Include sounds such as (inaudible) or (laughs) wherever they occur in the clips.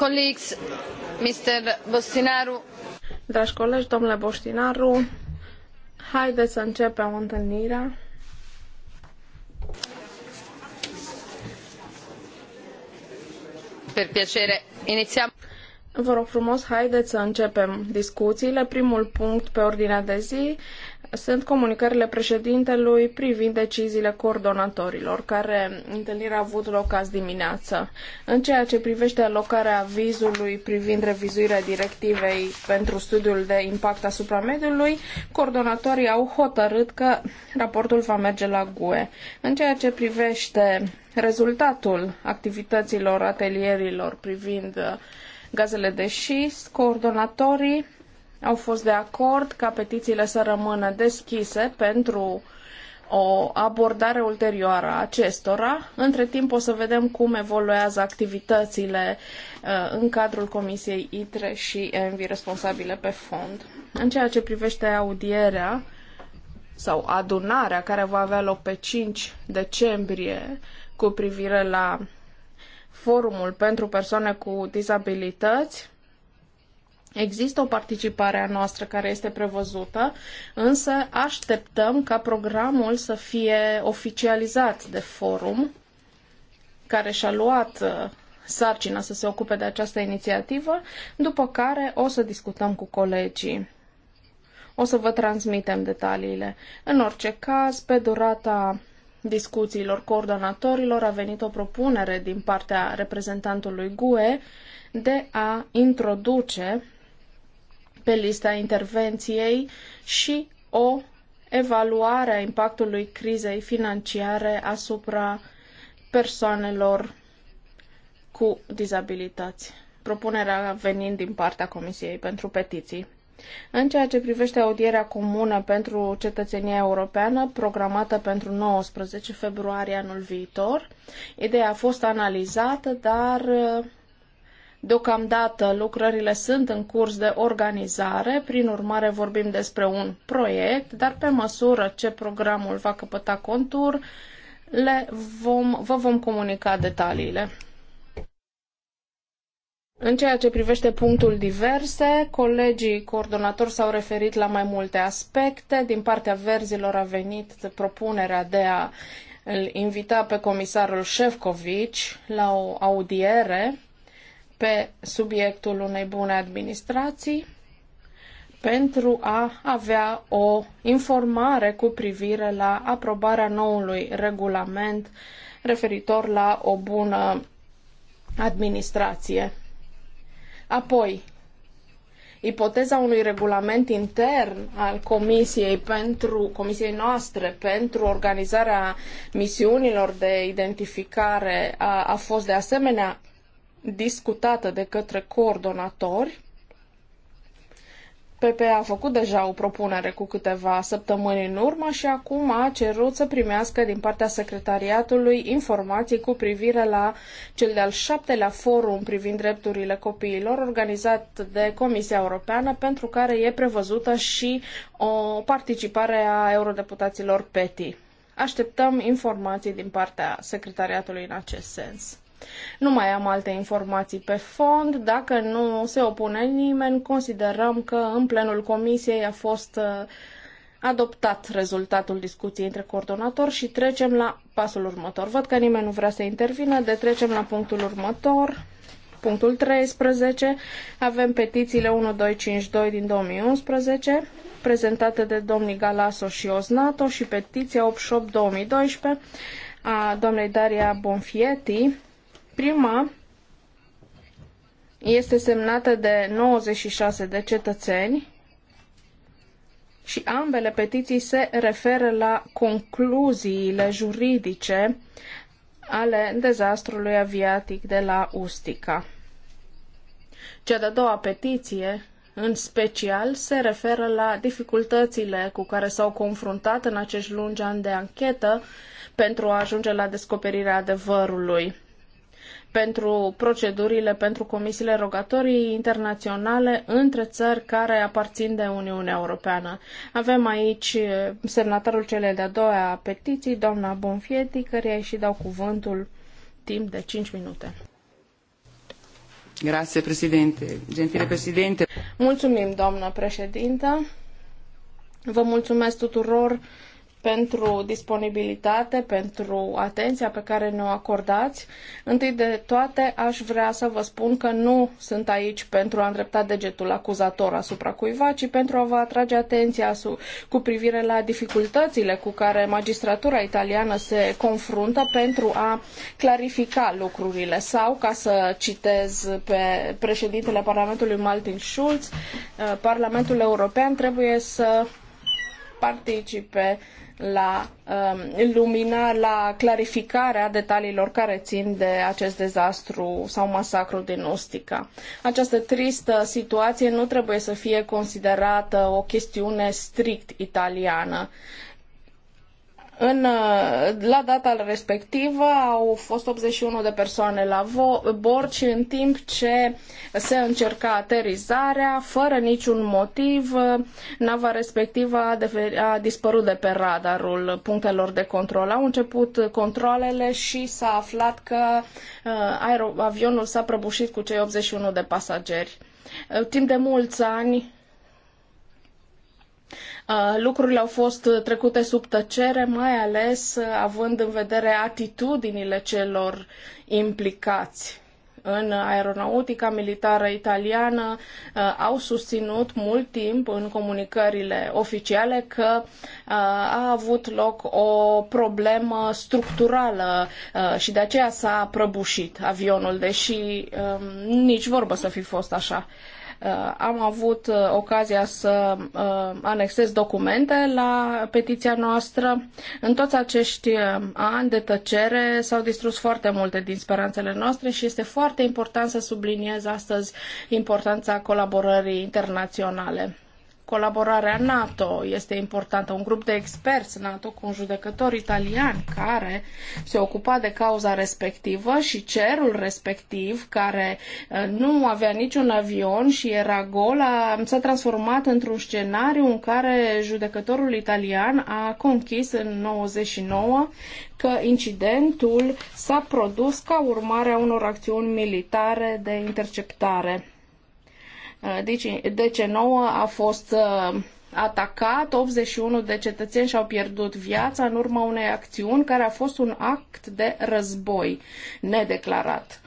colleagues, Mr. Bostinaru. Dragi colegi, domnule Boștinaru, haideți să începem întâlnirea. Per piacere, inițiam. Vă rog frumos, haideți să începem discuțiile. Primul punct pe ordinea de zi sunt comunicările președintelui privind deciziile coordonatorilor, care întâlnirea a avut loc azi dimineață. În ceea ce privește alocarea vizului privind revizuirea directivei pentru studiul de impact asupra mediului, coordonatorii au hotărât că raportul va merge la GUE. În ceea ce privește rezultatul activităților atelierilor privind gazele de șist, coordonatorii au fost de acord ca petițiile să rămână deschise pentru o abordare ulterioară a acestora. Între timp o să vedem cum evoluează activitățile uh, în cadrul Comisiei ITRE și ENVI responsabile pe fond. În ceea ce privește audierea sau adunarea care va avea loc pe 5 decembrie cu privire la forumul pentru persoane cu dizabilități. Există o participare a noastră care este prevăzută, însă așteptăm ca programul să fie oficializat de forum care și-a luat uh, sarcina să se ocupe de această inițiativă, după care o să discutăm cu colegii. O să vă transmitem detaliile. În orice caz, pe durata discuțiilor coordonatorilor a venit o propunere din partea reprezentantului GUE de a introduce pe lista intervenției și o evaluare a impactului crizei financiare asupra persoanelor cu dizabilități. Propunerea venind din partea Comisiei pentru Petiții. În ceea ce privește audierea comună pentru cetățenia europeană, programată pentru 19 februarie anul viitor, ideea a fost analizată, dar eh, Deocamdată lucrările sunt în curs de organizare, prin urmare vorbim despre un proiect, dar pe măsură ce programul va căpăta contur, le vom, vă vom comunica detaliile. În ceea ce privește punctul diverse, colegii coordonatori s-au referit la mai multe aspecte. Din partea verzilor a venit propunerea de a îl invita pe comisarul Șefcovici la o audiere pe subiectul unei bune administrații pentru a avea o informare cu privire la aprobarea noului regulament referitor la o bună administrație Apoi, ipoteza unui regulament intern al Comisiei pentru Comisiei noastre pentru organizarea misiunilor de identificare a, a fost de asemenea discutată de către coordonatori PP a făcut deja o propunere cu câteva săptămâni în urmă și acum a cerut să primească din partea secretariatului informații cu privire la cel de-al șaptelea forum privind drepturile copiilor organizat de Comisia Europeană, pentru care e prevăzută și o participare a eurodeputaților PETI. Așteptăm informații din partea secretariatului în acest sens. Nu mai am alte informații pe fond. Dacă nu se opune nimeni, considerăm că în plenul comisiei a fost uh, adoptat rezultatul discuției între coordonator și trecem la pasul următor. Văd că nimeni nu vrea să intervină, de trecem la punctul următor. Punctul 13. Avem petițiile 1252 din 2011, prezentate de domnii Galasso și Oznato și petiția 88-2012 a doamnei Daria Bonfietti, Prima este semnată de 96 de cetățeni și ambele petiții se referă la concluziile juridice ale dezastrului aviatic de la Ustica. Cea de-a doua petiție, în special, se referă la dificultățile cu care s-au confruntat în acești lungi ani de anchetă pentru a ajunge la descoperirea adevărului pentru procedurile pentru comisiile rogatorii internaționale între țări care aparțin de Uniunea Europeană. Avem aici eh, semnatarul cele de-a doua petiții, doamna Bonfieti, care a și dau cuvântul timp de 5 minute. Grazie, președinte. Gentile președinte. Mulțumim, doamnă președintă. Vă mulțumesc tuturor pentru disponibilitate, pentru atenția pe care ne-o acordați. Întâi de toate, aș vrea să vă spun că nu sunt aici pentru a îndrepta degetul acuzator asupra cuiva, ci pentru a vă atrage atenția cu privire la dificultățile cu care magistratura italiană se confruntă pentru a clarifica lucrurile sau, ca să citez pe președintele Parlamentului Martin Schulz, Parlamentul European trebuie să participe la um, lumina, la clarificarea detaliilor care țin de acest dezastru sau masacru din Ustica. Această tristă situație nu trebuie să fie considerată o chestiune strict italiană. În, uh, la data respectivă au fost 81 de persoane la bord și în timp ce se încerca aterizarea, fără niciun motiv, nava respectivă a, a dispărut de pe radarul punctelor de control. Au început controlele și s-a aflat că uh, aer, avionul s-a prăbușit cu cei 81 de pasageri. Uh, timp de mulți ani, lucrurile au fost trecute sub tăcere, mai ales având în vedere atitudinile celor implicați în aeronautica militară italiană au susținut mult timp în comunicările oficiale că a avut loc o problemă structurală și de aceea s-a prăbușit avionul, deși nici vorbă să fi fost așa. Uh, am avut uh, ocazia să uh, anexez documente la petiția noastră. În toți acești ani de tăcere s-au distrus foarte multe din speranțele noastre și este foarte important să subliniez astăzi importanța colaborării internaționale. Colaborarea NATO este importantă. Un grup de experți NATO cu un judecător italian care se ocupa de cauza respectivă și cerul respectiv, care uh, nu avea niciun avion și era gol, s-a transformat într-un scenariu în care judecătorul italian a conchis în 99 că incidentul s-a produs ca urmare a unor acțiuni militare de interceptare Uh, DC9 deci, a fost uh, atacat, 81 de cetățeni și-au pierdut viața în urma unei acțiuni care a fost un act de război nedeclarat.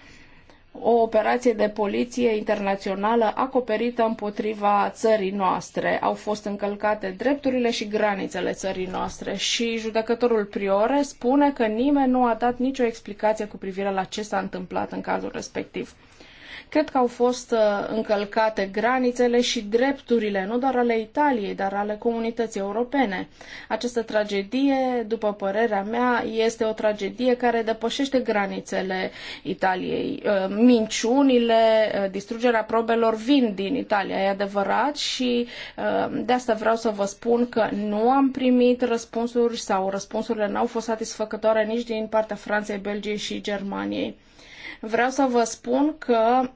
O operație de poliție internațională acoperită împotriva țării noastre. Au fost încălcate drepturile și granițele țării noastre și judecătorul Priore spune că nimeni nu a dat nicio explicație cu privire la ce s-a întâmplat în cazul respectiv. Cred că au fost uh, încălcate granițele și drepturile, nu doar ale Italiei, dar ale comunității europene. Această tragedie, după părerea mea, este o tragedie care depășește granițele Italiei. Uh, minciunile, uh, distrugerea probelor vin din Italia, e adevărat și de asta vreau să vă spun că nu am primit răspunsuri sau răspunsurile n-au fost satisfăcătoare nici din partea Franței, Belgiei și Germaniei. Vreau să vă spun că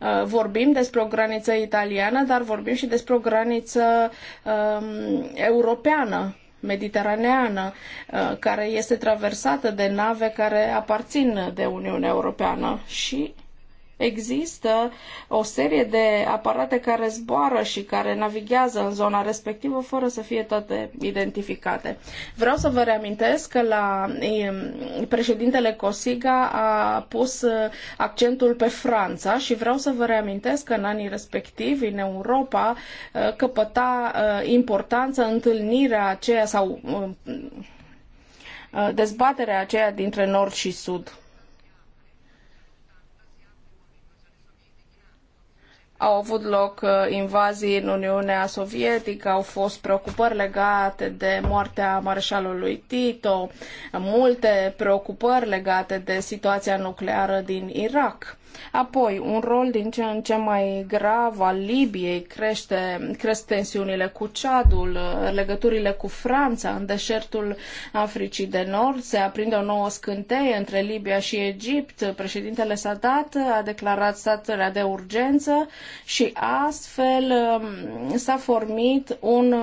uh, vorbim despre o graniță italiană, dar vorbim și despre o graniță um, europeană mediteraneană, uh, care este traversată de nave care aparțin de Uniunea Europeană și Există o serie de aparate care zboară și care navighează în zona respectivă fără să fie toate identificate. Vreau să vă reamintesc că la președintele Cosiga a pus uh, accentul pe Franța și vreau să vă reamintesc că în anii respectivi în Europa uh, căpăta uh, importanță întâlnirea aceea sau dezbaterea aceea dintre nord și sud Au avut loc uh, invazii în Uniunea Sovietică, au fost preocupări legate de moartea mareșalului Tito, multe preocupări legate de situația nucleară din Irak. Apoi, un rol din ce în ce mai grav al Libiei crește, cresc tensiunile cu Ceadul, legăturile cu Franța în deșertul Africii de Nord, se aprinde o nouă scânteie între Libia și Egipt, președintele Sadat a declarat starea de urgență și astfel um, s-a format un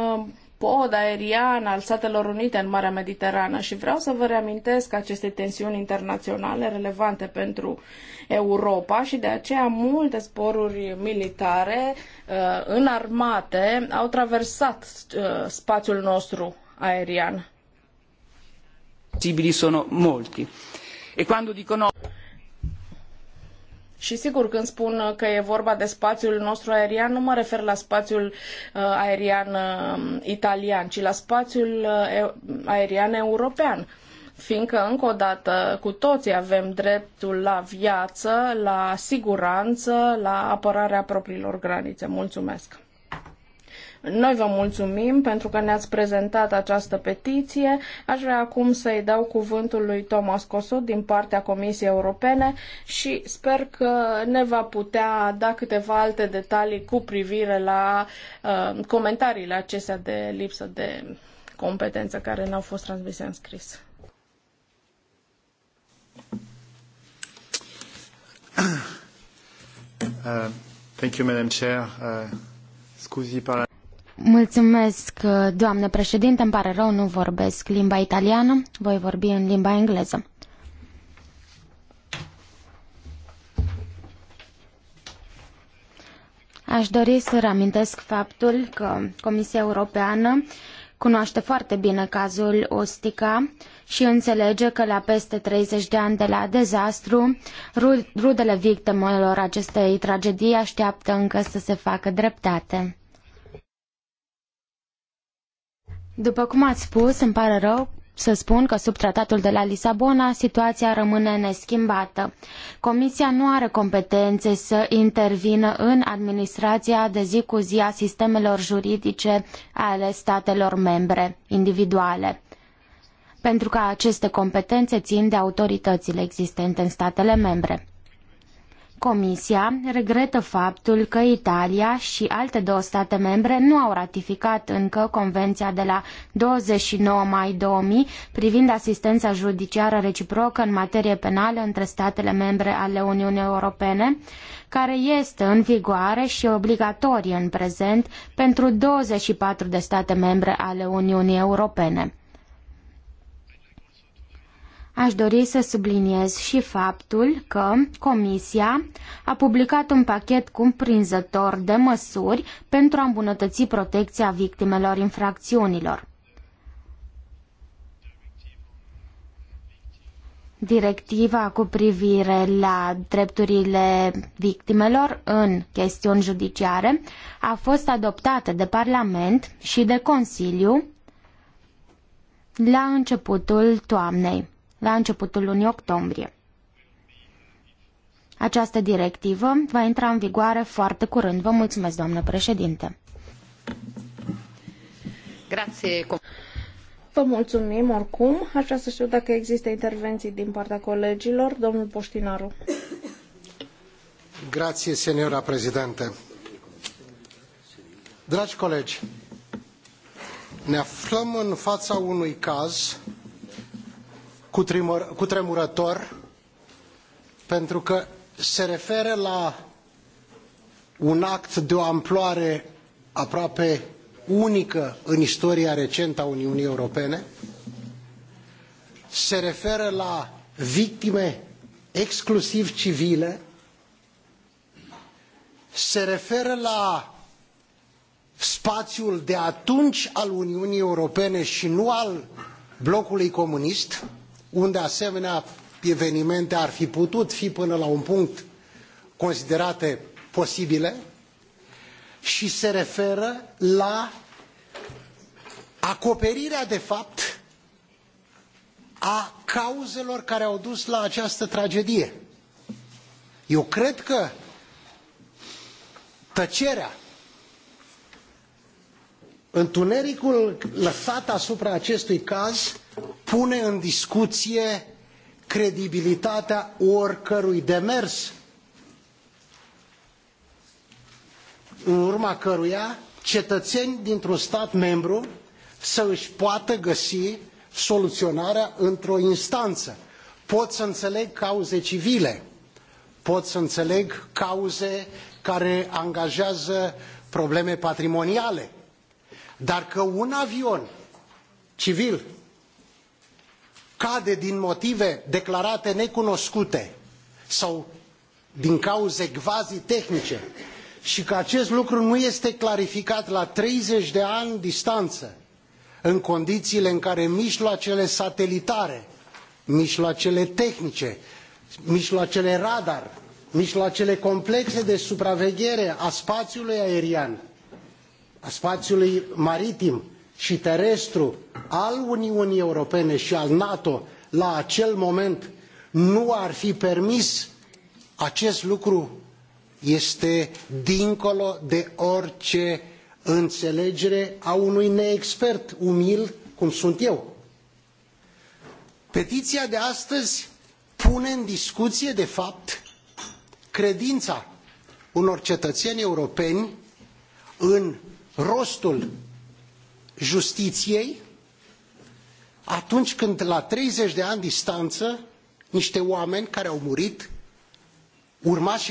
pod aerian al Statelor Unite în Marea Mediterană și vreau să vă reamintesc aceste tensiuni internaționale relevante pentru Europa și de aceea multe sporuri militare uh, înarmate au traversat uh, spațiul nostru aerian. Posibili sono molti. E quando dicono și sigur, când spun că e vorba de spațiul nostru aerian, nu mă refer la spațiul uh, aerian um, italian, ci la spațiul uh, aerian european fiindcă, încă o dată, cu toții avem dreptul la viață, la siguranță, la apărarea propriilor granițe. Mulțumesc! Noi vă mulțumim pentru că ne-ați prezentat această petiție. Aș vrea acum să-i dau cuvântul lui Thomas Cosut din partea Comisiei Europene și sper că ne va putea da câteva alte detalii cu privire la uh, comentariile acestea de lipsă de competență care n-au fost transmise în scris. Uh, thank you, Madam Chair. Uh, scuzi para... Mulțumesc, uh, doamnă președinte, îmi pare rău, nu vorbesc limba italiană, voi vorbi în limba engleză. Aș dori să reamintesc faptul că Comisia Europeană cunoaște foarte bine cazul Ostica și înțelege că la peste 30 de ani de la dezastru, rudele victimelor acestei tragedii așteaptă încă să se facă dreptate. După cum ați spus, îmi pare rău să spun că sub tratatul de la Lisabona situația rămâne neschimbată. Comisia nu are competențe să intervină în administrația de zi cu zi a sistemelor juridice ale statelor membre individuale, pentru că aceste competențe țin de autoritățile existente în statele membre. Comisia regretă faptul că Italia și alte două state membre nu au ratificat încă Convenția de la 29 mai 2000 privind asistența judiciară reciprocă în materie penală între statele membre ale Uniunii Europene, care este în vigoare și obligatorie în prezent pentru 24 de state membre ale Uniunii Europene. Aș dori să subliniez și faptul că Comisia a publicat un pachet cuprinzător de măsuri pentru a îmbunătăți protecția victimelor infracțiunilor. Directiva cu privire la drepturile victimelor în chestiuni judiciare a fost adoptată de Parlament și de Consiliu la începutul toamnei la începutul lunii octombrie. Această directivă va intra în vigoare foarte curând. Vă mulțumesc, doamnă președinte. Grazie. Vă mulțumim oricum. Aș vrea să știu dacă există intervenții din partea colegilor. Domnul Poștinaru. Grazie, seniora președinte. Dragi colegi, ne aflăm în fața unui caz cutremurător pentru că se referă la un act de o amploare aproape unică în istoria recentă a Uniunii Europene, se referă la victime exclusiv civile, se referă la spațiul de atunci al Uniunii Europene și nu al blocului comunist, unde asemenea evenimente ar fi putut fi până la un punct considerate posibile și se referă la acoperirea de fapt a cauzelor care au dus la această tragedie. Eu cred că tăcerea Întunericul lăsat asupra acestui caz pune în discuție credibilitatea oricărui demers în urma căruia cetățeni dintr-un stat membru să își poată găsi soluționarea într-o instanță. Pot să înțeleg cauze civile, pot să înțeleg cauze care angajează probleme patrimoniale, dar că un avion civil cade din motive declarate necunoscute sau din cauze gvazii tehnice și că acest lucru nu este clarificat la 30 de ani distanță în condițiile în care mijloacele satelitare, mijloacele tehnice, mijloacele radar, mijloacele complexe de supraveghere a spațiului aerian spațiului maritim și terestru al Uniunii Europene și al NATO la acel moment nu ar fi permis, acest lucru este dincolo de orice înțelegere a unui neexpert umil cum sunt eu. Petiția de astăzi pune în discuție, de fapt, credința unor cetățeni europeni în rostul justiției atunci când la 30 de ani distanță niște oameni care au murit,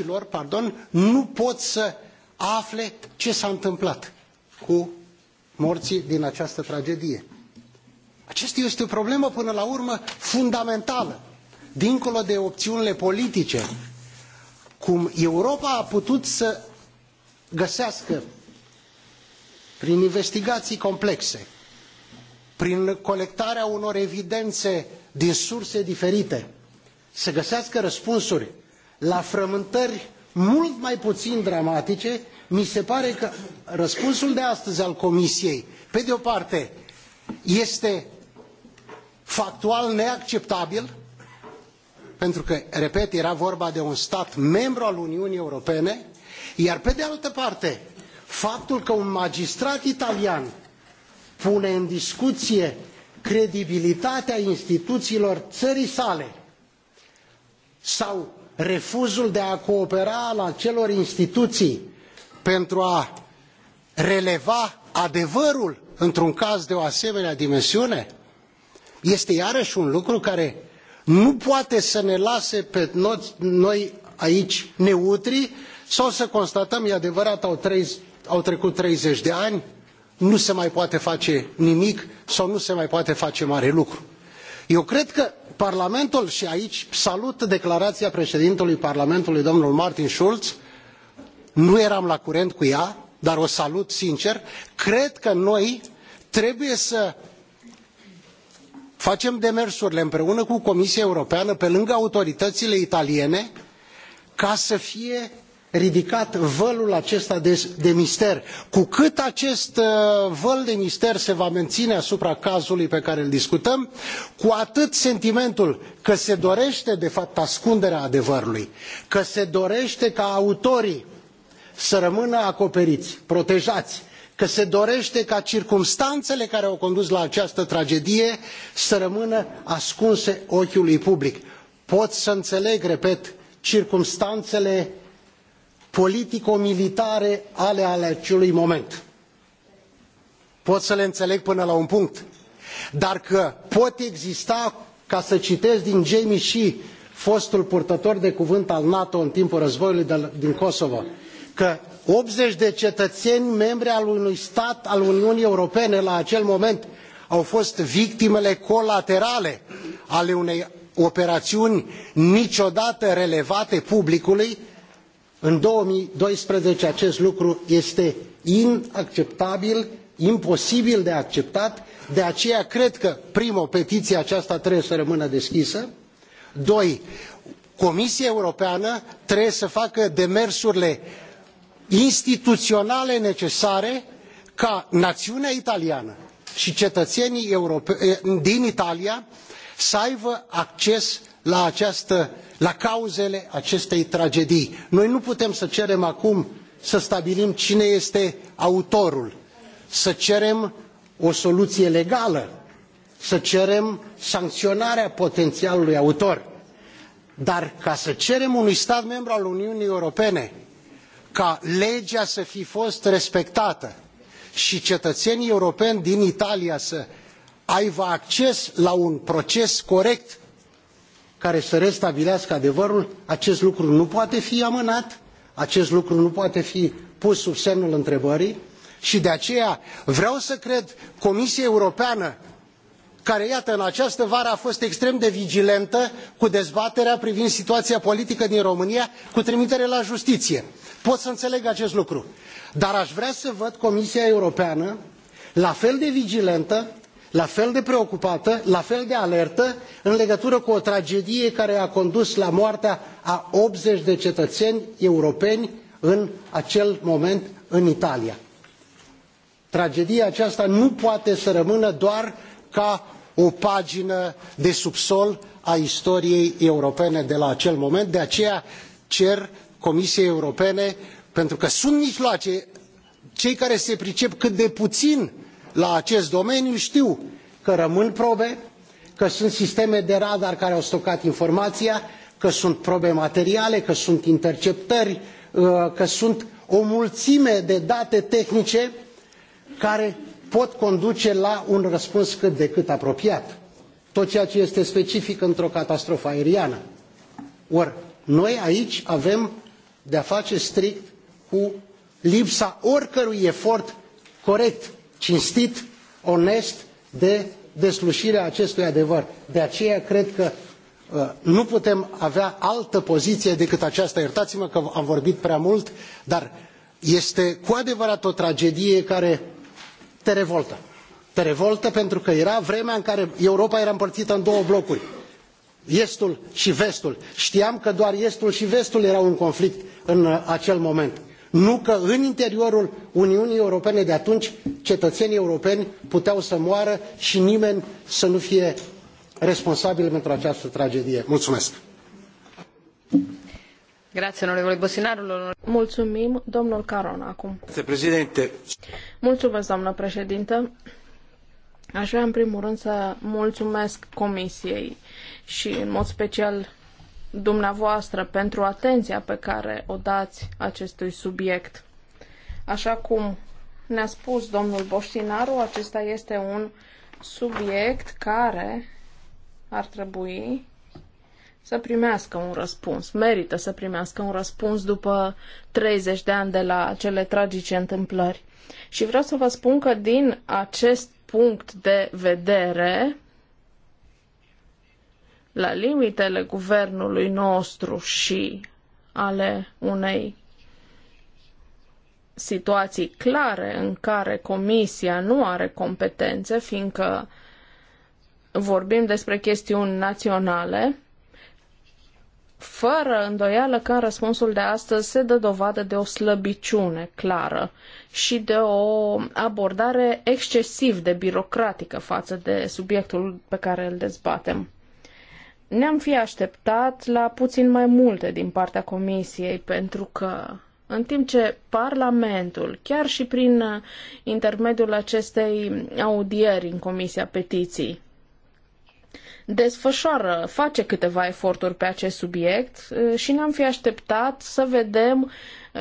lor, pardon, nu pot să afle ce s-a întâmplat cu morții din această tragedie. Aceasta este o problemă, până la urmă, fundamentală, dincolo de opțiunile politice. Cum Europa a putut să găsească prin investigații complexe, prin colectarea unor evidențe din surse diferite, să găsească răspunsuri la frământări mult mai puțin dramatice, mi se pare că răspunsul de astăzi al Comisiei, pe de o parte, este factual neacceptabil, pentru că, repet, era vorba de un stat membru al Uniunii Europene, iar pe de altă parte, faptul că un magistrat italian pune în discuție credibilitatea instituțiilor țării sale sau refuzul de a coopera al acelor instituții pentru a releva adevărul într un caz de o asemenea dimensiune este iarăi un lucru care nu poate să ne lase pe noi aici neutri sau să constatăm e adevărat au trăit au trecut 30 de ani, nu se mai poate face nimic sau nu se mai poate face mare lucru. Eu cred că Parlamentul, și aici salut declarația președintelui Parlamentului, domnul Martin Schulz, nu eram la curent cu ea, dar o salut sincer, cred că noi trebuie să facem demersurile împreună cu Comisia Europeană, pe lângă autoritățile italiene, ca să fie ridicat vălul acesta de, de mister. Cu cât acest uh, văl de mister se va menține asupra cazului pe care îl discutăm, cu atât sentimentul că se dorește de fapt ascunderea adevărului, că se dorește ca autorii să rămână acoperiți, protejați, că se dorete ca circumstanele care au condus la această tragedie să rămână ascunse ochiului public. pot să îneleg repet circumstanele politico militare ale, ale acelui moment pot să le îneleg până la un punct dar că pot exista ca să citez din james shea fostul purtător de cuvânt al nato în timpul războiului de, din kosovo că 80 de cetățeni membri al unui stat al Uniunii Europene la acel moment au fost victimele colaterale ale unei operațiuni niciodată relevate publicului în 2012 acest lucru este inacceptabil, imposibil de acceptat, de aceea cred că, primul, petiția aceasta trebuie să rămână deschisă, doi, Comisia Europeană trebuie să facă demersurile instituționale necesare ca națiunea italiană și cetățenii din Italia să aibă acces la, această, la cauzele acestei tragedii. Noi nu putem să cerem acum să stabilim cine este autorul, să cerem o soluție legală, să cerem sancționarea potențialului autor. Dar ca să cerem unui stat membru al Uniunii Europene ca legea să fi fost respectată și cetățenii europeni din Italia să aibă acces la un proces corect care să restabilească adevărul, acest lucru nu poate fi amânat, acest lucru nu poate fi pus sub semnul întrebării și de aceea vreau să cred Comisia Europeană care, iată, în această vară a fost extrem de vigilentă cu dezbaterea privind situația politică din România, cu trimitere la justiție. Pot să înțeleg acest lucru. Dar aș vrea să văd Comisia Europeană la fel de vigilentă la fel de preocupată, la fel de alertă în legătură cu o tragedie care a condus la moartea a 80 de cetățeni europeni în acel moment în Italia. Tragedia aceasta nu poate să rămână doar ca o pagină de subsol a istoriei europene de la acel moment, de aceea cer Comisiei Europene, pentru că sunt mijloace, cei care se pricep cât de puțin la acest domeniu tiu că rămân probe că sunt sisteme de radar care au stocat informaia că sunt probe materiale că sunt interceptări uh, că sunt o mulime de date tehnice care pot conduce la un răspuns cât de cât apropiat tot ceea ce este specific într o catastrofă aeriană. Ori noi aici avem de a face strict cu lipsa oricărui efort corect cinstit, onest de deslușirea acestui adevăr. De aceea cred că uh, nu putem avea altă poziție decât aceasta. Iertați-mă că am vorbit prea mult, dar este cu adevărat o tragedie care te revoltă. Te revoltă pentru că era vremea în care Europa era împărțită în două blocuri. Estul și vestul. Știam că doar estul și vestul erau în conflict în uh, acel moment nu că în interiorul Uniunii Europene de atunci cetățenii europeni puteau să moară și nimeni să nu fie responsabil pentru această tragedie. Mulțumesc! Mulțumim, domnul Caron, acum. Președinte. Mulțumesc, doamnă președintă. Aș vrea, în primul rând, să mulțumesc Comisiei și, în mod special, dumneavoastră pentru atenția pe care o dați acestui subiect. Așa cum ne-a spus domnul Boștinaru, acesta este un subiect care ar trebui să primească un răspuns. Merită să primească un răspuns după 30 de ani de la cele tragice întâmplări. Și vreau să vă spun că din acest punct de vedere, la limitele guvernului nostru și ale unei situații clare în care Comisia nu are competențe, fiindcă vorbim despre chestiuni naționale, fără îndoială că în răspunsul de astăzi se dă dovadă de o slăbiciune clară și de o abordare excesiv de birocratică față de subiectul pe care îl dezbatem. Ne-am fi așteptat la puțin mai multe din partea Comisiei, pentru că în timp ce Parlamentul, chiar și prin uh, intermediul acestei audieri în Comisia Petiții, desfășoară, face câteva eforturi pe acest subiect uh, și ne-am fi așteptat să vedem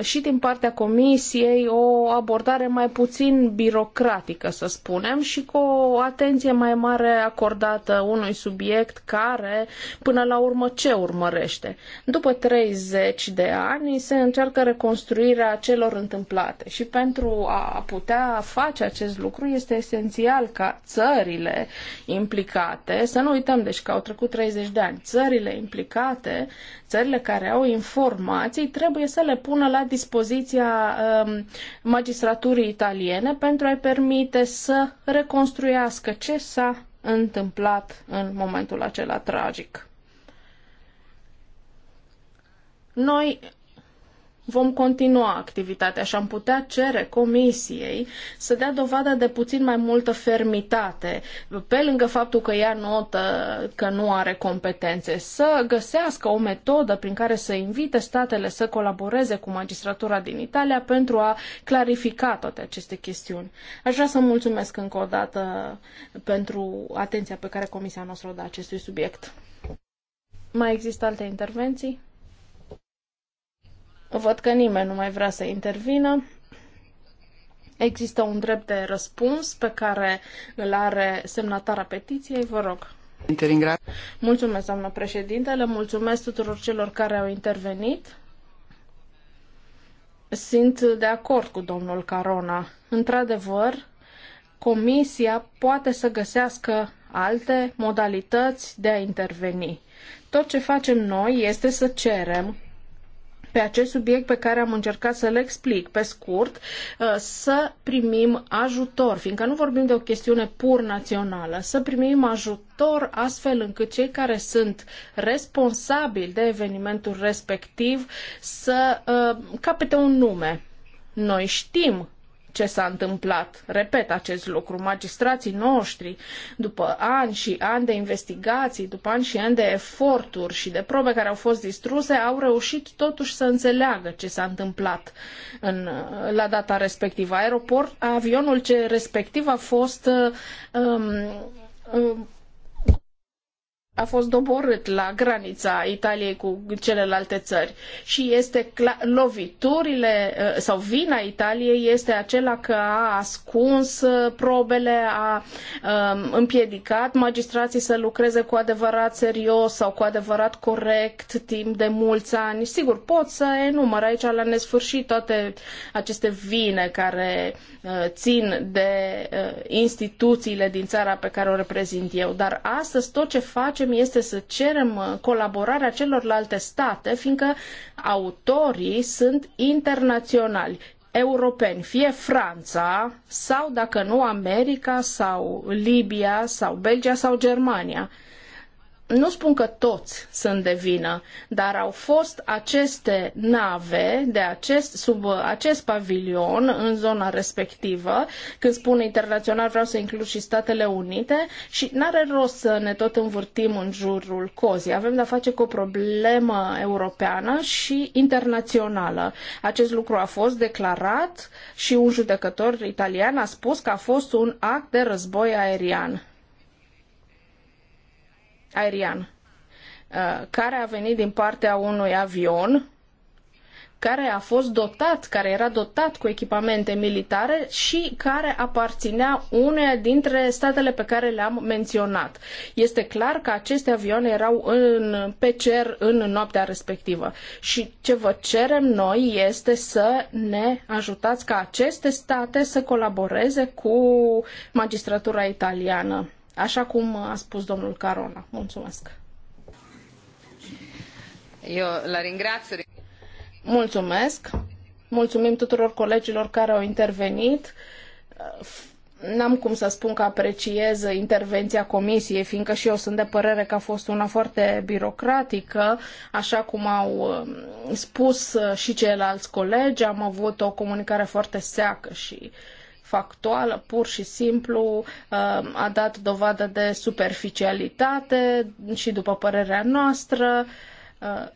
și din partea Comisiei o abordare mai puțin birocratică, să spunem, și cu o atenție mai mare acordată unui subiect care, până la urmă, ce urmărește. După 30 de ani se încearcă reconstruirea celor întâmplate și pentru a putea face acest lucru este esențial ca țările implicate, să nu uităm deci că au trecut 30 de ani, țările implicate Țările care au informații trebuie să le pună la dispoziția um, magistraturii italiene pentru a-i permite să reconstruiască ce s-a întâmplat în momentul acela tragic. Noi vom continua activitatea și am putea cere comisiei să dea dovadă de puțin mai multă fermitate, pe lângă faptul că ea notă că nu are competențe, să găsească o metodă prin care să invite statele să colaboreze cu magistratura din Italia pentru a clarifica toate aceste chestiuni. Aș vrea să mulțumesc încă o dată pentru atenția pe care comisia noastră o dă acestui subiect. Mai există alte intervenții? Văd că nimeni nu mai vrea să intervină. Există un drept de răspuns pe care îl are semnatara petiției. Vă rog. Mulțumesc, doamnă președinte. Le mulțumesc tuturor celor care au intervenit. Sunt de acord cu domnul Carona. Într-adevăr, comisia poate să găsească alte modalități de a interveni. Tot ce facem noi este să cerem pe acest subiect pe care am încercat să-l explic pe scurt, uh, să primim ajutor, fiindcă nu vorbim de o chestiune pur națională, să primim ajutor astfel încât cei care sunt responsabili de evenimentul respectiv să uh, capete un nume. Noi știm ce s-a întâmplat. Repet acest lucru. Magistrații noștri, după ani și ani de investigații, după ani și ani de eforturi și de probe care au fost distruse, au reușit totuși să înțeleagă ce s-a întâmplat în, la data respectivă. Aeroport, avionul ce respectiv a fost um, um, a fost doborât la granița Italiei cu celelalte țări și este loviturile uh, sau vina Italiei este acela că a ascuns uh, probele, a um, împiedicat magistrații să lucreze cu adevărat serios sau cu adevărat corect timp de mulți ani. Sigur, pot să enumăr aici la nesfârșit toate aceste vine care uh, țin de instituțiile din țara pe care o reprezint eu, dar astăzi tot ce facem facem este să cerem uh, colaborarea celorlalte state, fiindcă autorii sunt internaționali europeni, fie Franța sau, dacă nu, America sau Libia sau Belgia sau Germania nu spun că toți sunt de vină, dar au fost aceste nave de acest, sub acest pavilion în zona respectivă, când spun internațional vreau să includ și Statele Unite și n-are rost să ne tot învârtim în jurul cozii. Avem de-a face cu o problemă europeană și internațională. Acest lucru a fost declarat și un judecător italian a spus că a fost un act de război aerian aerian uh, care a venit din partea unui avion care a fost dotat, care era dotat cu echipamente militare și care aparținea uneia dintre statele pe care le-am menționat. Este clar că aceste avioane erau în, pe cer în noaptea respectivă și ce vă cerem noi este să ne ajutați ca aceste state să colaboreze cu magistratura italiană așa cum a spus domnul Carona. Mulțumesc! Eu la ringrazio. Mulțumesc! Mulțumim tuturor colegilor care au intervenit n-am cum să spun că apreciez intervenția comisiei, fiindcă și eu sunt de părere că a fost una foarte birocratică, așa cum au um, spus și ceilalți colegi, am avut o comunicare foarte seacă și uh, factuală, pur și simplu uh, a dat dovadă de superficialitate și după părerea noastră uh,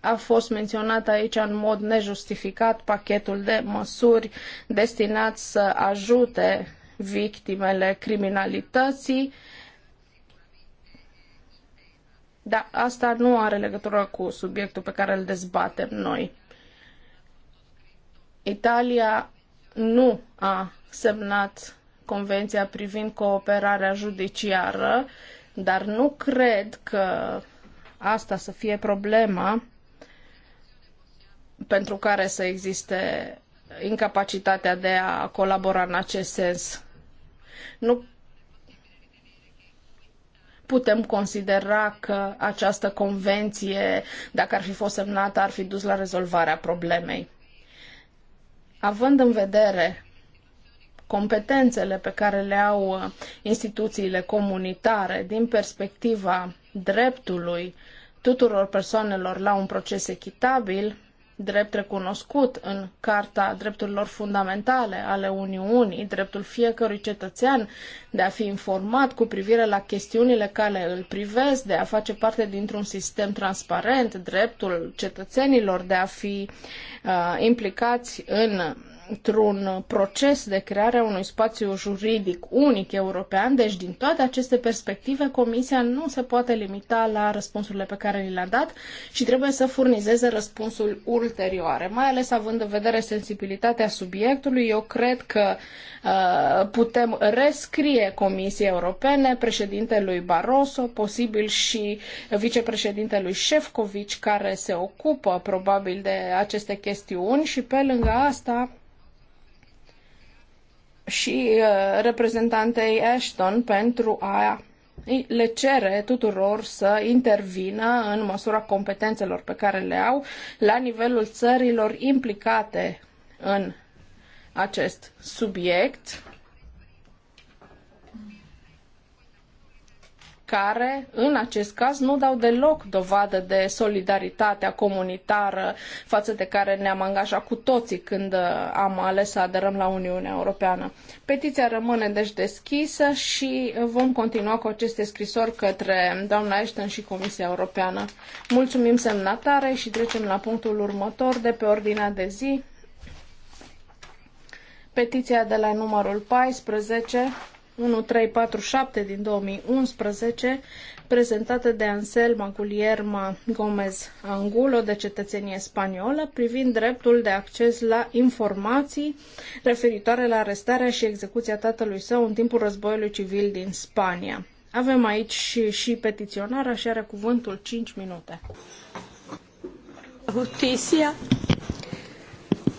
a fost menționat aici în mod nejustificat pachetul de măsuri destinat să ajute victimele criminalității. Dar asta nu are legătură cu subiectul pe care îl dezbatem noi. Italia nu a semnat convenția privind cooperarea judiciară, dar nu cred că asta să fie problema pentru care să existe incapacitatea de a colabora în acest sens. Nu putem considera că această convenție, dacă ar fi fost semnată, ar fi dus la rezolvarea problemei având în vedere competențele pe care le au uh, instituțiile comunitare din perspectiva dreptului tuturor persoanelor la un proces echitabil, drept recunoscut în Carta Drepturilor Fundamentale ale Uniunii, dreptul fiecărui cetățean de a fi informat cu privire la chestiunile care îl privesc, de a face parte dintr-un sistem transparent, dreptul cetățenilor de a fi uh, implicați în într-un proces de creare a unui spațiu juridic unic european, deci din toate aceste perspective, Comisia nu se poate limita la răspunsurile pe care le-a dat și trebuie să furnizeze răspunsul ulterioare. Mai ales având în vedere sensibilitatea subiectului, eu cred că uh, putem rescrie Comisiei Europene, președintelui Barroso, posibil și vicepreședintelui Șefcovici, care se ocupă probabil de aceste chestiuni și pe lângă asta și uh, reprezentantei Ashton pentru a le cere tuturor să intervină în măsura competențelor pe care le au la nivelul țărilor implicate în acest subiect care, în acest caz, nu dau deloc dovadă de solidaritatea comunitară față de care ne-am angajat cu toții când uh, am ales să aderăm la Uniunea Europeană. Petiția rămâne deci deschisă și vom continua cu aceste scrisori către doamna Ashton și Comisia Europeană. Mulțumim semnatare și trecem la punctul următor de pe ordinea de zi. Petiția de la numărul 14 1347 din 2011, prezentată de Anselma Guillerma Gomez Angulo de cetățenie spaniolă, privind dreptul de acces la informații referitoare la arestarea și execuția tatălui său în timpul războiului civil din Spania. Avem aici și, și petiționarea și are cuvântul 5 minute. Justicia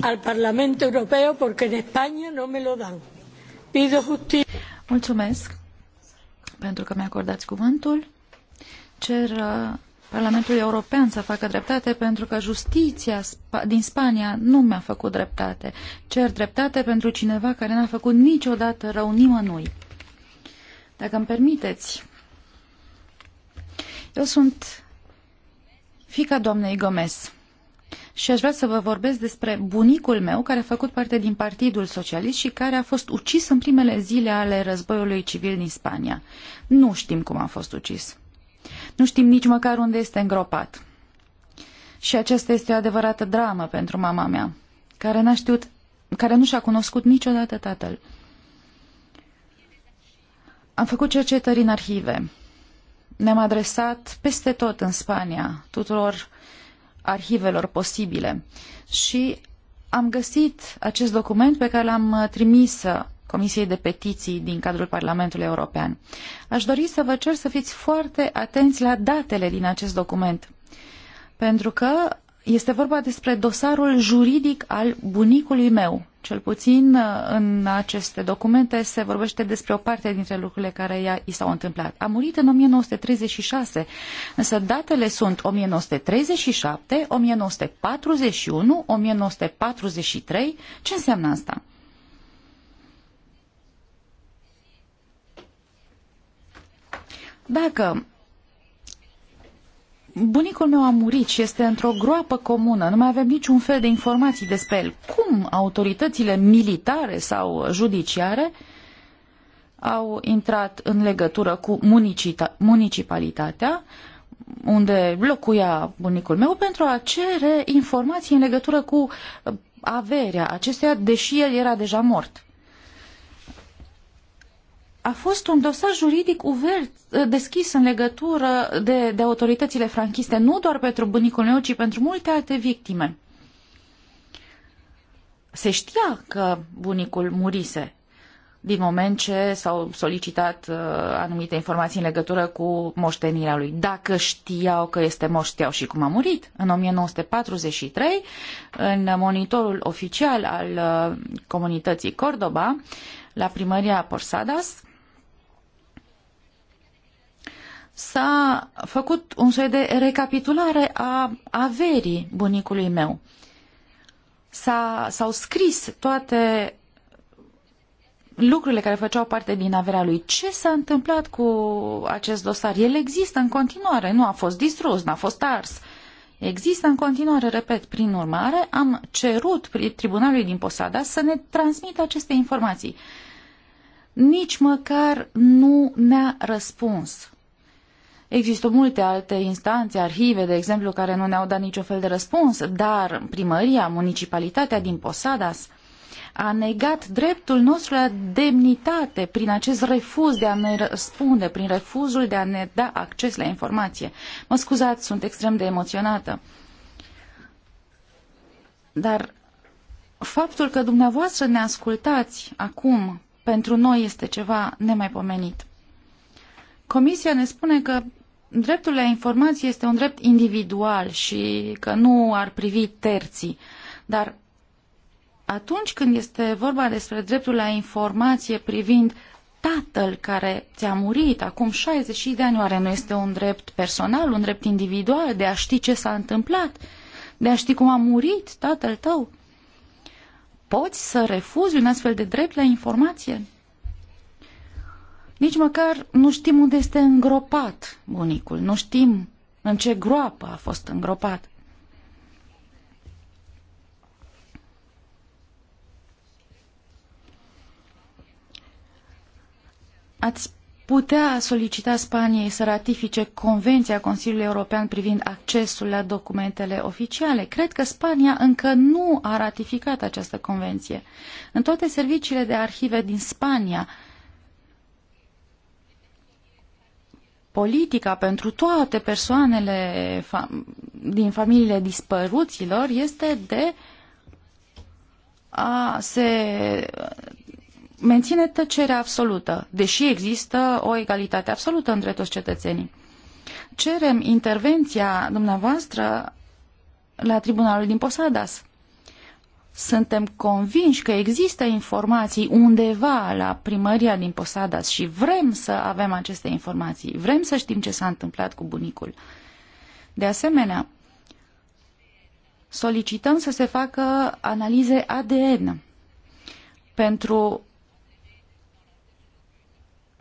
al Parlamento Europeo, porque en España no me lo dan. Mulțumesc pentru că mi-acordați cuvântul. Cer uh, Parlamentul European să facă dreptate pentru că justiția din Spania nu mi-a făcut dreptate. Cer dreptate pentru cineva care n-a făcut niciodată rău nimănui. Dacă îmi permiteți, eu sunt fica doamnei Gomez și aș vrea să vă vorbesc despre bunicul meu care a făcut parte din Partidul Socialist și care a fost ucis în primele zile ale războiului civil din Spania. Nu știm cum a fost ucis. Nu știm nici măcar unde este îngropat. Și aceasta este o adevărată dramă pentru mama mea, care, n-a știut, care nu și-a cunoscut niciodată tatăl. Am făcut cercetări în arhive. Ne-am adresat peste tot în Spania, tuturor uh, arhivelor posibile. Și am găsit acest document pe care l-am uh, trimis uh, Comisiei de Petiții din cadrul Parlamentului European. Aș dori să vă cer să fiți foarte atenți la datele din acest document, pentru că este vorba despre dosarul juridic al bunicului meu, cel puțin uh, în aceste documente se vorbește despre o parte dintre lucrurile care i s-au întâmplat. A murit în 1936, însă datele sunt 1937, 1941, 1943. Ce înseamnă asta? Dacă Bunicul meu a murit și este într-o groapă comună, nu mai avem niciun fel de informații despre el. Cum autoritățile militare sau judiciare au intrat în legătură cu municipalitatea unde locuia bunicul meu pentru a cere informații în legătură cu averea acesteia, deși el era deja mort a fost un dosar juridic uvert, eh, deschis în legătură de, de autoritățile franchiste, nu doar pentru bunicul meu, ci pentru multe alte victime. Se știa că bunicul murise din moment ce s-au solicitat uh, anumite informații în legătură cu moștenirea lui. Dacă știau că este moșteau și cum a murit. În 1943, în monitorul oficial al uh, comunității Cordoba, la primăria Porsadas, s-a făcut un soi de recapitulare a averii bunicului meu. S-au scris toate lucrurile care făceau parte din averea lui. Ce s-a întâmplat cu acest dosar? El există în continuare, nu a fost distrus, n-a fost ars. Există în continuare, repet, prin urmare, am cerut tribunalului din Posada să ne transmită aceste informații. Nici măcar nu ne-a răspuns. Există multe alte instanțe, arhive, de exemplu, care nu ne-au dat niciun fel de răspuns, dar primăria, municipalitatea din Posadas a negat dreptul nostru la demnitate prin acest refuz de a ne răspunde, prin refuzul de a ne da acces la informație. Mă scuzați, sunt extrem de emoționată. Dar faptul că dumneavoastră ne ascultați acum, pentru noi este ceva nemaipomenit. Comisia ne spune că dreptul la informație este un drept individual și că nu ar privi terții. Dar atunci când este vorba despre dreptul la informație privind tatăl care ți-a murit acum 60 de ani, oare nu este un drept personal, un drept individual de a ști ce s-a întâmplat, de a ști cum a murit tatăl tău? Poți să refuzi un astfel de drept la informație? Nici măcar nu știm unde este îngropat bunicul, nu știm în ce groapă a fost îngropat. Ați putea solicita Spaniei să ratifice Convenția Consiliului European privind accesul la documentele oficiale. Cred că Spania încă nu a ratificat această convenție. În toate serviciile de arhive din Spania, politica pentru toate persoanele fa- din familiile dispăruților este de a se menține tăcerea absolută, deși există o egalitate absolută între toți cetățenii. Cerem intervenția dumneavoastră la tribunalul din Posadas suntem convinși că există informații undeva la primăria din Posadas și vrem să avem aceste informații, vrem să știm ce s-a întâmplat cu bunicul. De asemenea, solicităm să se facă analize ADN pentru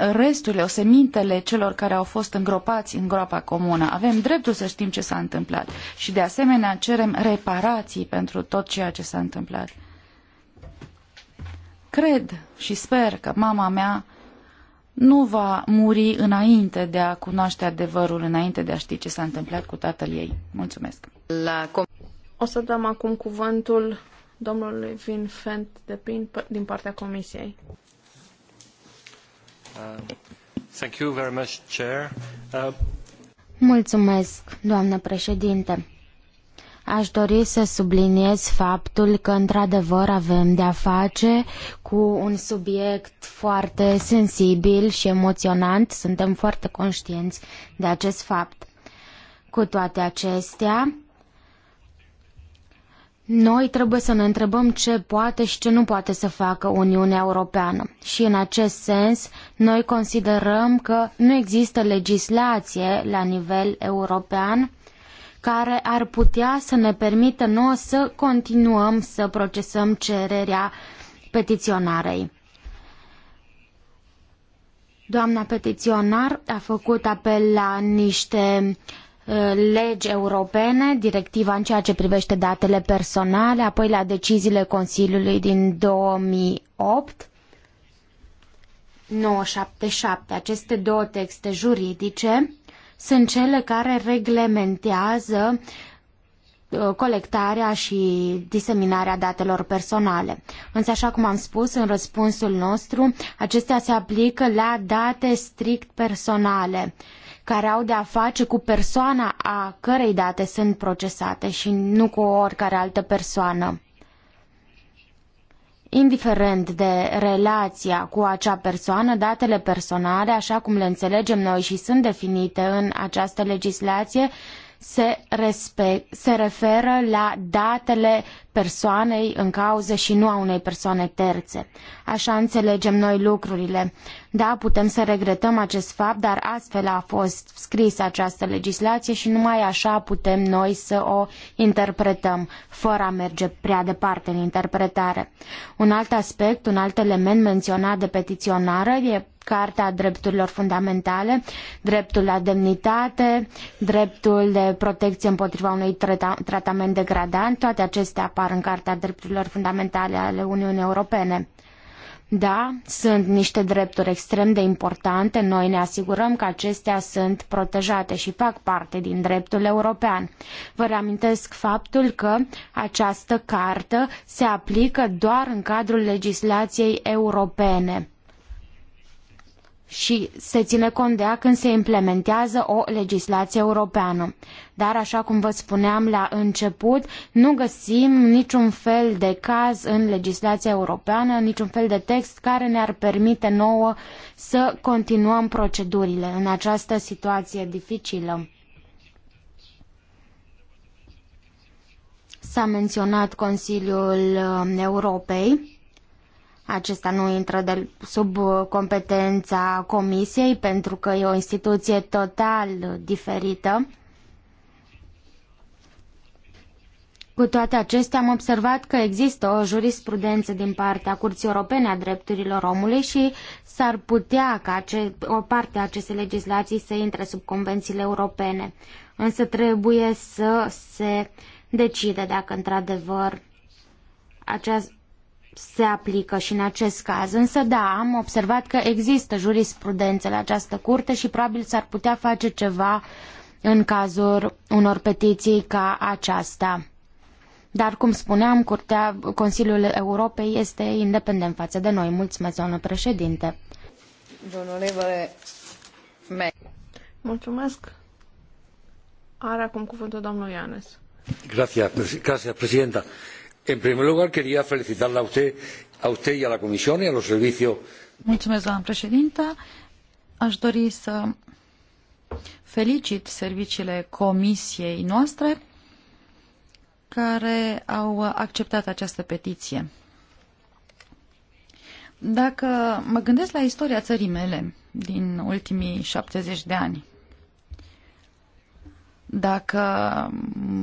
resturile, osemintele celor care au fost îngropați în groapa comună. Avem dreptul să știm ce s-a întâmplat și de asemenea cerem reparații pentru tot ceea ce s-a întâmplat. Cred și sper că mama mea nu va muri înainte de a cunoaște adevărul, înainte de a ști ce s-a întâmplat cu tatăl ei. Mulțumesc. La com- o să dăm acum cuvântul domnului Vin Fent de Pin din partea comisiei. Uh, Mulțumesc, doamnă președinte. Aș dori să subliniez faptul că, într-adevăr, avem de-a face cu un subiect foarte sensibil și emoționant. Suntem foarte conștienți de acest fapt. Cu toate acestea, noi trebuie să ne întrebăm ce poate și ce nu poate să facă Uniunea Europeană. Și în acest sens, noi considerăm că nu există legislație la nivel european care ar putea să ne permită nouă să continuăm să procesăm cererea petiționarei. Doamna petiționar a făcut apel la niște uh, legi europene, directiva în ceea ce privește datele personale, apoi la deciziile Consiliului din 2008, 977. Aceste două texte juridice sunt cele care reglementează uh, colectarea și diseminarea datelor personale. Însă, așa cum am spus în răspunsul nostru, acestea se aplică la date strict personale. Uh, care au de a face cu persoana a cărei date sunt procesate și nu cu oricare altă persoană. Indiferent de relația cu acea persoană, datele personale, așa cum le înțelegem noi și sunt definite în această legislație, se, respect, se referă la datele persoanei în cauză și nu a unei persoane terțe. Așa înțelegem noi lucrurile. Da, putem să regretăm acest fapt, dar astfel a fost scrisă această legislație și numai așa putem noi să o interpretăm, fără a merge prea departe în interpretare. Un alt aspect, un alt element menționat de petiționară e Carta Drepturilor Fundamentale, dreptul la demnitate, dreptul de protecție împotriva unui tratament degradant, toate acestea apar în Carta Drepturilor Fundamentale ale Uniunii Europene. Da, sunt niște drepturi extrem de importante, noi ne asigurăm că acestea sunt protejate și fac parte din dreptul european. Vă reamintesc faptul că această cartă se aplică doar în cadrul legislației europene și se ține cont de ea când se implementează o legislație europeană. Dar, așa cum vă spuneam la început, nu găsim niciun fel de caz în legislația europeană, niciun fel de text care ne-ar permite nouă să continuăm procedurile în această situație dificilă. S-a menționat Consiliul Europei acesta nu intră de, sub competența comisiei pentru că e o instituție total diferită. Cu toate acestea, am observat că există o jurisprudență din partea Curții Europene a Drepturilor Omului și s-ar putea ca o parte a acestei legislații să intre sub convențiile europene. Însă trebuie să se decide dacă într-adevăr această se aplică și în acest caz. Însă da, am observat că există jurisprudență la această curte și probabil s-ar putea face ceva în cazul unor petiții ca aceasta. Dar, cum spuneam, Curtea Consiliului Europei este independent față de noi. Mulțumesc, doamnă președinte. Domnule Mulțumesc. Are acum cuvântul domnul Ianes. Grazie, grazie, președinte. En primer lugar, quería felicitarla a usted, a usted y a la Comisión y a los servicios. Mulțumesc, doamnă președintă. Aș dori să felicit serviciile comisiei noastre care au acceptat această petiție. Dacă mă gândesc la istoria țării mele din ultimii 70 de ani, dacă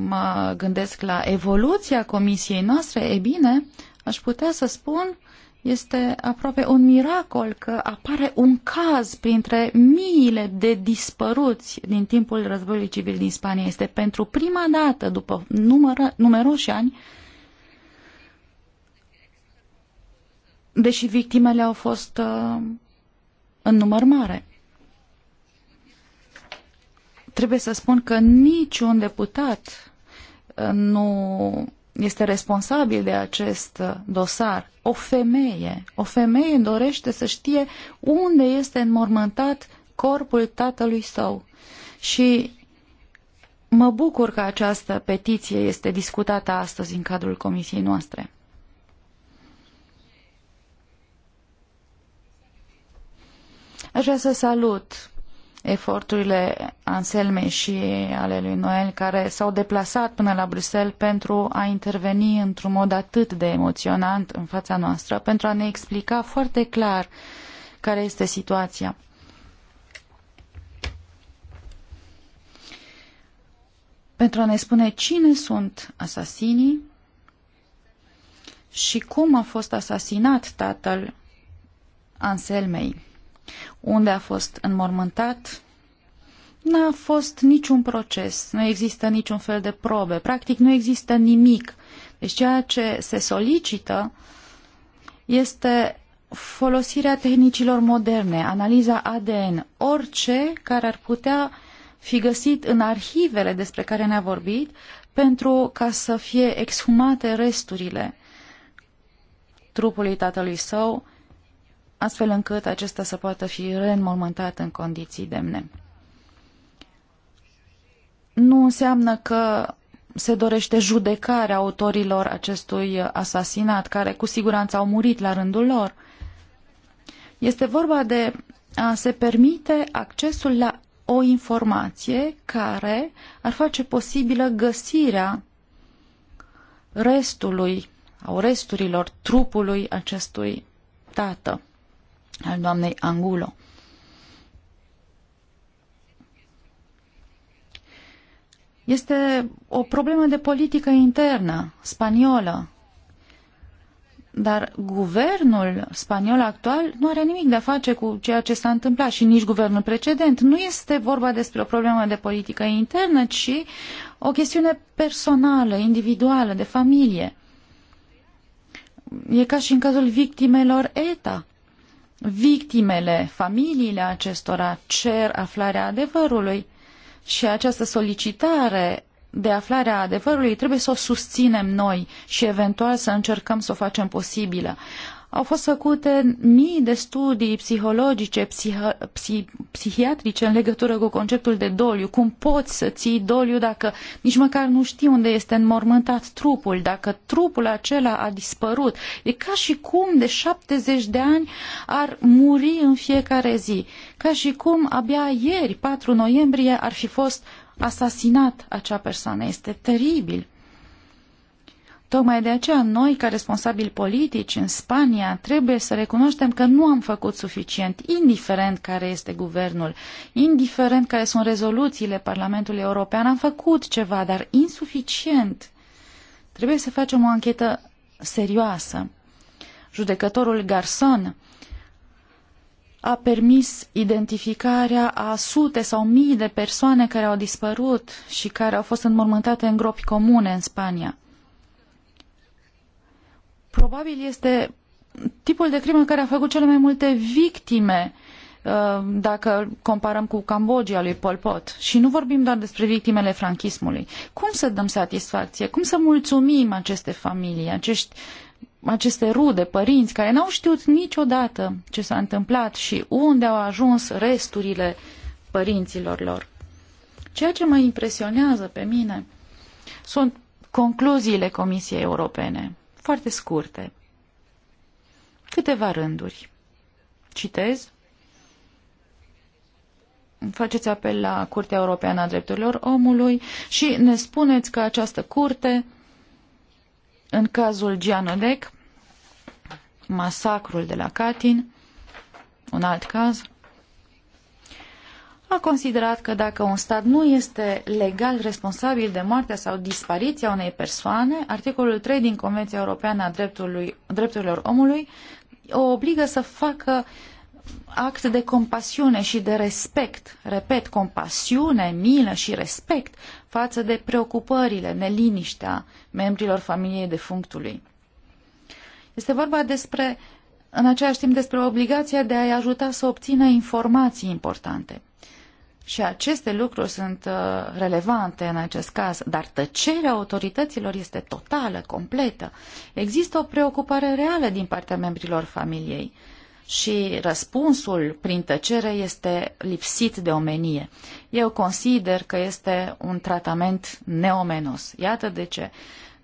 mă gândesc la evoluția comisiei noastre, e bine, aș putea să spun este aproape un miracol că apare un caz printre miile de dispăruți din timpul războiului civil din Spania. Este pentru prima dată, după numără, numeroși ani, deși victimele au fost uh, în număr mare. Trebuie să spun că niciun deputat uh, nu este responsabil de acest uh, dosar. O femeie, o femeie dorește să știe unde este înmormântat corpul tatălui său. Și mă bucur că această petiție este discutată astăzi în cadrul comisiei noastre. Aș vrea să salut eforturile Anselmei și ale lui Noel, care s-au deplasat până la Bruxelles pentru a interveni într-un mod atât de emoționant în fața noastră, pentru a ne explica foarte clar care este situația. Pentru a ne spune cine sunt asasinii și cum a fost asasinat tatăl Anselmei unde a fost înmormântat, n-a fost niciun proces, nu există niciun fel de probe, practic nu există nimic. Deci ceea ce se solicită este folosirea tehnicilor moderne, analiza ADN, orice care ar putea fi găsit în arhivele despre care ne-a vorbit, pentru ca să fie exhumate resturile trupului tatălui său astfel încât acesta să poată fi reînmormântat în condiții demne. Nu înseamnă că se dorește judecarea autorilor acestui asasinat, care cu siguranță au murit la rândul lor. Este vorba de a se permite accesul la o informație care ar face posibilă găsirea restului sau resturilor trupului acestui tată al doamnei Angulo. Este o problemă de politică internă spaniolă. Dar guvernul spaniol actual nu are nimic de a face cu ceea ce s-a întâmplat și nici guvernul precedent. Nu este vorba despre o problemă de politică internă, ci o chestiune personală, individuală, de familie. E ca și în cazul victimelor ETA. Victimele, familiile acestora cer aflarea adevărului și această solicitare de aflarea adevărului trebuie să o susținem noi și eventual să încercăm să o facem posibilă. Au fost făcute mii de studii psihologice, psih psi psihiatrice în legătură cu conceptul de doliu. Cum poți să ții doliu dacă nici măcar nu știi unde este înmormântat trupul, dacă trupul acela a dispărut. E ca și cum de 70 de ani ar muri în fiecare zi. Ca și cum abia ieri, 4 noiembrie, ar fi fost asasinat acea persoană. Este teribil. Tocmai de aceea noi, ca responsabili politici în Spania, trebuie să recunoaștem că nu am făcut suficient, indiferent care este guvernul, indiferent care sunt rezoluțiile Parlamentului European, am făcut ceva, dar insuficient. Trebuie să facem o anchetă serioasă. Judecătorul Garson a permis identificarea a sute sau mii de persoane care au dispărut și care au fost înmormântate în gropi comune în Spania probabil este tipul de crimă care a făcut cele mai multe victime uh, dacă comparăm cu Cambodgia lui Pol Pot. Și nu vorbim doar despre victimele franchismului. Cum să dăm satisfacție? Cum să mulțumim aceste familii, acești, aceste rude, părinți care n-au știut niciodată ce s-a întâmplat și unde au ajuns resturile părinților lor? Ceea ce mă impresionează pe mine sunt concluziile Comisiei Europene foarte scurte. Câteva rânduri. Citez. Faceți apel la Curtea Europeană a Drepturilor Omului și ne spuneți că această curte, în cazul Gianodec, masacrul de la Catin, un alt caz, a considerat că dacă un stat nu este legal responsabil de moartea sau dispariția unei persoane, articolul 3 din Convenția Europeană a Drepturilor Omului o obligă să facă act de compasiune și de respect, repet, compasiune, milă și respect față de preocupările, neliniștea membrilor familiei defunctului. Este vorba despre, în același timp, despre obligația de a-i ajuta să obțină informații importante. Și aceste lucruri sunt uh, relevante în acest caz, dar tăcerea autorităților este totală, completă. Există o preocupare reală din partea membrilor familiei și răspunsul prin tăcere este lipsit de omenie. Eu consider că este un tratament neomenos. Iată de ce. Uh,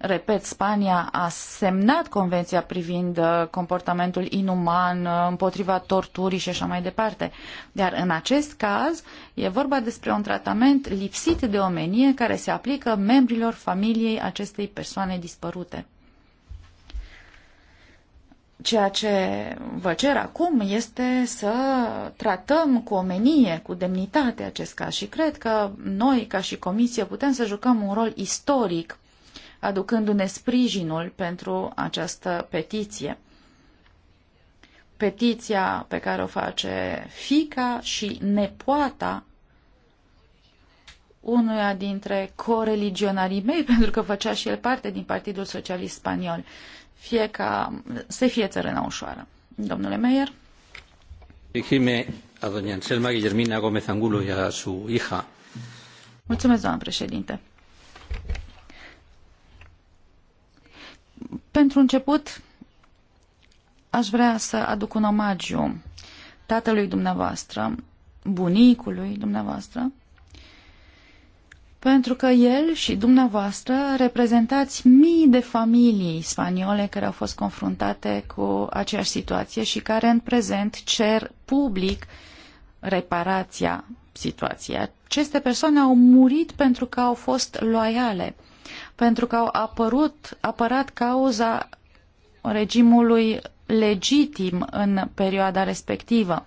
repet, Spania a semnat convenția privind uh, comportamentul inuman uh, împotriva torturii și așa mai departe. Dar în acest caz e vorba despre un tratament lipsit de omenie care se aplică membrilor familiei acestei persoane dispărute. Ceea ce vă cer acum este să tratăm cu omenie, cu demnitate acest caz și cred că noi, ca și Comisie, putem să jucăm un rol istoric aducându-ne sprijinul pentru această petiție. Petiția pe care o face fica și nepoata unuia dintre coreligionarii mei, (laughs) pentru că făcea și el parte din Partidul Socialist Spaniol. Fie ca să fie țărâna ușoară. Domnule Meier. Dirigime a doña Anselma Guillermina Gómez Angulo y a su hija. Mulțumesc, doamnă președinte. Pentru început, aș vrea să aduc un omagiu tatălui dumneavoastră, bunicului dumneavoastră, pentru că el și dumneavoastră reprezentați mii de familii spaniole care au fost confruntate cu aceeași situație și care în prezent cer public reparația situației. Aceste persoane au murit pentru că au fost loiale pentru că au apărut, apărat cauza regimului legitim în perioada respectivă,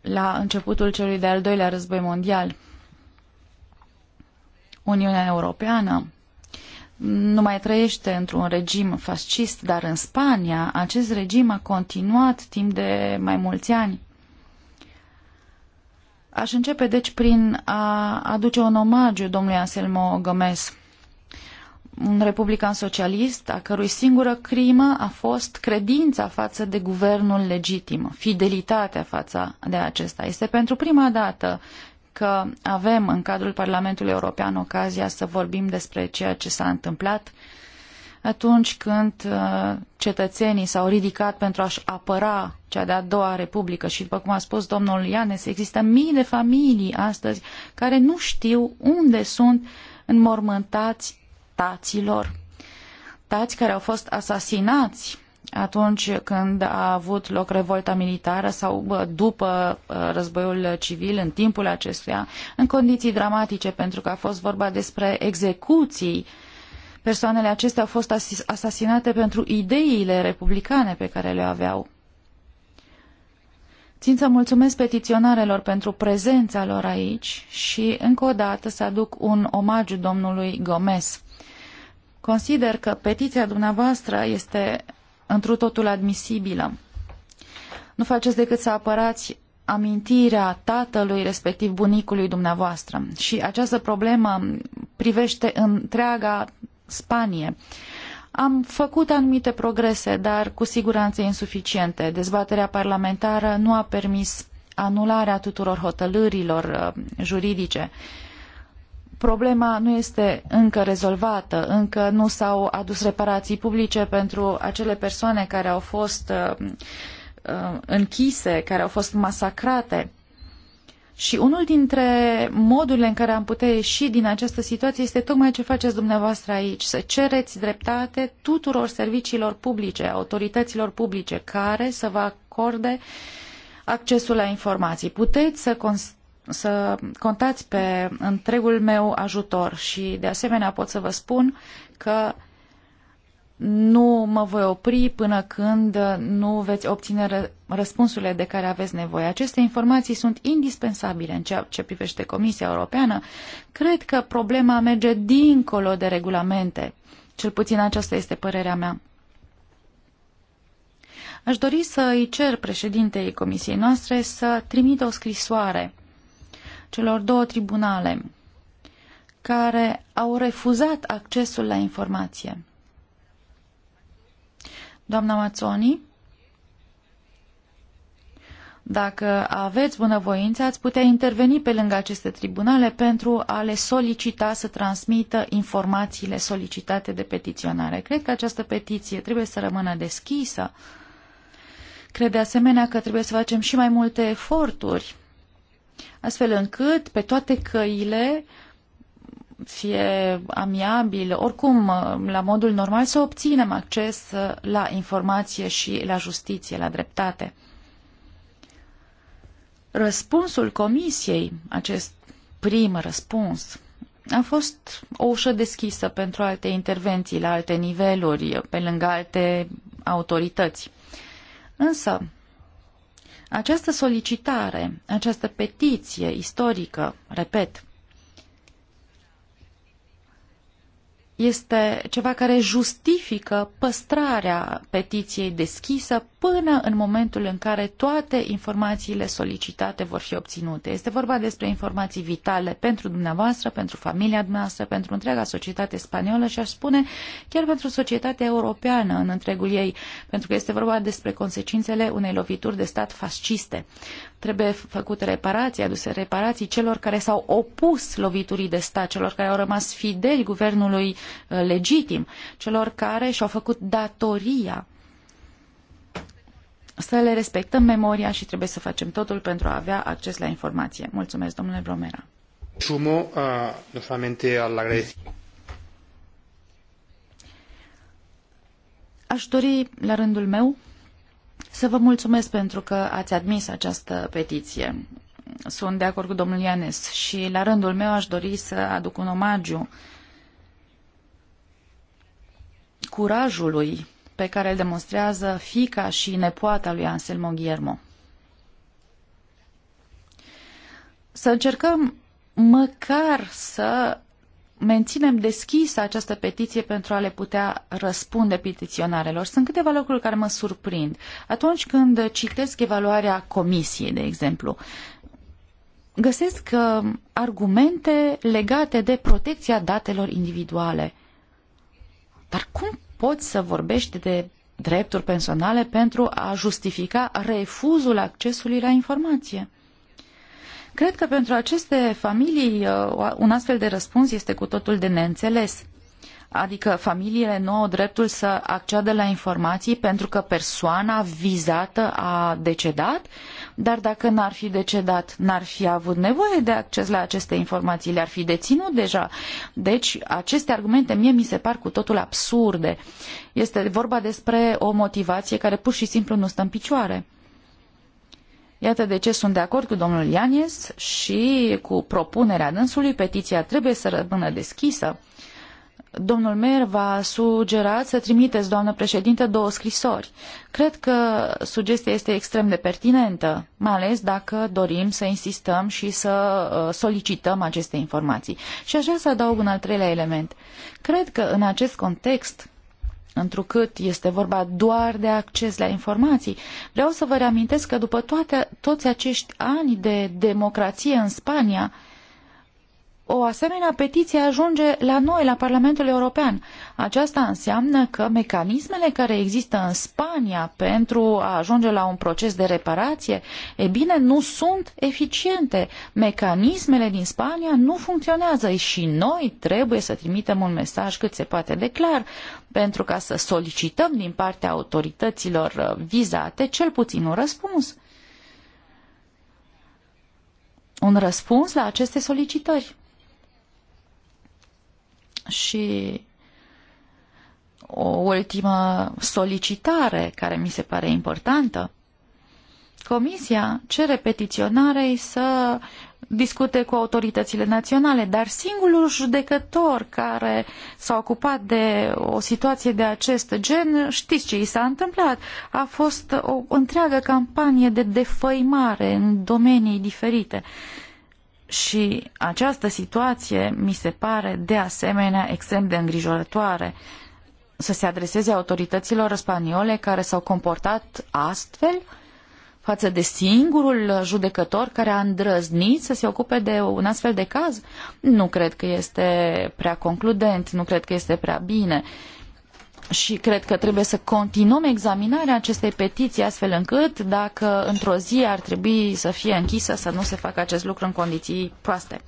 la începutul celui de-al doilea război mondial. Uniunea Europeană nu mai trăiește într-un regim fascist, dar în Spania acest regim a continuat timp de mai mulți ani. Aș începe, deci, prin a aduce un omagiu domnului Anselmo Gomez, un republican socialist a cărui singură crimă a fost credința față de guvernul legitim, fidelitatea față de acesta. Este pentru prima dată că avem în cadrul Parlamentului European ocazia să vorbim despre ceea ce s-a întâmplat uh, atunci când uh, cetățenii s-au ridicat pentru a-și apăra cea de-a doua republică și, după cum a spus domnul Ianes, există mii de familii astăzi care nu știu unde sunt înmormântați taților. Tați care au fost asasinați atunci când a avut loc revolta militară sau după uh, războiul civil, în timpul acestuia, în condiții dramatice, pentru că a fost vorba despre execuții uh, Persoanele acestea au fost asasinate pentru ideile republicane pe care le aveau. Țin să mulțumesc petiționarelor pentru prezența lor aici și încă o dată să aduc un omagiu domnului Gomez. Consider că petiția dumneavoastră este întru totul admisibilă. Nu faceți decât să apărați amintirea tatălui, respectiv bunicului dumneavoastră. Și această problemă privește întreaga Spanie. Am făcut anumite progrese, dar cu siguranță insuficiente. Dezbaterea parlamentară nu a permis anularea tuturor hotărârilor uh, juridice. Problema nu este încă rezolvată, încă nu s-au adus reparații publice pentru acele persoane care au fost uh, uh, închise, care au fost masacrate. Și unul dintre modurile în care am putea ieși din această situație este tocmai ce faceți dumneavoastră aici, să cereți dreptate tuturor serviciilor publice, autorităților publice, care să vă acorde accesul la informații. Puteți să, să contați pe întregul meu ajutor și, de asemenea, pot să vă spun că nu mă voi opri până când nu veți obține răspunsurile de care aveți nevoie. Aceste informații sunt indispensabile în ceea ce privește Comisia Europeană. Cred că problema merge dincolo de regulamente. Cel puțin aceasta este părerea mea. Aș dori să îi cer președintei comisiei noastre să trimită o scrisoare celor două tribunale care au refuzat accesul la informație. Doamna Mazzoni, dacă aveți bunăvoință, ați putea interveni pe lângă aceste tribunale pentru a le solicita să transmită informațiile solicitate de petiționare. Cred că această petiție trebuie să rămână deschisă. Cred de asemenea că trebuie să facem și mai multe eforturi, astfel încât pe toate căile uh, fie amiabil, oricum, la modul normal, să obținem acces la informație și la justiție, la dreptate. Răspunsul comisiei, acest prim răspuns, a fost o ușă deschisă pentru alte intervenții la alte niveluri, pe lângă alte autorități. Însă, această solicitare, această petiție istorică, repet, este ceva care justifică păstrarea petiției deschisă până în momentul în care toate informațiile solicitate vor fi obținute. Este vorba despre informații vitale pentru dumneavoastră, pentru familia dumneavoastră, pentru întreaga societate spaniolă și aș spune chiar pentru societatea europeană în întregul ei, pentru că este vorba despre consecințele unei lovituri de stat fasciste. Trebuie făcute reparații, aduse reparații celor care s-au opus loviturii de stat, celor care au rămas fideli guvernului uh, legitim, celor care și-au făcut datoria să le respectăm memoria și trebuie să facem totul pentru a avea acces la informație. Mulțumesc, domnule Bromera. Sumo uh, al Aș dori, la rândul meu, să vă mulțumesc pentru că ați admis această petiție. Sunt de acord cu domnul Ianes și la rândul meu aș dori să aduc un omagiu curajului pe care îl demonstrează fica și nepoata lui Anselmo Guillermo. Să încercăm măcar să menținem deschisă această petiție pentru a le putea răspunde petiționarelor. Sunt câteva lucruri care mă surprind. Atunci când citesc evaluarea comisiei, de exemplu, găsesc uh, argumente legate de protecția datelor individuale. Dar cum poți să vorbești de drepturi personale pentru a justifica refuzul accesului la informație? Cred că pentru aceste familii uh, un astfel de răspuns este cu totul de neînțeles. Adică familiile nu au dreptul să acceadă la informații pentru că persoana vizată a decedat, dar dacă n-ar fi decedat, n-ar fi avut nevoie de acces la aceste informații, le-ar fi deținut deja. Deci aceste argumente mie mi se par cu totul absurde. Este vorba despre o motivație care pur și simplu nu stă în picioare. Iată de ce sunt de acord cu domnul Ianes și cu propunerea dânsului. Petiția trebuie să rămână deschisă. Domnul Mer va sugera să trimiteți, doamnă președinte, două scrisori. Cred că sugestia este extrem de pertinentă, mai ales dacă dorim să insistăm și să uh, solicităm aceste informații. Și aș vrea să adaug un al treilea element. Cred că în acest context întrucât este vorba doar de acces la informații, vreau să vă reamintesc că după toate, toți acești ani de democrație în Spania, o asemenea petiție ajunge la noi, la Parlamentul European. Aceasta înseamnă că mecanismele care există în Spania pentru a ajunge la un proces de reparație, e bine, nu sunt eficiente. Mecanismele din Spania nu funcționează și noi trebuie să trimitem un mesaj cât se poate de clar pentru ca să solicităm din partea autorităților uh, vizate cel puțin un răspuns. Un răspuns la aceste solicitări. Și o ultimă solicitare care mi se pare importantă. Comisia cere petiționarei să discute cu autoritățile naționale, dar singurul judecător care s-a ocupat de o situație de acest gen, știți ce i s-a întâmplat? A fost o întreagă campanie de defăimare în domenii diferite. Uh, și această situație mi se pare de asemenea extrem de îngrijorătoare să se adreseze autorităților spaniole care s-au comportat astfel față de singurul judecător care a îndrăznit să se ocupe de un astfel de caz? Nu cred că este prea concludent, nu cred că este prea bine. Uh, și cred că trebuie să continuăm examinarea acestei petiții astfel încât dacă într-o zi ar trebui să fie închisă să nu se facă acest lucru în condiții proaste.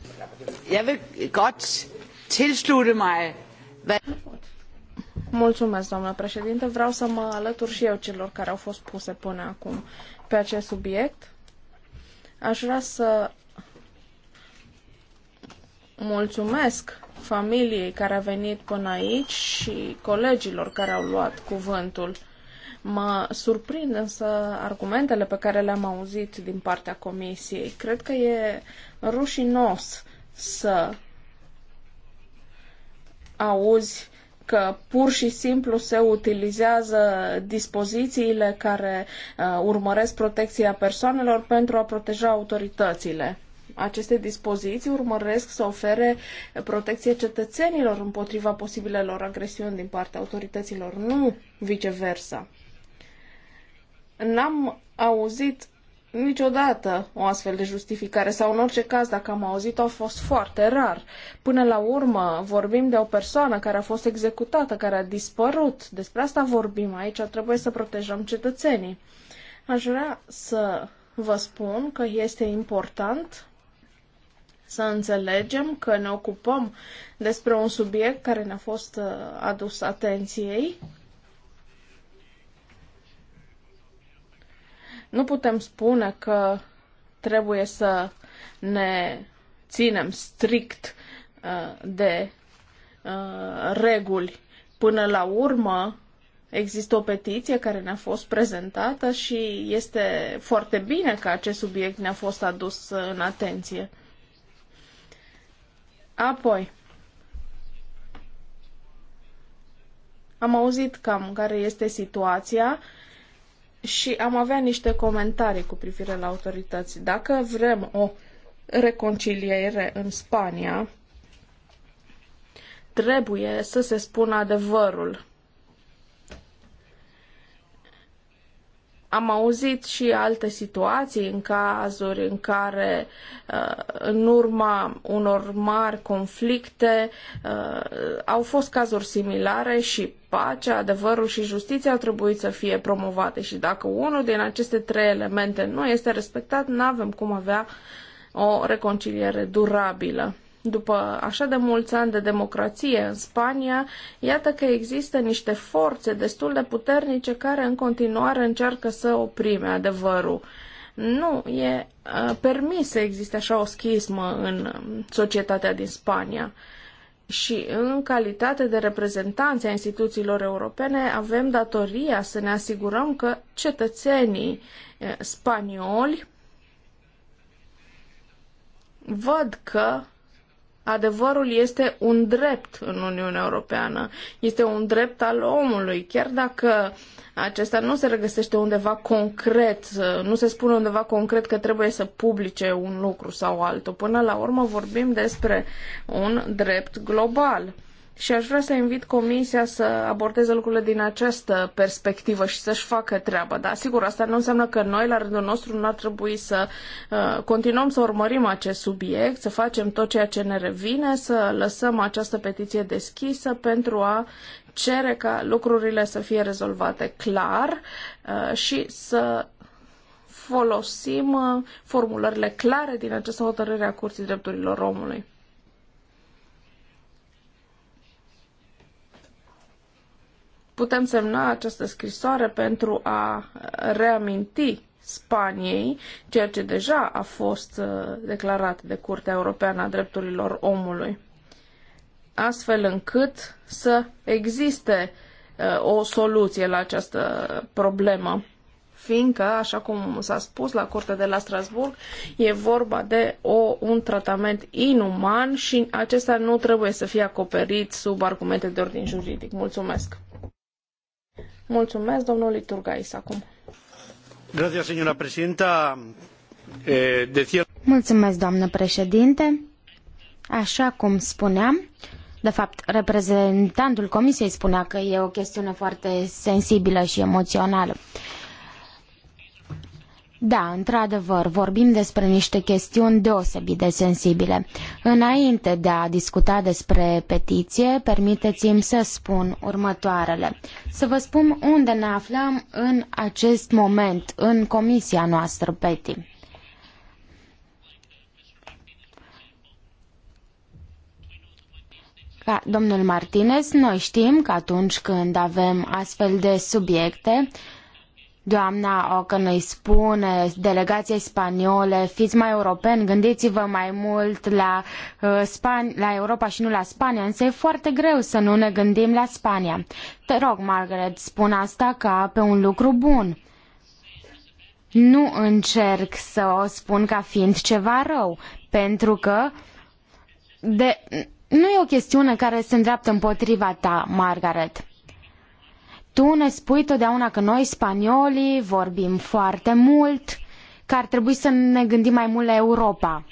Mulțumesc, doamnă președinte. Vreau să mă alătur și eu celor care au fost puse până acum pe acest subiect. Aș vrea să mulțumesc familiei care a venit până aici și colegilor care au luat cuvântul. Mă surprind însă argumentele pe care le-am auzit din partea comisiei. Cred că e rușinos să auzi că pur și simplu se utilizează dispozițiile care uh, urmăresc protecția persoanelor pentru a proteja autoritățile. Aceste dispoziții urmăresc să ofere protecție cetățenilor împotriva posibilelor agresiuni din partea autorităților, nu viceversa. N-am auzit niciodată o astfel de justificare sau în orice caz, dacă am auzit-o, a fost foarte rar. Până la urmă vorbim de o persoană care a fost executată, care a dispărut. Despre asta vorbim aici, trebuie să protejăm cetățenii. Aș vrea să vă spun că este important să înțelegem că ne ocupăm despre un subiect care ne-a fost uh, adus atenției. Nu putem spune că trebuie să ne ținem strict uh, de uh, reguli. Până la urmă, Există o petiție care ne-a fost prezentată și este foarte bine că acest subiect ne-a fost adus în atenție. Apoi, am auzit cam care este situația și am avea niște comentarii cu privire la autorități. Dacă vrem o reconciliere în Spania, trebuie să se spună adevărul Am auzit și alte situații în cazuri în care, uh, în urma unor mari conflicte, uh, au fost cazuri similare și pacea, adevărul și justiția au trebuit să fie promovate și dacă unul din aceste trei elemente nu este respectat, nu avem cum avea o reconciliere durabilă. După așa de mulți ani de democrație în Spania, iată că există niște forțe destul de puternice care în continuare încearcă să oprime adevărul. Nu e permis să existe așa o schismă în um, societatea din Spania și în calitate de reprezentanți a instituțiilor europene avem datoria să ne asigurăm că cetățenii spanioli văd că Adevărul este un drept în Uniunea Europeană, este un drept al omului, chiar dacă acesta nu se regăsește undeva concret, nu se spune undeva concret că trebuie să publice un lucru sau altul. Până la urmă vorbim despre un drept global. Și aș vrea să invit comisia să abordeze lucrurile din această perspectivă și să-și facă treaba. Dar sigur, asta nu înseamnă că noi, la rândul nostru, nu ar trebui să uh, continuăm să urmărim acest subiect, să facem tot ceea ce ne revine, să lăsăm această petiție deschisă pentru a cere ca lucrurile să fie rezolvate clar uh, și să folosim uh, formulările clare din această hotărâre a Curții Drepturilor Omului. putem semna această scrisoare pentru a reaminti Spaniei, ceea ce deja a fost uh, declarat de Curtea Europeană a Drepturilor Omului, astfel încât să existe uh, o soluție la această problemă fiindcă, așa cum s-a spus la Curtea de la Strasburg, e vorba de o, un tratament inuman și acesta nu trebuie să fie acoperit sub argumente de ordin juridic. Mulțumesc! Mulțumesc, domnul Turgais, acum. Eh, Mulțumesc, doamnă președinte. Așa cum spuneam, de fapt, reprezentantul comisiei spunea că e o chestiune foarte sensibilă și emoțională. Uh, da, într-adevăr, vorbim despre niște chestiuni deosebit de sensibile. Înainte de a discuta despre petiție, permiteți-mi să spun următoarele. Să vă spun unde ne aflăm în acest moment, în comisia noastră, PETI. Ca domnul Martinez, noi știm că atunci când avem astfel de subiecte, uh, Doamna Ocan îi spune delegația spaniole, fiți mai europeni, gândiți-vă mai mult la, uh, Span- la Europa și nu la Spania, însă e foarte greu să nu ne gândim la Spania. Te rog, Margaret, spun asta ca pe un lucru bun. Nu încerc să o spun ca fiind ceva rău, pentru că de... nu e o chestiune care se îndreaptă împotriva ta, Margaret. Tu ne spui totdeauna că noi, spaniolii, vorbim foarte mult, că ar trebui să ne gândim mai mult la Europa.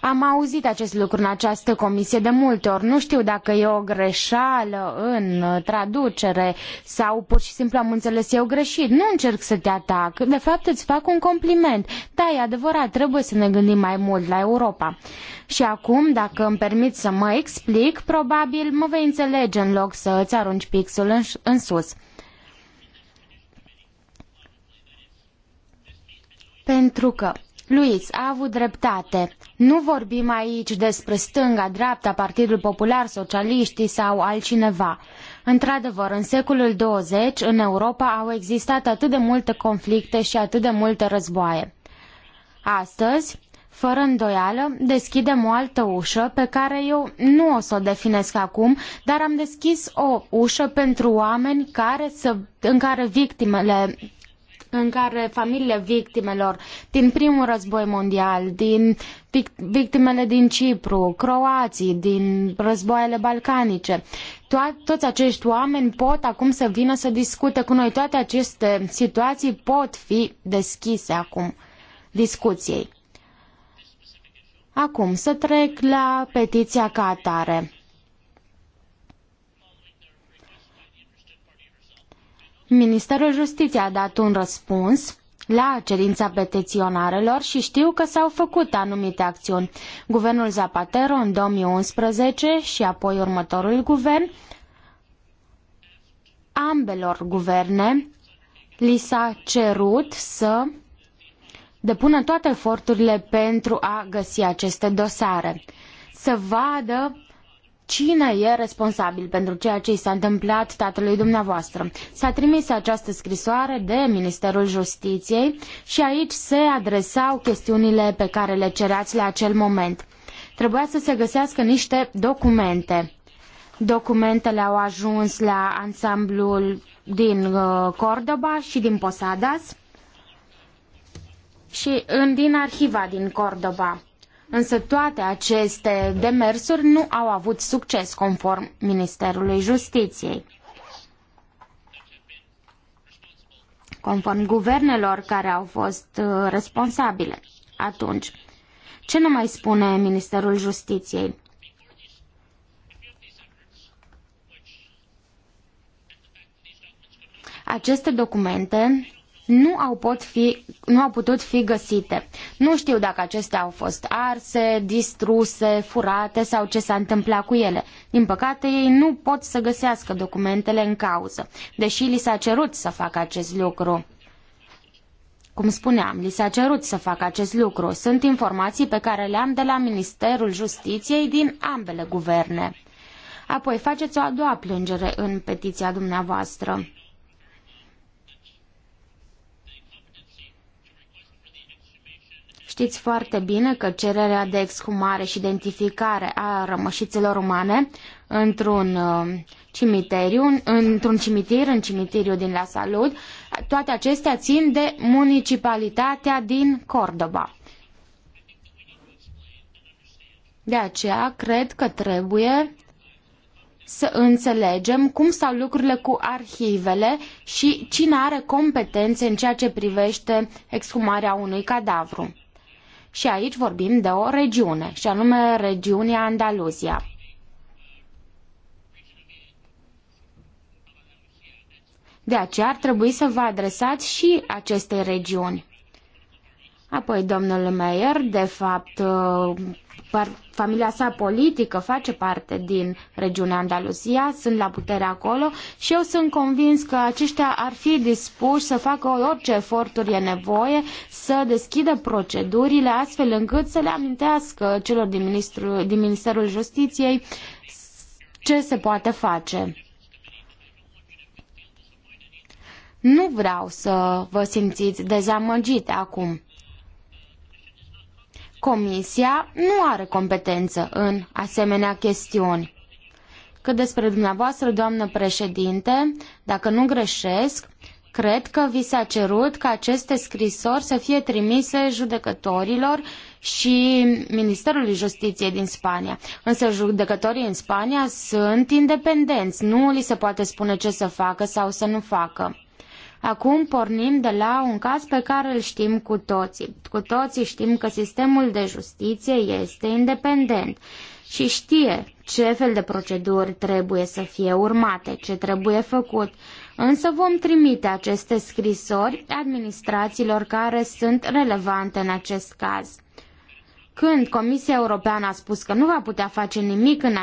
Am auzit acest lucru în această comisie de multe ori. Nu știu dacă e o greșeală în traducere sau pur și simplu am înțeles eu greșit. Nu încerc să te atac. De fapt îți fac un compliment. Da, e adevărat, trebuie să ne gândim mai mult la Europa. Și acum, dacă îmi permit să mă explic, probabil mă vei înțelege în loc să îți arunci pixul în, în sus. Pentru că Luis a avut dreptate. Nu vorbim aici despre stânga, dreapta, Partidul Popular, socialiștii sau altcineva. Într-adevăr, în secolul 20, în Europa au existat atât de multe conflicte și atât de multe războaie. Astăzi, fără îndoială, deschidem o altă ușă pe care eu nu o să o definesc acum, dar am deschis o ușă pentru oameni care să, în care victimele în care familiile victimelor din primul război mondial, din victimele din Cipru, croații, din războaiele balcanice, to- toți acești oameni pot acum să vină să discute cu noi. Toate aceste situații pot fi deschise acum discuției. Acum să trec la petiția ca atare. Ministerul Justiției a dat un răspuns la cerința petiționarelor și știu că s-au făcut anumite acțiuni. Guvernul Zapatero în 2011 și apoi următorul guvern, ambelor guverne, li s-a cerut să depună toate eforturile pentru a găsi aceste dosare, să vadă Cine e responsabil pentru ceea ce i s-a întâmplat tatălui dumneavoastră? S-a trimis această scrisoare de Ministerul Justiției și aici se adresau chestiunile pe care le cereați la acel moment. Trebuia să se găsească niște documente. Documentele au ajuns la ansamblul din uh, Cordoba și din Posadas și în, din arhiva din Cordoba. Însă toate aceste demersuri nu au avut succes conform Ministerului Justiției. Conform guvernelor care au fost uh, responsabile atunci. Ce ne mai spune Ministerul Justiției? Aceste documente nu au, pot fi, nu au putut fi găsite. Nu știu dacă acestea au fost arse, distruse, furate sau ce s-a întâmplat cu ele. Din păcate, ei nu pot să găsească documentele în cauză, deși li s-a cerut să facă acest lucru. Cum spuneam, li s-a cerut să facă acest lucru. Sunt informații pe care le am de la Ministerul Justiției din ambele guverne. Apoi faceți o a doua plângere în petiția dumneavoastră. Știți foarte bine că cererea de exhumare și identificare a rămășițelor umane într-un uh, cimitariu, într-un cimitir, în cimitirul din La Salud, toate acestea țin de municipalitatea din Cordoba. De aceea, cred că trebuie să înțelegem cum stau lucrurile cu arhivele și cine are competențe în ceea ce privește exhumarea unui cadavru. Și aici vorbim de o regiune, și anume regiunea Andaluzia. De aceea ar trebui să vă adresați și acestei regiuni. Apoi, domnul Meyer, de fapt, familia sa politică face parte din regiunea Andaluzia, sunt la putere acolo și eu sunt convins că aceștia ar fi dispuși să facă orice eforturi e nevoie, să deschidă procedurile astfel încât să le amintească celor din, ministru, din Ministerul Justiției ce se poate face. Nu vreau să vă simțiți dezamăgite acum. Comisia nu are competență în asemenea chestiuni. Cât despre dumneavoastră, doamnă președinte, dacă nu greșesc, cred că vi s-a cerut ca aceste scrisori să fie trimise judecătorilor și Ministerului Justiției din Spania. Însă judecătorii în Spania sunt independenți, nu li se poate spune ce să facă sau să nu facă. Acum pornim de la un caz pe care îl știm cu toții. Cu toții știm că sistemul de justiție este independent și știe ce fel de proceduri trebuie să fie urmate, ce trebuie făcut. Însă vom trimite aceste scrisori administrațiilor care sunt relevante în acest caz. Când Comisia Europeană a spus că nu va putea face nimic în,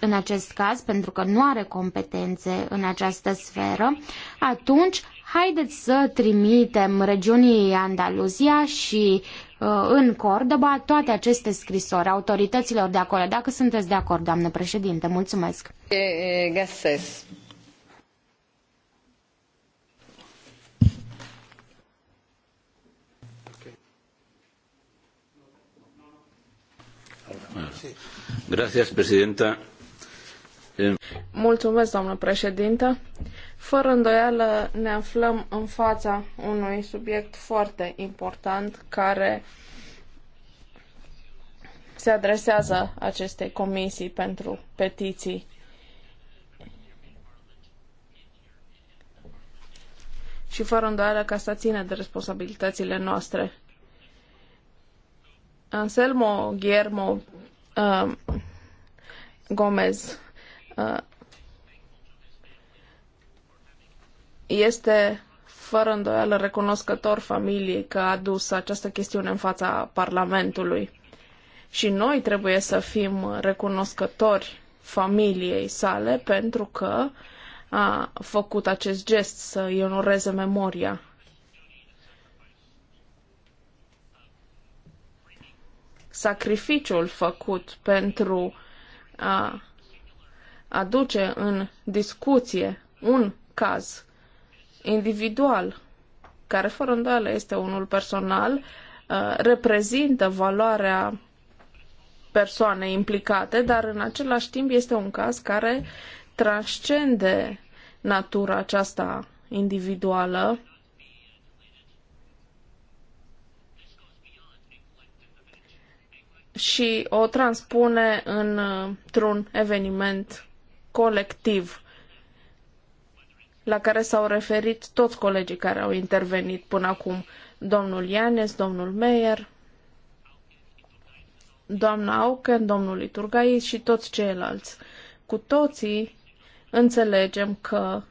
în acest caz pentru că nu are competențe în această sferă, atunci Haideți să trimitem regiunii Andaluzia și uh, în Cordoba toate aceste scrisori autorităților de acolo, dacă sunteți de acord, doamnă președinte. Mulțumesc. Gases. Gracias, presidenta. Mulțumesc, doamnă președintă. Fără îndoială ne aflăm în fața unui subiect foarte important care se adresează acestei comisii pentru petiții. Și fără îndoială ca să ține de responsabilitățile noastre. Anselmo Guillermo uh, Gomez uh, este fără îndoială recunoscător familiei că a dus această chestiune în fața Parlamentului. Și noi trebuie să fim recunoscători familiei sale pentru că a făcut acest gest să îi onoreze memoria. Sacrificiul făcut pentru a aduce în discuție un caz individual, care fără îndoială este unul personal, uh, reprezintă valoarea persoanei implicate, dar în același timp este un caz care transcende natura aceasta individuală și o transpune uh, într-un eveniment colectiv la care s-au referit toți colegii care au intervenit până acum, domnul Ianes, domnul Meyer, doamna Auken, domnul Iturgais și toți ceilalți. Cu toții înțelegem că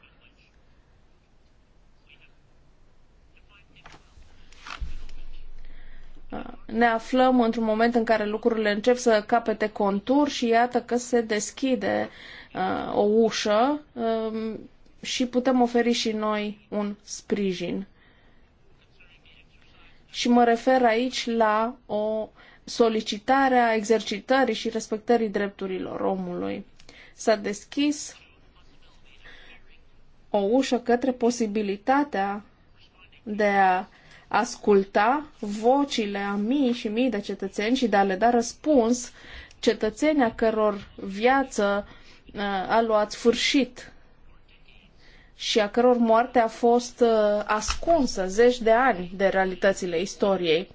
ne aflăm într-un moment în care lucrurile încep să capete contur și iată că se deschide uh, o ușă uh, și putem oferi și noi un sprijin. Și mă refer aici la o solicitare a exercitării și respectării drepturilor omului. S-a deschis o ușă către posibilitatea de a asculta vocile a mii și mii de cetățeni și de a le da răspuns cetățenii a căror viață uh, a luat sfârșit și a căror moarte a fost uh, ascunsă zeci de ani de realitățile istoriei.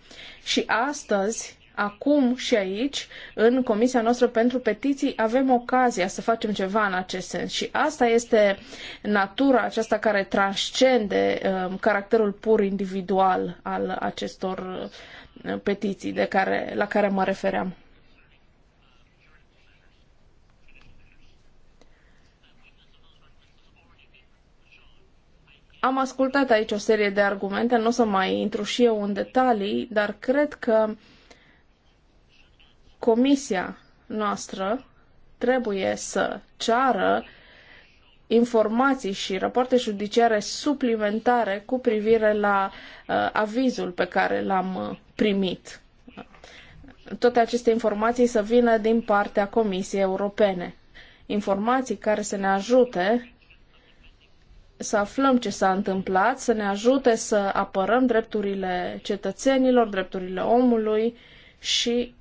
Și astăzi, acum și aici, în Comisia noastră pentru petiții, avem ocazia să facem ceva în acest sens. Și asta este natura aceasta care transcende um, caracterul pur individual al acestor uh, petiții de care, la care mă refeream. Am ascultat aici o serie de argumente, nu o să mai intru și eu în detalii, dar cred că comisia noastră trebuie să ceară informații și rapoarte judiciare suplimentare cu privire la uh, avizul pe care l-am uh, primit. Toate aceste informații să vină din partea Comisiei Europene. Informații care să ne ajute să aflăm ce s-a întâmplat, să ne ajute să apărăm drepturile cetățenilor, drepturile omului și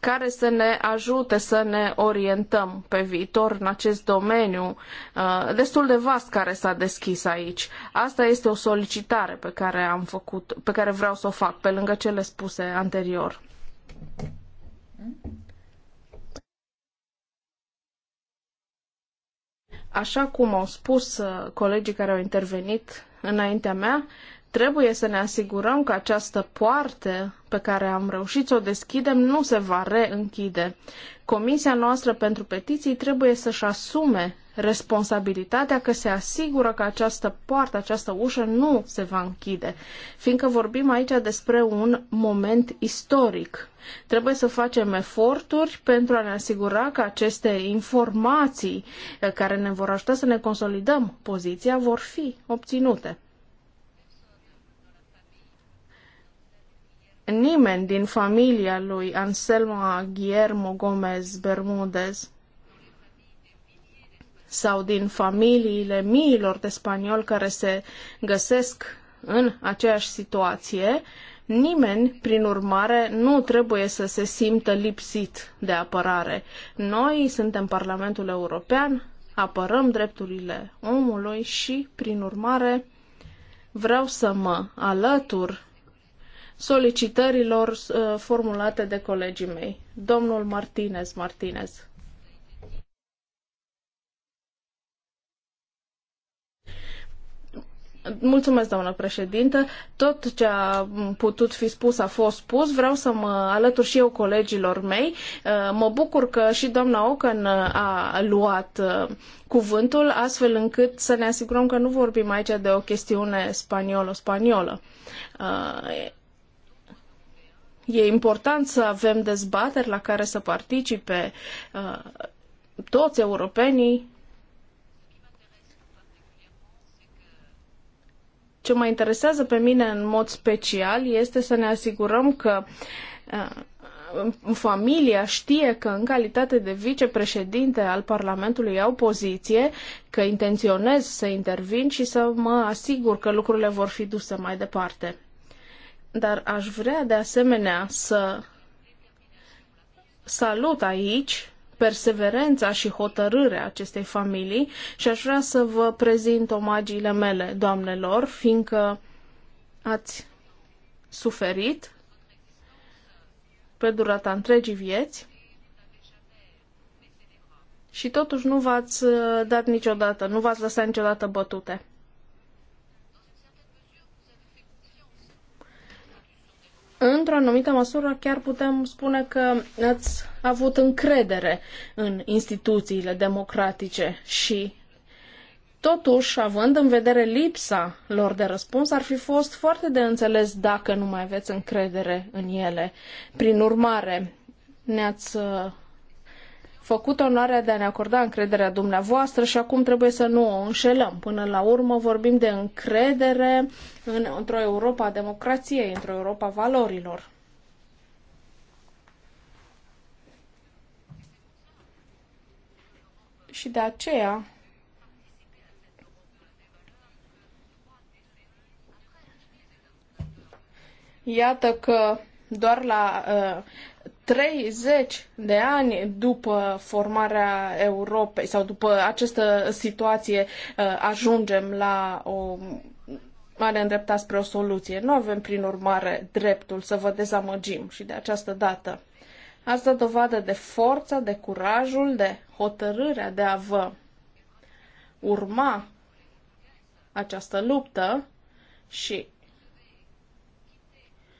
care să ne ajute să ne orientăm pe viitor în acest domeniu uh, destul de vast care s-a deschis aici. Asta este o solicitare pe care am făcut, pe care vreau să o fac, pe lângă cele spuse anterior. Hmm? Așa cum au spus uh, colegii care au intervenit înaintea mea, Trebuie să ne asigurăm că această poartă pe care am reușit să o deschidem nu se va reînchide. Comisia noastră pentru petiții trebuie să-și asume responsabilitatea că se asigură că această poartă, această ușă nu se va închide, fiindcă vorbim aici despre un moment istoric. Trebuie să facem eforturi pentru a ne asigura că aceste informații eh, care ne vor ajuta să ne consolidăm poziția vor fi obținute. nimeni din familia lui Anselmo Guillermo Gomez Bermudez sau din familiile miilor de spanioli care se găsesc în aceeași situație, nimeni, prin urmare, nu trebuie să se simtă lipsit de apărare. Noi suntem Parlamentul European, apărăm drepturile omului și, prin urmare, vreau să mă alătur solicitărilor uh, formulate de colegii mei. Domnul Martinez Martinez. Mulțumesc, doamnă președintă. Tot ce a putut fi spus a fost spus. Vreau să mă alătur și eu colegilor mei. Uh, mă bucur că și doamna Ocan uh, a luat uh, cuvântul, astfel încât să ne asigurăm că nu vorbim aici de o chestiune spaniolă-spaniolă. E important să avem dezbateri la care să participe uh, toți europenii. Ce mă interesează pe mine în mod special este să ne asigurăm că uh, familia știe că în calitate de vicepreședinte al Parlamentului au poziție, că intenționez să intervin și să mă asigur că lucrurile vor fi duse mai departe. Dar aș vrea de asemenea să salut aici perseverența și hotărârea acestei familii și aș vrea să vă prezint omagiile mele, doamnelor, fiindcă ați suferit pe durata întregii vieți și totuși nu v-ați uh, dat niciodată, nu v-ați lăsat niciodată bătute. într-o anumită măsură chiar putem spune că ați avut încredere în instituțiile democratice și Totuși, având în vedere lipsa lor de răspuns, ar fi fost foarte de înțeles dacă nu mai aveți încredere în ele. Prin urmare, ne-ați uh, făcut onoarea de a ne acorda încrederea dumneavoastră și acum trebuie să nu o înșelăm. Până la urmă vorbim de încredere în, într-o Europa a democrației, într-o Europa a valorilor. Și de aceea Iată că doar la uh, 30 de ani după formarea Europei sau după această situație uh, ajungem la o mare îndreptat spre o soluție. Nu avem, prin urmare, dreptul să vă dezamăgim și de această dată. Ați dat dovadă de forța, de curajul, de hotărârea de a vă urma această luptă și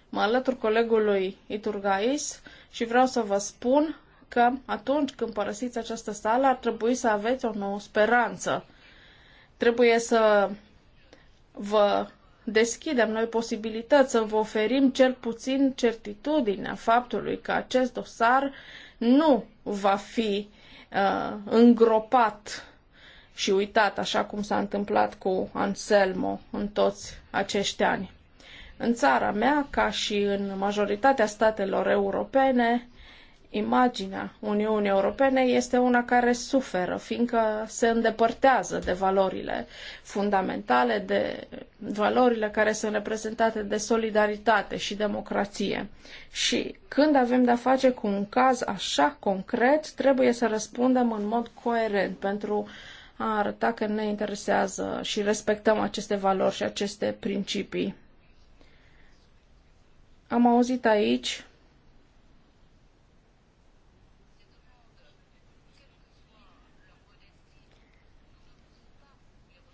mă alătur colegului Iturgais și vreau să vă spun că atunci când părăsiți această sală ar trebui să aveți o nouă speranță. Trebuie să vă deschidem noi posibilități, să vă oferim cel puțin certitudinea faptului că acest dosar nu va fi uh, îngropat și uitat așa cum s-a întâmplat cu Anselmo în toți acești ani. În țara mea, ca și în majoritatea statelor europene, imaginea Uniunii Europene este una care suferă, fiindcă se îndepărtează de valorile fundamentale, de valorile care sunt reprezentate de solidaritate și democrație. Și când avem de-a face cu un caz așa concret, trebuie să răspundem în mod coerent pentru a arăta că ne interesează și respectăm aceste valori și aceste principii am auzit aici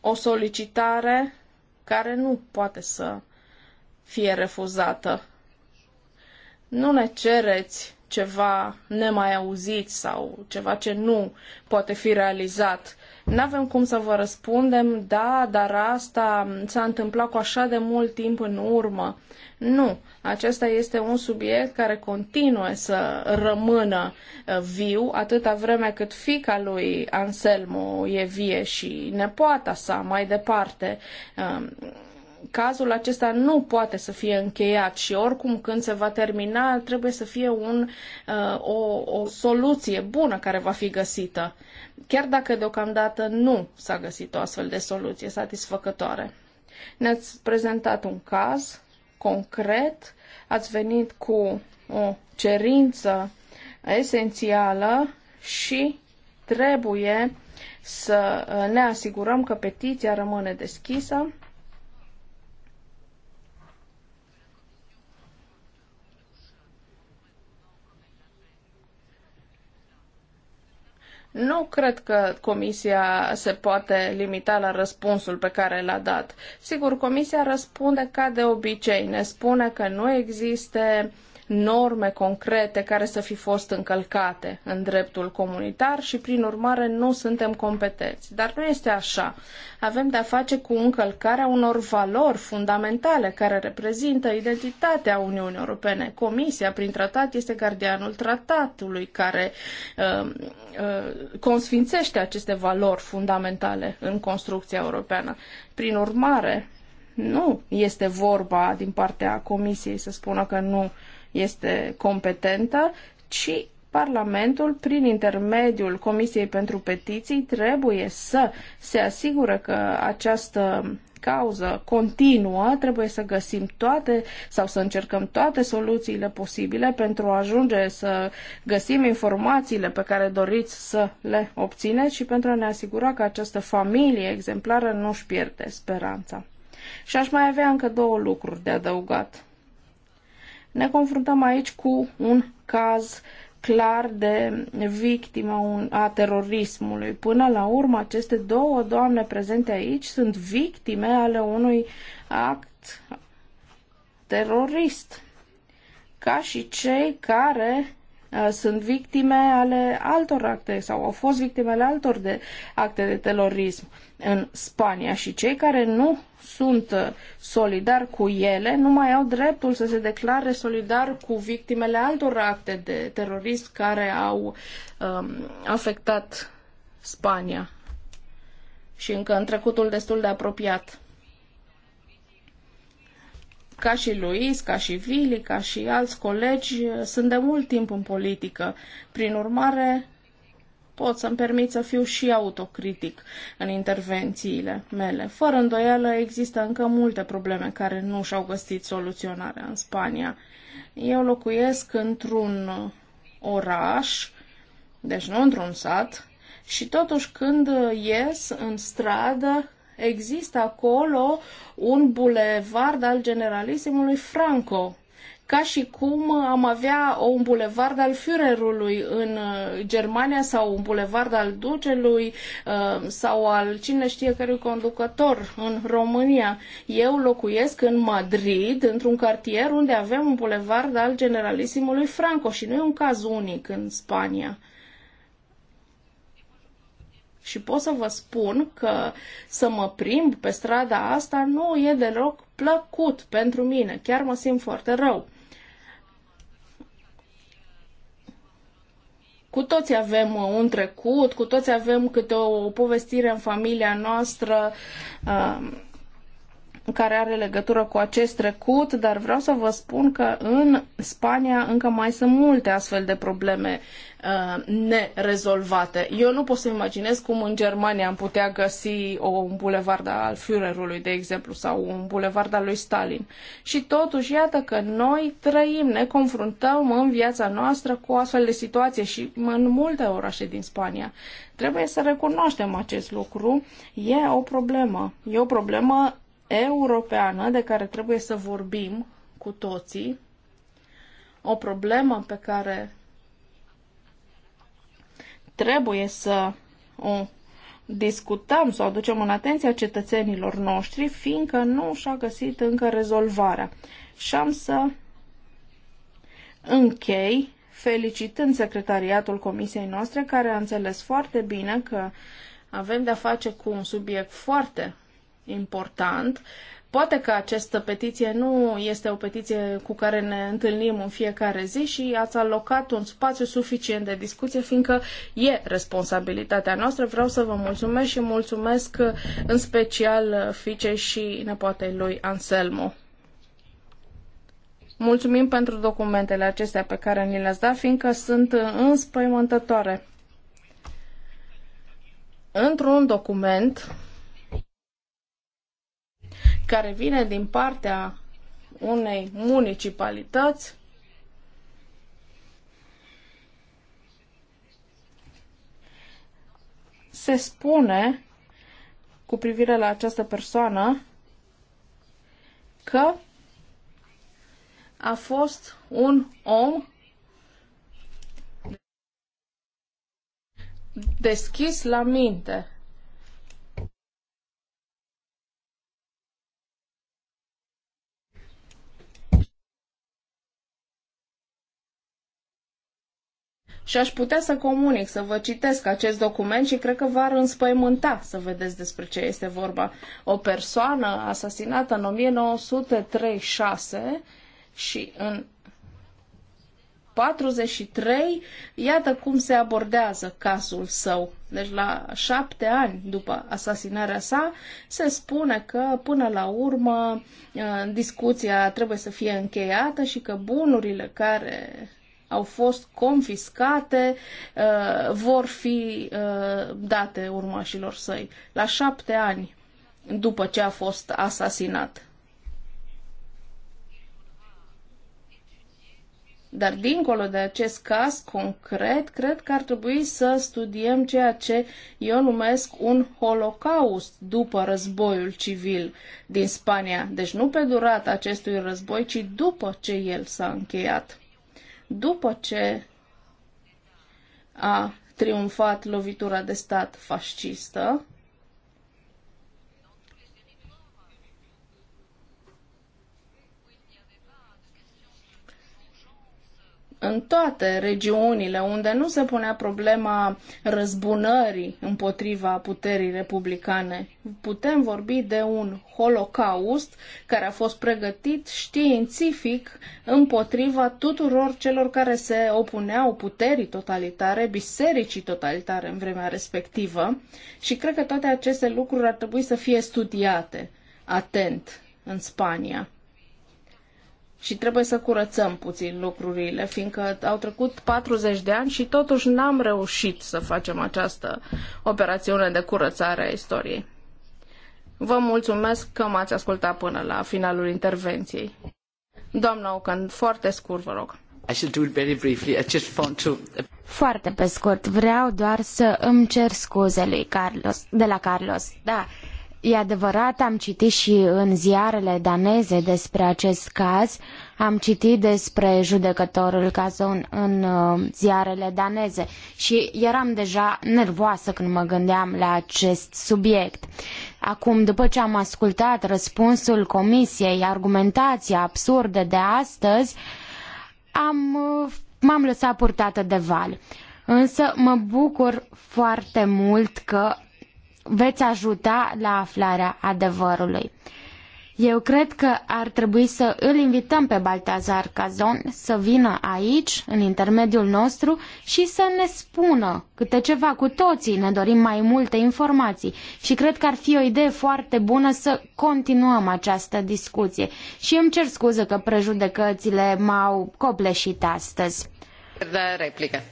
o solicitare care nu poate să fie refuzată. Nu ne cereți ceva nemai auzit sau ceva ce nu poate fi realizat. Nu avem cum să vă răspundem, da, dar asta s-a întâmplat cu așa de mult timp în urmă. Nu, acesta este un subiect care continuă să rămână uh, viu atâta vreme cât fica lui Anselmo e vie și nepoata sa mai departe um, cazul acesta nu poate să fie încheiat și oricum când se va termina trebuie să fie un, uh, o, o soluție bună care va fi găsită, chiar dacă deocamdată nu s-a găsit o astfel de soluție satisfăcătoare. Ne-ați prezentat un caz concret, ați venit cu o cerință esențială și trebuie să uh, ne asigurăm că petiția rămâne deschisă Nu cred că comisia se poate limita la răspunsul pe care l-a dat. Sigur, comisia răspunde ca de obicei, ne spune că nu există uh, norme concrete care să fi fost încălcate în dreptul comunitar și, prin urmare, nu suntem competenți. Dar nu este așa. Avem de-a face cu încălcarea unor valori fundamentale care reprezintă identitatea Uniunii Europene. Comisia, prin tratat, este gardianul tratatului care uh, uh, consfințește aceste valori fundamentale în construcția europeană. Prin urmare, nu este vorba din partea Comisiei să spună că nu este competentă, ci Parlamentul, prin intermediul Comisiei pentru Petiții, trebuie să se asigure că această cauză continuă, trebuie să găsim toate sau să încercăm toate soluțiile posibile pentru a ajunge să găsim informațiile pe care doriți să le obțineți și pentru a ne asigura că această familie exemplară nu își pierde speranța. Și aș mai avea încă două lucruri de adăugat ne confruntăm aici cu un caz clar de victima a terorismului. Până la urmă, aceste două doamne prezente aici sunt victime ale unui act terorist, ca și cei care Uh, sunt victime ale altor acte sau au fost victime ale altor de acte de terorism în Spania și cei care nu sunt uh, solidari cu ele nu mai au dreptul să se declare solidar cu victimele altor acte de terorism care au um, afectat Spania și încă în trecutul destul de apropiat ca și Luis, ca și Vili, ca și alți colegi, sunt de mult timp în politică. Prin urmare, pot să-mi permit să fiu și autocritic în intervențiile mele. Fără îndoială, există încă multe probleme care nu și-au găsit soluționarea în Spania. Eu locuiesc într-un oraș, deci nu într-un sat, și totuși când ies în stradă, există acolo un bulevard al generalisimului Franco, ca și cum am avea un bulevard al Führerului în uh, Germania sau un bulevard al Ducelui uh, sau al cine știe cărui conducător în România. Eu locuiesc în Madrid, într-un cartier unde avem un bulevard al generalisimului Franco și nu e un caz unic în Spania. Și pot să vă spun că să mă prim pe strada asta nu e deloc plăcut pentru mine. Chiar mă simt foarte rău. Cu toți avem uh, un trecut, cu toți avem câte o povestire în familia noastră. Uh, care are legătură cu acest trecut, dar vreau să vă spun că în Spania încă mai sunt multe astfel de probleme uh, nerezolvate. Eu nu pot să imaginez cum în Germania am putea găsi o, un bulevard al Führerului, de exemplu, sau un bulevard al lui Stalin. Și totuși, iată că noi trăim, ne confruntăm în viața noastră cu astfel de situație și în multe orașe din Spania. Trebuie să recunoaștem acest lucru. E o problemă. E o problemă europeană de care trebuie să vorbim cu toții, o problemă pe care trebuie să o discutăm, să o aducem în atenția cetățenilor noștri, fiindcă nu și-a găsit încă rezolvarea. Și am să închei felicitând secretariatul comisiei noastre, care a înțeles foarte bine că avem de-a face cu un subiect foarte important. Poate că această petiție nu este o petiție cu care ne întâlnim în fiecare zi și ați alocat un spațiu suficient de discuție, fiindcă e responsabilitatea noastră. Vreau să vă mulțumesc și mulțumesc în special fiicei și nepoatei lui Anselmo. Mulțumim pentru documentele acestea pe care ni le-ați dat, fiindcă sunt înspăimântătoare. Într-un document care vine din partea unei municipalități se spune cu privire la această persoană că a fost un om deschis la minte. și aș putea să comunic, să vă citesc acest document și cred că v-ar înspăimânta să vedeți despre ce este vorba. O persoană asasinată în 1936 și în 43, iată cum se abordează cazul său. Deci la șapte ani după asasinarea sa, se spune că până la urmă uh, discuția trebuie să fie încheiată și că bunurile care au fost confiscate uh, vor fi uh, date urmașilor săi la șapte ani după ce a fost asasinat. Dar dincolo de acest caz concret, cred că ar trebui să studiem ceea ce eu numesc un holocaust după războiul civil din Spania. Deci nu pe durata acestui război, ci după ce el s-a încheiat după ce a triumfat lovitura de stat fascistă, în toate regiunile unde nu se punea problema răzbunării împotriva puterii republicane. Putem vorbi de un holocaust care a fost pregătit științific împotriva tuturor celor care se opuneau puterii totalitare, bisericii totalitare în vremea respectivă și cred că toate aceste lucruri ar trebui să fie studiate atent în Spania și trebuie să curățăm puțin lucrurile, fiindcă au trecut 40 de ani și totuși n-am reușit să facem această operațiune de curățare a istoriei. Vă mulțumesc că m-ați ascultat până la finalul intervenției. Doamna Ocan, foarte scurt, vă rog. Foarte pe scurt, vreau doar să îmi cer scuze lui Carlos, de la Carlos. Da, E adevărat, am citit și în ziarele daneze despre acest caz, am citit despre judecătorul Cazon în uh, ziarele daneze și eram deja nervoasă când mă gândeam la acest subiect. Acum, după ce am ascultat răspunsul comisiei, argumentația absurdă de astăzi, am, uh, m-am lăsat purtată de val. Însă mă bucur foarte mult că veți ajuta la aflarea adevărului. Eu cred că ar trebui să îl invităm pe Baltazar Cazon să vină aici, în intermediul nostru, și să ne spună câte ceva cu toții. Ne dorim mai multe informații și cred că ar fi o idee foarte bună să continuăm această discuție. Și îmi cer scuză că prejudecățile m-au copleșit astăzi. Da, replică.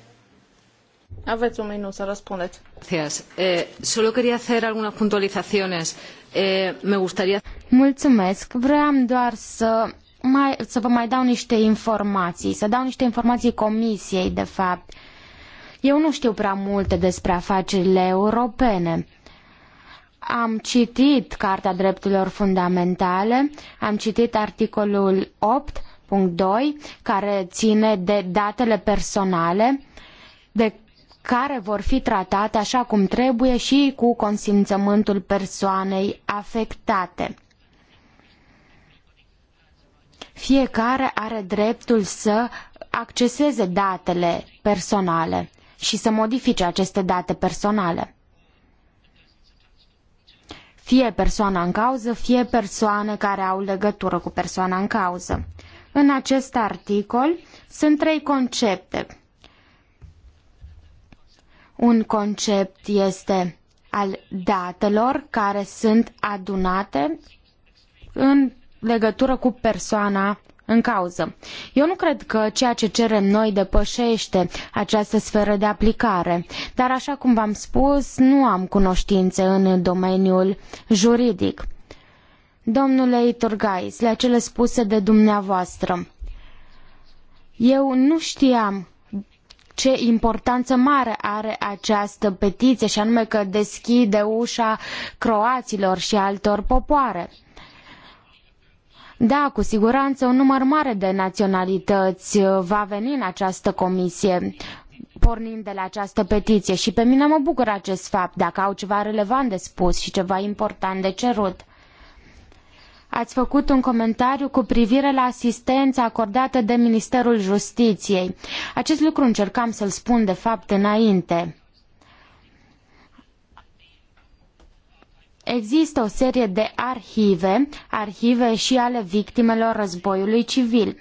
Aveți un minut să răspundeți. Gracias. Eh, solo quería hacer algunas puntualizaciones. Eh, me gustaría... Mulțumesc. Vreau doar să mai, să vă mai dau niște informații, să dau niște informații comisiei, de fapt. Eu nu știu prea multe despre afacerile europene. Am citit Carta Drepturilor Fundamentale, am citit articolul 8, Punct 2, care ține de datele personale, de care vor fi tratate așa cum trebuie și cu consimțământul persoanei afectate. Fiecare are dreptul să acceseze datele personale și să modifice aceste date personale. Fie persoana în cauză, fie persoane care au legătură cu persoana în cauză. În acest articol sunt trei concepte un concept este al datelor care sunt adunate în legătură cu persoana în cauză. Eu nu cred că ceea ce cerem noi depășește această sferă de aplicare, dar așa cum v-am spus, nu am cunoștințe în domeniul juridic. Domnule Iturgais, la cele spuse de dumneavoastră, eu nu știam ce importanță mare are această petiție și anume că deschide ușa croaților și altor popoare. Da, cu siguranță un număr mare de naționalități uh, va veni în această comisie pornind de la această petiție și pe mine mă bucură acest fapt dacă au ceva relevant de spus și ceva important de cerut. Ați făcut un comentariu cu privire la asistența acordată de Ministerul Justiției. Acest lucru încercam să-l spun de fapt înainte. Există o serie de arhive, arhive și ale victimelor războiului civil.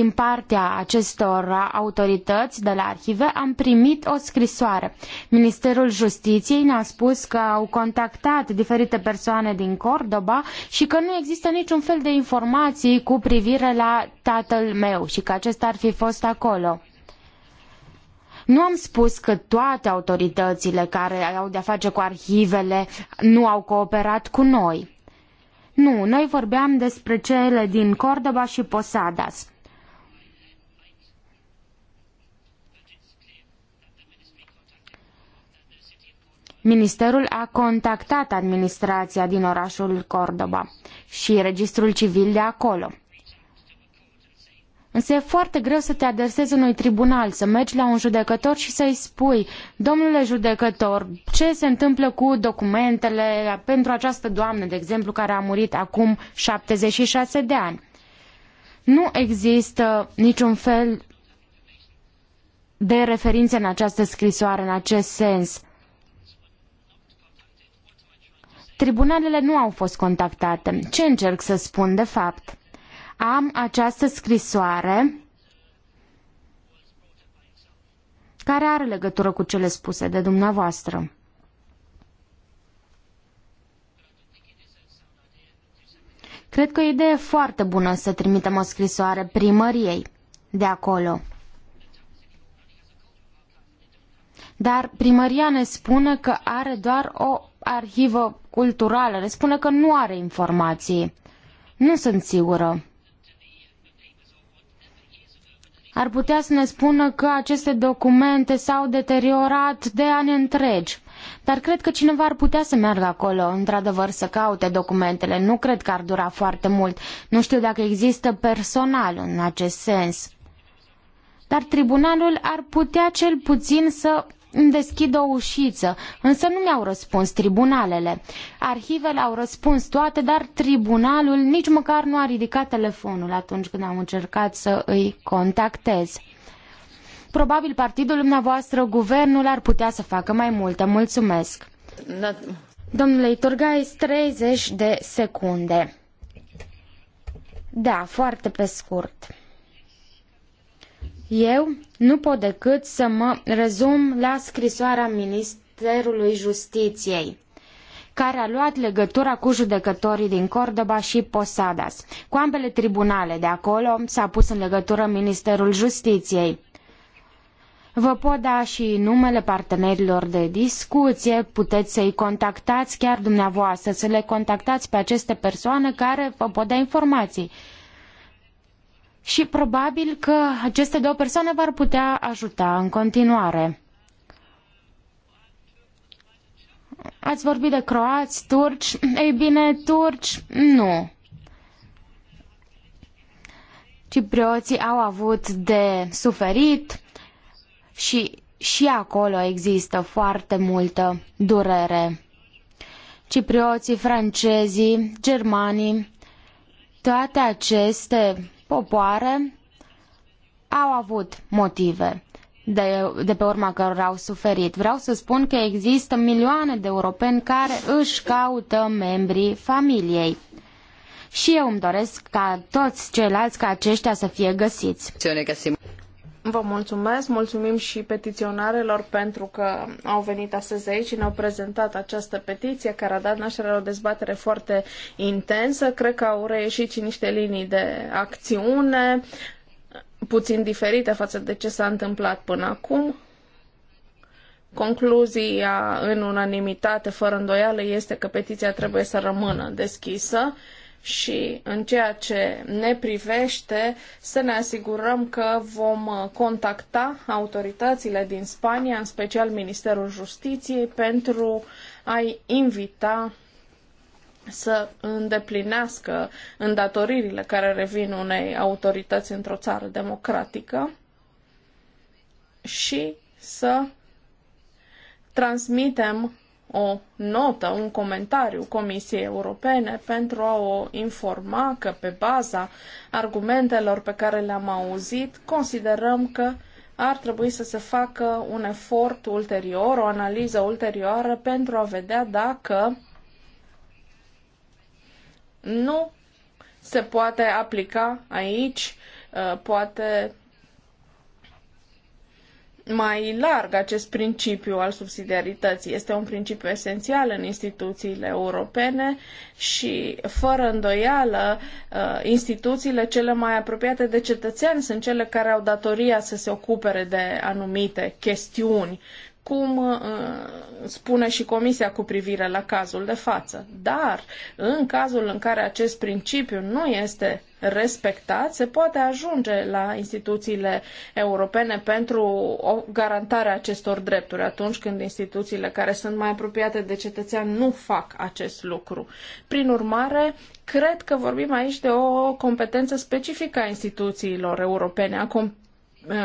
Din partea acestor autorități de la arhive am primit o scrisoare. Ministerul Justiției ne-a spus că au contactat diferite persoane din Cordoba și că nu există niciun fel de informații cu privire la tatăl meu și că acesta ar fi fost acolo. Nu am spus că toate autoritățile care au de-a face cu arhivele nu au cooperat cu noi. Nu, noi vorbeam despre cele din Cordoba și Posadas. Ministerul a contactat administrația din orașul Cordoba și registrul civil de acolo. Însă e foarte greu să te adresezi unui tribunal, să mergi la un judecător și să-i spui, domnule judecător, ce se întâmplă cu documentele pentru această doamnă, de exemplu, care a murit acum 76 de ani. Nu există niciun fel de referință în această scrisoare, în acest sens. Tribunalele nu au fost contactate. Ce încerc să spun de fapt? Am această scrisoare care are legătură cu cele spuse de dumneavoastră. Cred că e o idee foarte bună să trimitem o scrisoare primăriei de acolo. Dar primăria ne spune că are doar o arhivă culturală ne spune că nu are informații. Nu sunt sigură. Ar putea să ne spună că aceste documente s-au deteriorat de ani întregi. Dar cred că cineva ar putea să meargă acolo, într-adevăr, să caute documentele. Nu cred că ar dura foarte mult. Nu știu dacă există personal în acest sens. Dar tribunalul ar putea cel puțin să îmi deschid o ușiță, însă nu mi-au răspuns tribunalele. Arhivele au răspuns toate, dar tribunalul nici măcar nu a ridicat telefonul atunci când am încercat să îi contactez. Probabil partidul dumneavoastră, guvernul, ar putea să facă mai multe. Mulțumesc! Not... Domnule Iturgais, 30 de secunde. Da, foarte pe scurt. Eu nu pot decât să mă rezum la scrisoarea Ministerului Justiției care a luat legătura cu judecătorii din Cordoba și Posadas. Cu ambele tribunale de acolo s-a pus în legătură Ministerul Justiției. Vă pot da și numele partenerilor de discuție, puteți să-i contactați chiar dumneavoastră, să le contactați pe aceste persoane care vă pot da informații și probabil că aceste două persoane v-ar putea ajuta în continuare. Ați vorbit de croați, turci, ei bine, turci, nu. Ciprioții au avut de suferit și și acolo există foarte multă durere. Ciprioții, francezii, germanii, toate aceste popoare au avut motive de, de pe urma cărora au suferit. Vreau să spun că există milioane de europeni care își caută membrii familiei. Și eu îmi doresc ca toți ceilalți ca aceștia să fie găsiți. Vă mulțumesc, mulțumim și petiționarelor pentru că au venit astăzi aici și ne-au prezentat această petiție care a dat naștere la o dezbatere foarte intensă. Cred că au reieșit și niște linii de acțiune puțin diferite față de ce s-a întâmplat până acum. Concluzia în unanimitate, fără îndoială, este că petiția trebuie să rămână deschisă și în ceea ce ne privește să ne asigurăm că vom contacta autoritățile din Spania, în special Ministerul Justiției, pentru a-i invita să îndeplinească îndatoririle care revin unei autorități într-o țară democratică și să transmitem o notă, un comentariu Comisiei Europene pentru a o informa că pe baza argumentelor pe care le-am auzit, considerăm că ar trebui să se facă un efort ulterior, o analiză ulterioară pentru a vedea dacă nu se poate aplica aici, uh, poate mai larg acest principiu al subsidiarității. Este un principiu esențial în instituțiile europene și, fără îndoială, uh, instituțiile cele mai apropiate de cetățeni sunt cele care au datoria să se ocupe de anumite chestiuni cum uh, spune și Comisia cu privire la cazul de față. Dar, în cazul în care acest principiu nu este respectat, se poate ajunge la instituțiile europene pentru o garantare a acestor drepturi atunci când instituțiile care sunt mai apropiate de cetățean nu fac acest lucru. Prin urmare, cred că vorbim aici de o competență specifică a instituțiilor europene, a com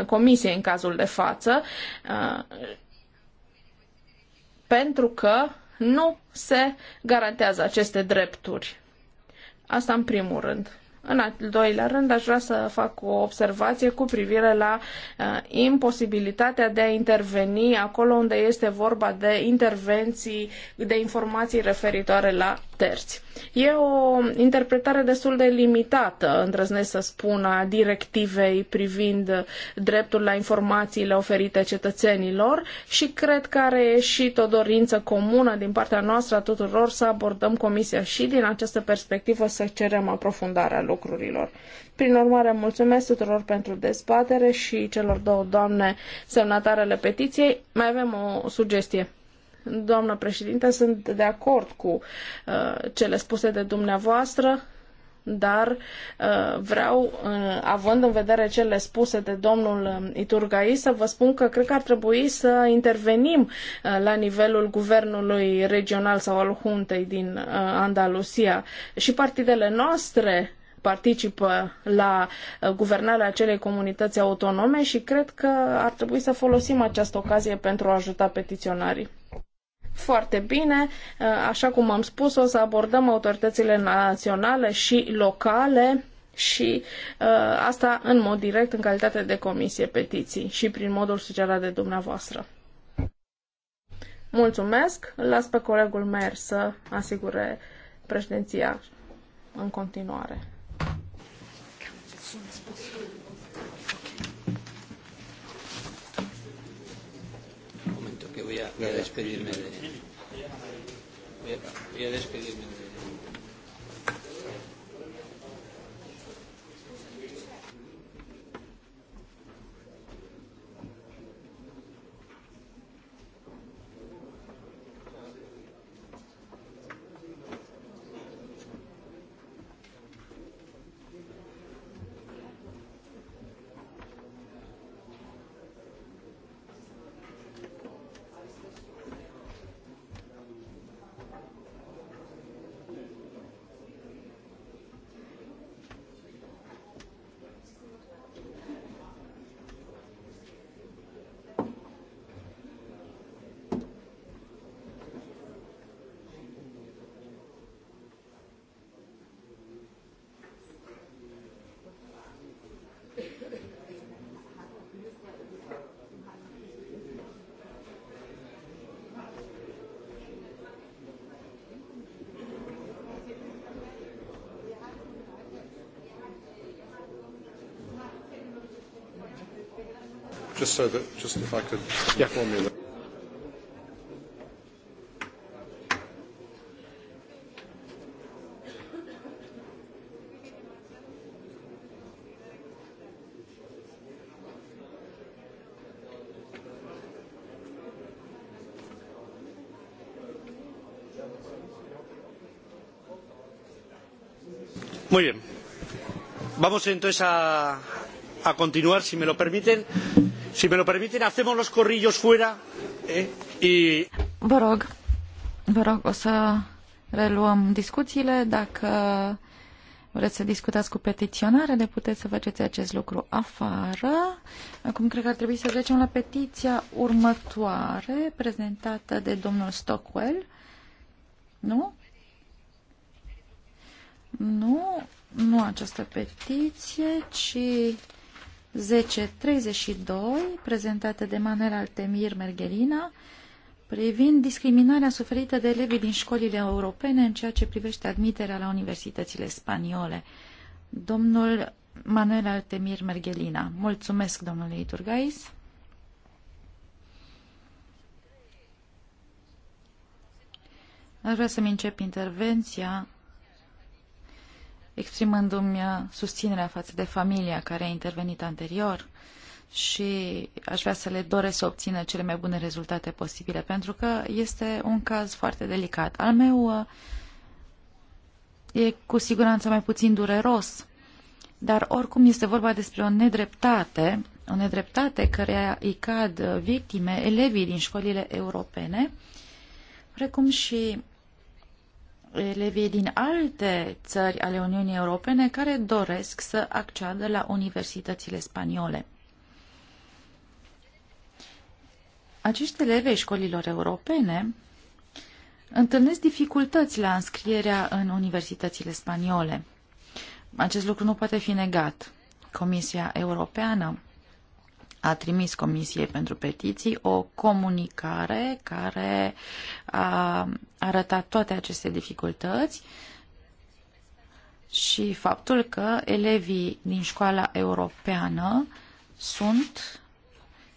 Comisiei în cazul de față, pentru că nu se garantează aceste drepturi. Asta în primul rând. În al doilea rând, aș vrea să fac o observație cu privire la uh, imposibilitatea de a interveni acolo unde este vorba de intervenții, de informații referitoare la terți. E o interpretare destul de limitată, îndrăznesc să spun, a directivei privind dreptul la informațiile oferite cetățenilor și cred că are și o dorință comună din partea noastră a tuturor să abordăm Comisia și din această perspectivă să cerem aprofundarea lui lucrurilor. Prin urmare, mulțumesc tuturor pentru dezbatere și celor două doamne semnatarele petiției. Mai avem o sugestie. Doamnă președinte, sunt de acord cu uh, cele spuse de dumneavoastră dar uh, vreau, uh, având în vedere cele spuse de domnul um, Iturgai, să vă spun că cred că ar trebui să intervenim uh, la nivelul guvernului regional sau al huntei din Andalusia și partidele noastre participă la uh, guvernarea acelei comunități autonome și cred că ar trebui să folosim această ocazie pentru a ajuta petiționarii. Foarte bine, uh, așa cum am spus, o să abordăm autoritățile naționale și locale și uh, asta în mod direct în calitate de comisie petiții și prin modul sugerat de dumneavoastră. Mulțumesc, las pe colegul Mer să asigure președinția în continuare. voy a, voy a despedirme de voy a, voy a despedirme de just so that, just if I could inform you. Muy bien. Vamos entonces a, a continuar, si me lo permiten. Si me lo permiten, hacemos los corrillos fuera eh, y... Vă rog, vă rog, o să reluăm discuțiile. Dacă vreți să discutați cu petiționarele, puteți să faceți acest lucru afară. Acum cred că ar trebui să trecem la petiția următoare, prezentată de domnul Stockwell. Nu? Nu, nu această petiție, ci 1032, prezentată de Manuel Altemir Mergherina, privind discriminarea suferită de elevii din școlile europene în ceea ce privește admiterea la universitățile spaniole. Domnul Manuel Altemir Mergelina, Mulțumesc, domnule Iturgais. Aș vrea să-mi încep intervenția exprimându-mi uh, susținerea față de familia care a intervenit anterior și aș vrea să le doresc să obțină cele mai bune rezultate posibile, pentru că este un caz foarte delicat. Al meu uh, e cu siguranță mai puțin dureros, dar oricum este vorba despre o nedreptate, o nedreptate care îi cad victime elevii din școlile europene, precum și elevii din alte țări ale Uniunii Europene care doresc să acceadă la universitățile spaniole. Acești elevi ai școlilor europene întâlnesc dificultăți la înscrierea în universitățile spaniole. Acest lucru nu poate fi negat. Comisia Europeană a trimis Comisiei pentru Petiții o comunicare care a arătat toate aceste dificultăți și faptul că elevii din școala europeană sunt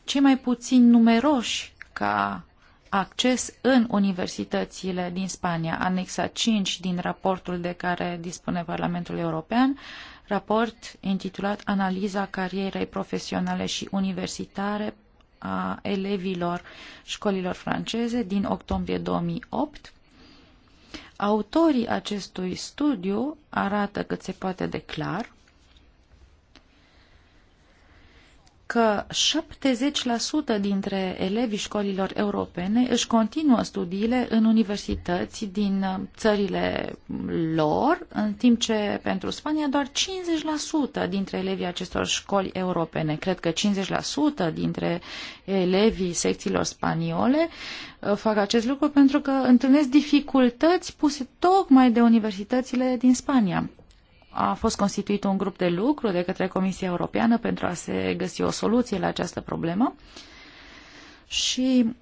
cei mai puțin numeroși ca acces în universitățile din Spania. Anexa 5 din raportul de care dispune Parlamentul European uh, raport intitulat Analiza carierei profesionale și universitare a elevilor școlilor franceze din octombrie 2008. Autorii acestui studiu arată cât se poate de clar că 70% dintre elevii școlilor europene își continuă studiile în universități din uh, țările lor, în timp ce pentru Spania doar 50% dintre elevii acestor școli europene, cred că 50% dintre elevii secțiilor spaniole uh, fac acest lucru pentru că întâlnesc dificultăți puse tocmai de universitățile din Spania a fost constituit un grup de lucru de către Comisia Europeană pentru a se găsi o soluție la această problemă și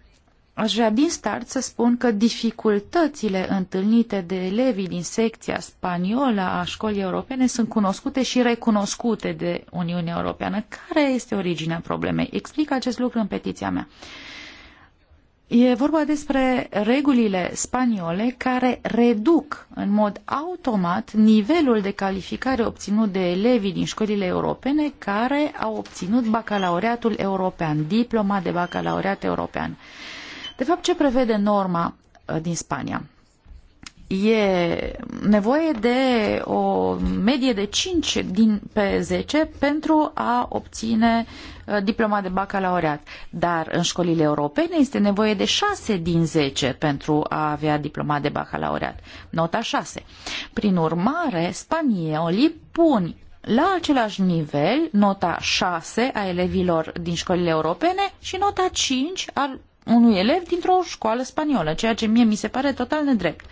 aș vrea din start să spun că dificultățile întâlnite de elevii din secția spaniolă a școlii europene sunt cunoscute și recunoscute de Uniunea Europeană. Care este originea problemei? Explic acest lucru în petiția mea. E vorba despre regulile spaniole care reduc în mod automat nivelul de calificare obținut de elevii din școlile europene care au obținut bacalaureatul european, diploma de bacalaureat european. De fapt, ce prevede norma uh, din Spania? e nevoie de o medie de 5 din, pe 10 pentru a obține uh, diploma de bacalaureat. Dar în școlile europene este nevoie de 6 din 10 pentru a avea diploma de bacalaureat. Nota 6. Prin urmare, spaniolii pun la același nivel nota 6 a elevilor din școlile europene și nota 5 al unui elev dintr-o școală spaniolă, ceea ce mie mi se pare total nedrept.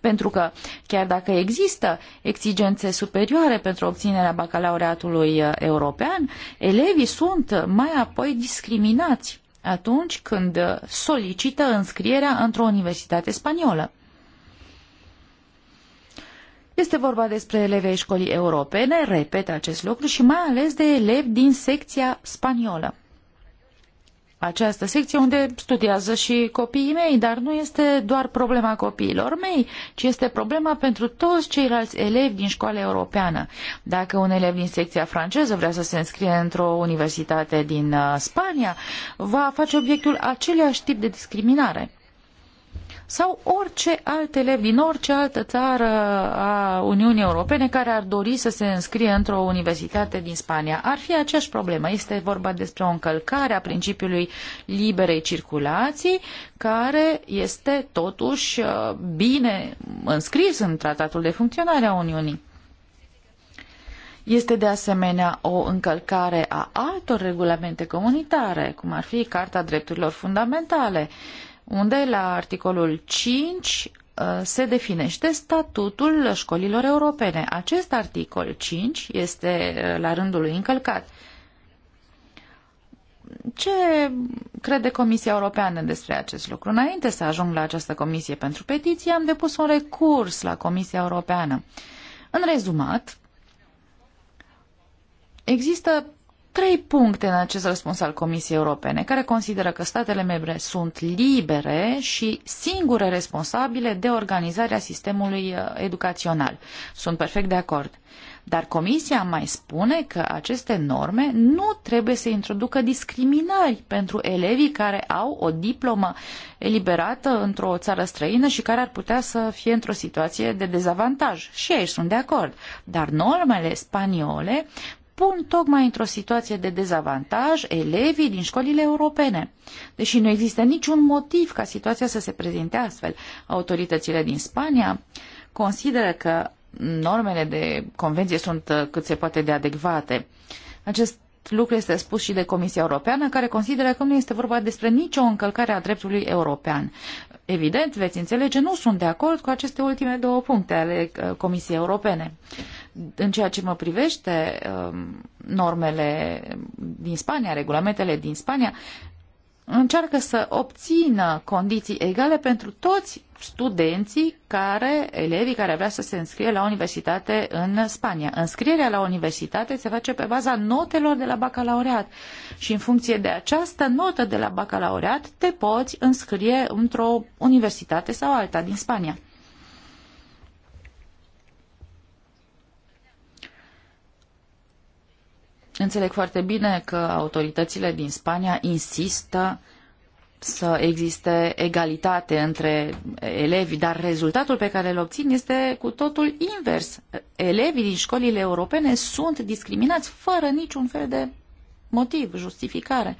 Pentru că, chiar dacă există exigențe superioare pentru obținerea bacalaureatului uh, european, elevii sunt mai apoi discriminați atunci când uh, solicită înscrierea într-o universitate spaniolă. Este vorba despre elevii școlii europene, repet acest lucru, și mai ales de elevi din secția spaniolă această secție unde studiază și copiii mei, dar nu este doar problema copiilor mei, ci este problema pentru toți ceilalți elevi din școala europeană. Dacă un elev din secția franceză vrea să se înscrie într-o universitate din uh, Spania, va face obiectul aceleași tip de discriminare sau orice alt elev din orice altă țară a Uniunii Europene care ar dori să se înscrie într-o universitate din Spania. Ar fi aceeași problemă. Este vorba despre o încălcare a principiului liberei circulații, care este totuși uh, bine înscris în tratatul de funcționare a Uniunii. Este de asemenea o încălcare a altor regulamente comunitare, cum ar fi Carta Drepturilor Fundamentale. Uh, unde la articolul 5 uh, se definește statutul școlilor europene. Acest articol 5 este uh, la rândul lui încălcat. Ce crede Comisia Europeană despre acest lucru? Înainte să ajung la această comisie pentru petiții, am depus un recurs la Comisia Europeană. În rezumat, există trei puncte în acest răspuns al Comisiei Europene, care consideră că statele membre sunt libere și singure responsabile de organizarea sistemului uh, educațional. Sunt perfect de acord. Dar Comisia mai spune că aceste norme nu trebuie să introducă discriminări pentru elevii care au o diplomă eliberată într-o țară străină și care ar putea să fie într-o situație de dezavantaj. Și aici sunt de acord. Dar normele spaniole pun tocmai într-o situație de dezavantaj elevii din școlile europene. Deși nu există niciun motiv ca situația să se prezinte astfel, autoritățile din Spania consideră că normele de convenție sunt uh, cât se poate de adecvate. Acest lucru este spus și de Comisia Europeană, care consideră că nu este vorba despre nicio încălcare a dreptului european. Evident, veți înțelege, nu sunt de acord cu aceste ultime două puncte ale uh, Comisiei Europene. În ceea ce mă privește, um, normele din Spania, regulamentele din Spania, încearcă să obțină condiții egale pentru toți studenții care, elevii care vrea să se înscrie la universitate în Spania. Înscrierea la universitate se face pe baza notelor de la bacalaureat și în funcție de această notă de la bacalaureat te poți înscrie într-o universitate sau alta din Spania. Înțeleg foarte bine că autoritățile din Spania insistă să existe egalitate între elevi, dar rezultatul pe care îl obțin este cu totul invers. Elevii din școlile europene sunt discriminați fără niciun fel de motiv, justificare.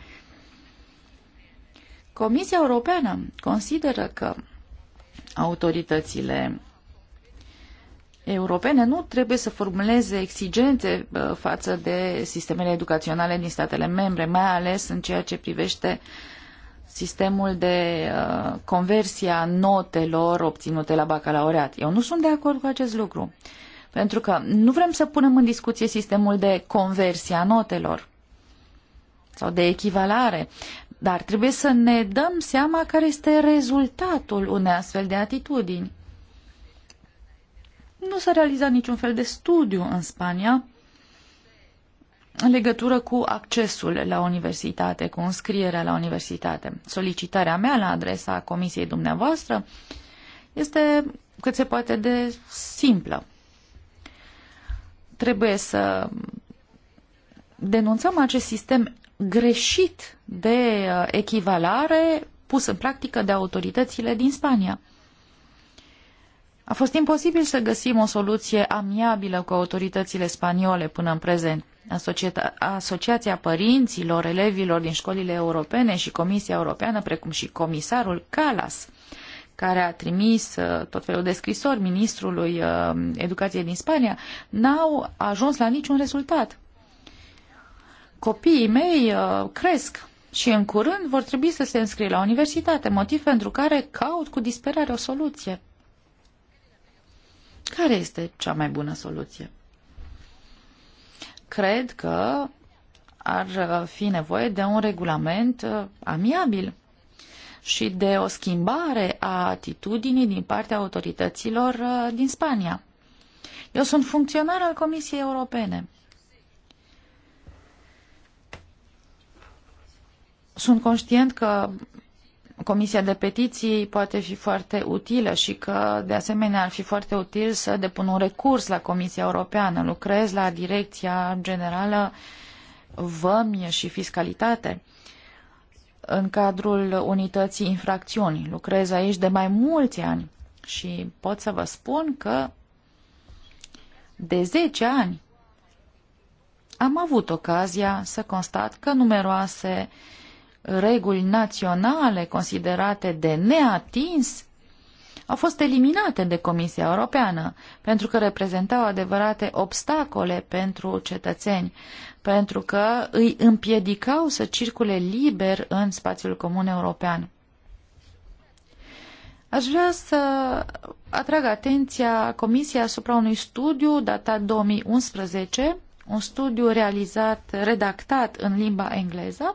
Comisia Europeană consideră că autoritățile europene nu trebuie să formuleze exigențe uh, față de sistemele educaționale din statele membre, mai ales în ceea ce privește sistemul de uh, conversie a notelor obținute la bacalaureat. Eu nu sunt de acord cu acest lucru, pentru că nu vrem să punem în discuție sistemul de conversie a notelor sau de echivalare, dar trebuie să ne dăm seama care este rezultatul unei astfel de atitudini nu s-a realizat niciun fel de studiu în Spania în legătură cu accesul la universitate, cu înscrierea la universitate. Solicitarea mea la adresa comisiei dumneavoastră este cât se poate de simplă. Trebuie să denunțăm acest sistem greșit de uh, echivalare pus în practică de autoritățile din Spania. A fost imposibil să găsim o soluție amiabilă cu autoritățile spaniole până în prezent. Asociația părinților, elevilor din școlile europene și Comisia Europeană, precum și comisarul Calas, care a trimis uh, tot felul de scrisori ministrului uh, educației din Spania, n-au ajuns la niciun rezultat. Copiii mei uh, cresc și în curând vor trebui să se înscrie la universitate, motiv pentru care caut cu disperare o soluție. Care este cea mai bună soluție? Cred că ar uh, fi nevoie de un regulament uh, amiabil și de o schimbare a atitudinii din partea autorităților uh, din Spania. Eu sunt funcționar al Comisiei Europene. Sunt conștient că Comisia de Petiții poate fi foarte utilă și că, de asemenea, ar fi foarte util să depun un recurs la Comisia Europeană. Lucrez la Direcția Generală Vămi și Fiscalitate în cadrul unității infracțiuni. Lucrez aici de mai mulți ani și pot să vă spun că de 10 ani am avut ocazia să constat că numeroase uh, reguli naționale considerate de neatins au fost eliminate de Comisia Europeană, pentru că reprezentau adevărate obstacole pentru cetățeni, pentru că îi împiedicau să circule liber în spațiul comun european. Aș vrea să atrag atenția Comisiei asupra unui studiu datat 2011, un studiu realizat, redactat în limba engleză,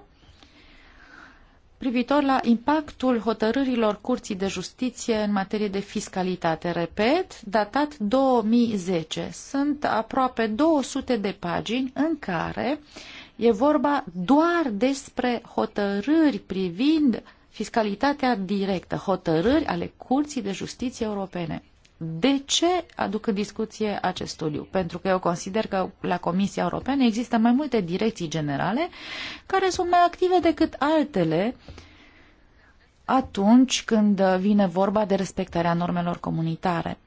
privitor la impactul hotărârilor Curții de Justiție în materie de fiscalitate. Repet, datat 2010. Sunt aproape 200 de pagini în care e vorba doar despre hotărâri privind fiscalitatea directă, hotărâri ale Curții de Justiție Europene de ce aduc în discuție acest studiu? Pentru că eu consider că la Comisia Europeană există mai multe direcții generale care sunt mai active decât altele atunci când vine vorba de respectarea normelor comunitare.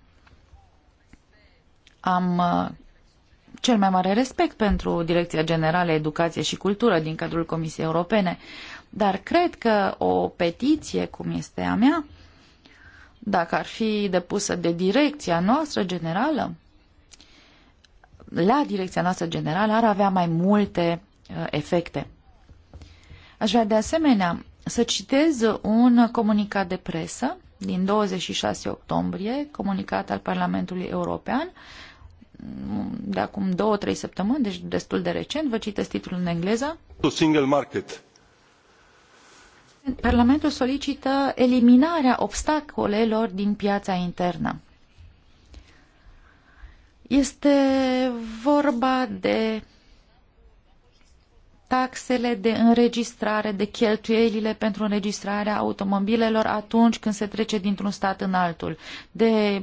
Am uh, cel mai mare respect pentru Direcția Generală Educație și Cultură din cadrul Comisiei Europene, dar cred că o petiție cum este a mea dacă ar fi depusă de direcția noastră generală, la direcția noastră generală ar avea mai multe uh, efecte. Aș vrea de asemenea să citez un comunicat de presă din 26 octombrie, comunicat al Parlamentului European, de acum două-trei săptămâni, deci destul de recent, vă citesc titlul în engleză. Single market Parlamentul solicită eliminarea obstacolelor din piața internă. Este vorba de taxele de înregistrare, de cheltuielile pentru înregistrarea automobilelor atunci când se trece dintr-un stat în altul, de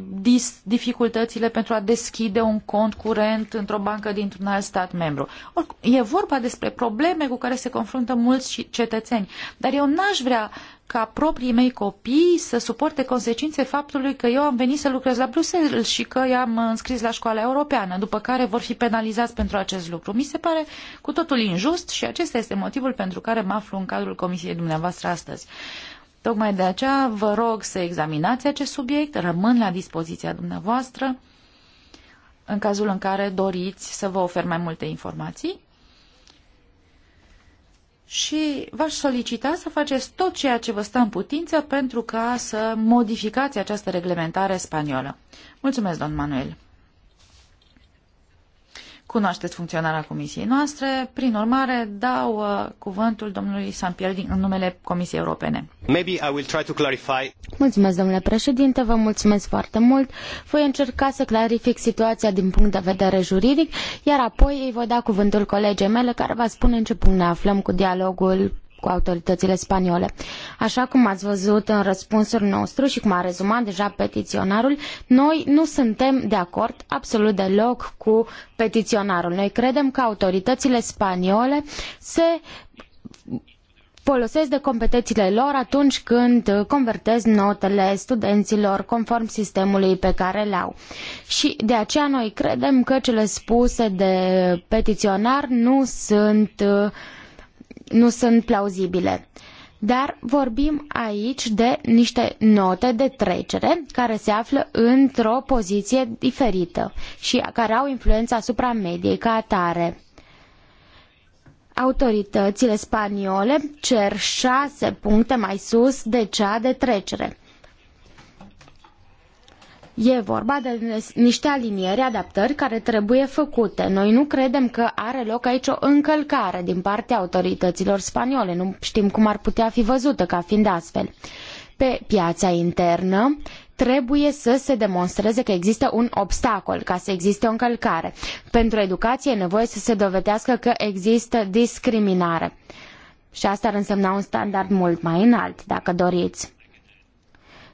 dificultățile pentru a deschide un cont curent într-o bancă dintr-un alt stat membru. Oricum, e vorba despre probleme cu care se confruntă mulți cetățeni, dar eu n-aș vrea ca proprii mei copii să suporte consecințe faptului că eu am venit să lucrez la Bruxelles și că i-am înscris la școala europeană, după care vor fi penalizați pentru acest lucru. Mi se pare cu totul injust și acesta este motivul pentru care mă aflu în cadrul comisiei dumneavoastră astăzi. Tocmai de aceea vă rog să examinați acest subiect, rămân la dispoziția dumneavoastră în cazul în care doriți să vă ofer mai multe informații și v-aș solicita să faceți tot ceea ce vă stă în putință pentru ca să modificați această reglementare spaniolă. Mulțumesc, domn Manuel. Cunoașteți funcționarea comisiei noastre, prin urmare dau uh, cuvântul domnului Sampier din, în numele Comisiei Europene. Maybe I will try to clarify. Mulțumesc, domnule președinte, vă mulțumesc foarte mult. Voi încerca să clarific situația din punct de vedere juridic, iar apoi îi voi da cuvântul colegei mele care va spune în ce punct ne aflăm cu dialogul cu autoritățile spaniole. Așa cum ați văzut în răspunsul nostru și cum a rezumat deja petiționarul, noi nu suntem de acord absolut deloc cu petiționarul. Noi credem că autoritățile spaniole se folosesc de competențele lor atunci când convertesc notele studenților conform sistemului pe care le au. Și de aceea noi credem că cele spuse de petiționar nu sunt uh, nu sunt plauzibile. Dar vorbim aici de niște note de trecere care se află într-o poziție diferită și care au influență asupra mediei ca atare. Autoritățile spaniole cer șase puncte mai sus de cea de trecere E vorba de niște aliniere, adaptări care trebuie făcute. Noi nu credem că are loc aici o încălcare din partea autorităților spaniole. Nu știm cum ar putea fi văzută ca fiind astfel. Pe piața internă trebuie să se demonstreze că există un obstacol, ca să existe o încălcare. Pentru educație e nevoie să se dovedească că există discriminare. Și asta ar însemna un standard mult mai înalt, dacă doriți.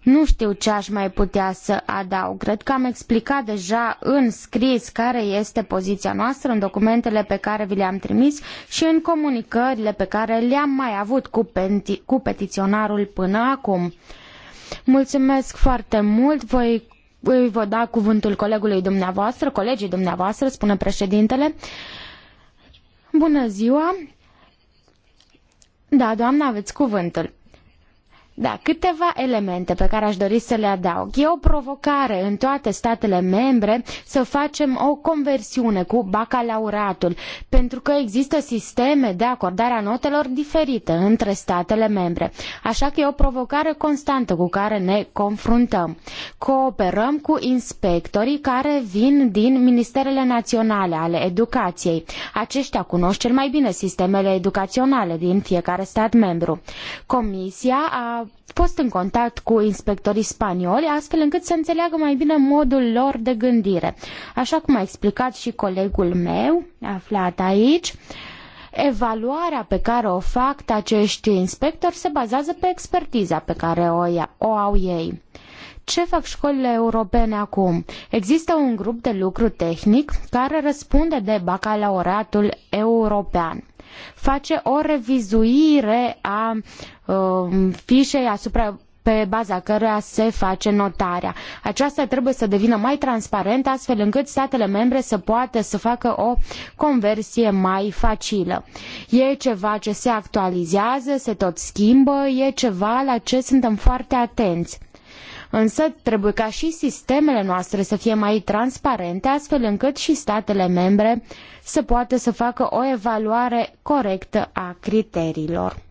Nu știu ce aș mai putea să adaug. Cred că am explicat deja în scris care este poziția noastră în documentele pe care vi le-am trimis și în comunicările pe care le-am mai avut cu, peti- cu petiționarul până acum. Mulțumesc foarte mult. Voi îi voi da cuvântul colegului dumneavoastră, colegii dumneavoastră, spune președintele. Bună ziua! Da, doamna, aveți cuvântul. Da, câteva elemente pe care aș dori să le adaug. E o provocare în toate statele membre să facem o conversiune cu bacalauratul, pentru că există sisteme de acordare a notelor diferite între statele membre. Așa că e o provocare constantă cu care ne confruntăm. Cooperăm cu inspectorii care vin din Ministerele Naționale ale Educației. Aceștia cunosc cel mai bine sistemele educaționale din fiecare stat membru. Comisia a fost în contact cu inspectorii spanioli, astfel încât să înțeleagă mai bine modul lor de gândire. Așa cum a explicat și colegul meu, aflat aici, evaluarea pe care o fac acești inspectori se bazează pe expertiza pe care o, ia, o au ei. Ce fac școlile europene acum? Există un grup de lucru tehnic care răspunde de bacalaureatul european face o revizuire a uh, fișei asupra pe baza căreia se face notarea. Aceasta trebuie să devină mai transparentă astfel încât statele membre să poată să facă o conversie mai facilă. E ceva ce se actualizează, se tot schimbă, e ceva la ce suntem foarte atenți. Însă trebuie ca și sistemele noastre să fie mai transparente, astfel încât și statele membre să poată să facă o evaluare corectă a criteriilor.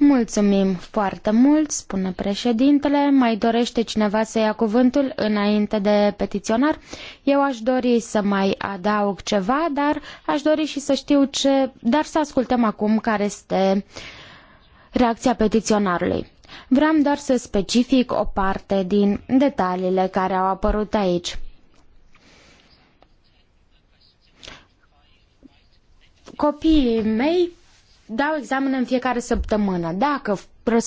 Mulțumim foarte mult, spune președintele. Mai dorește cineva să ia cuvântul înainte de petiționar? Eu aș dori să mai adaug ceva, dar aș dori și să știu ce... Dar să ascultăm acum care este reacția petiționarului. Vreau doar să specific o parte din detaliile care au apărut aici. Copiii mei dau examen în fiecare săptămână. Dacă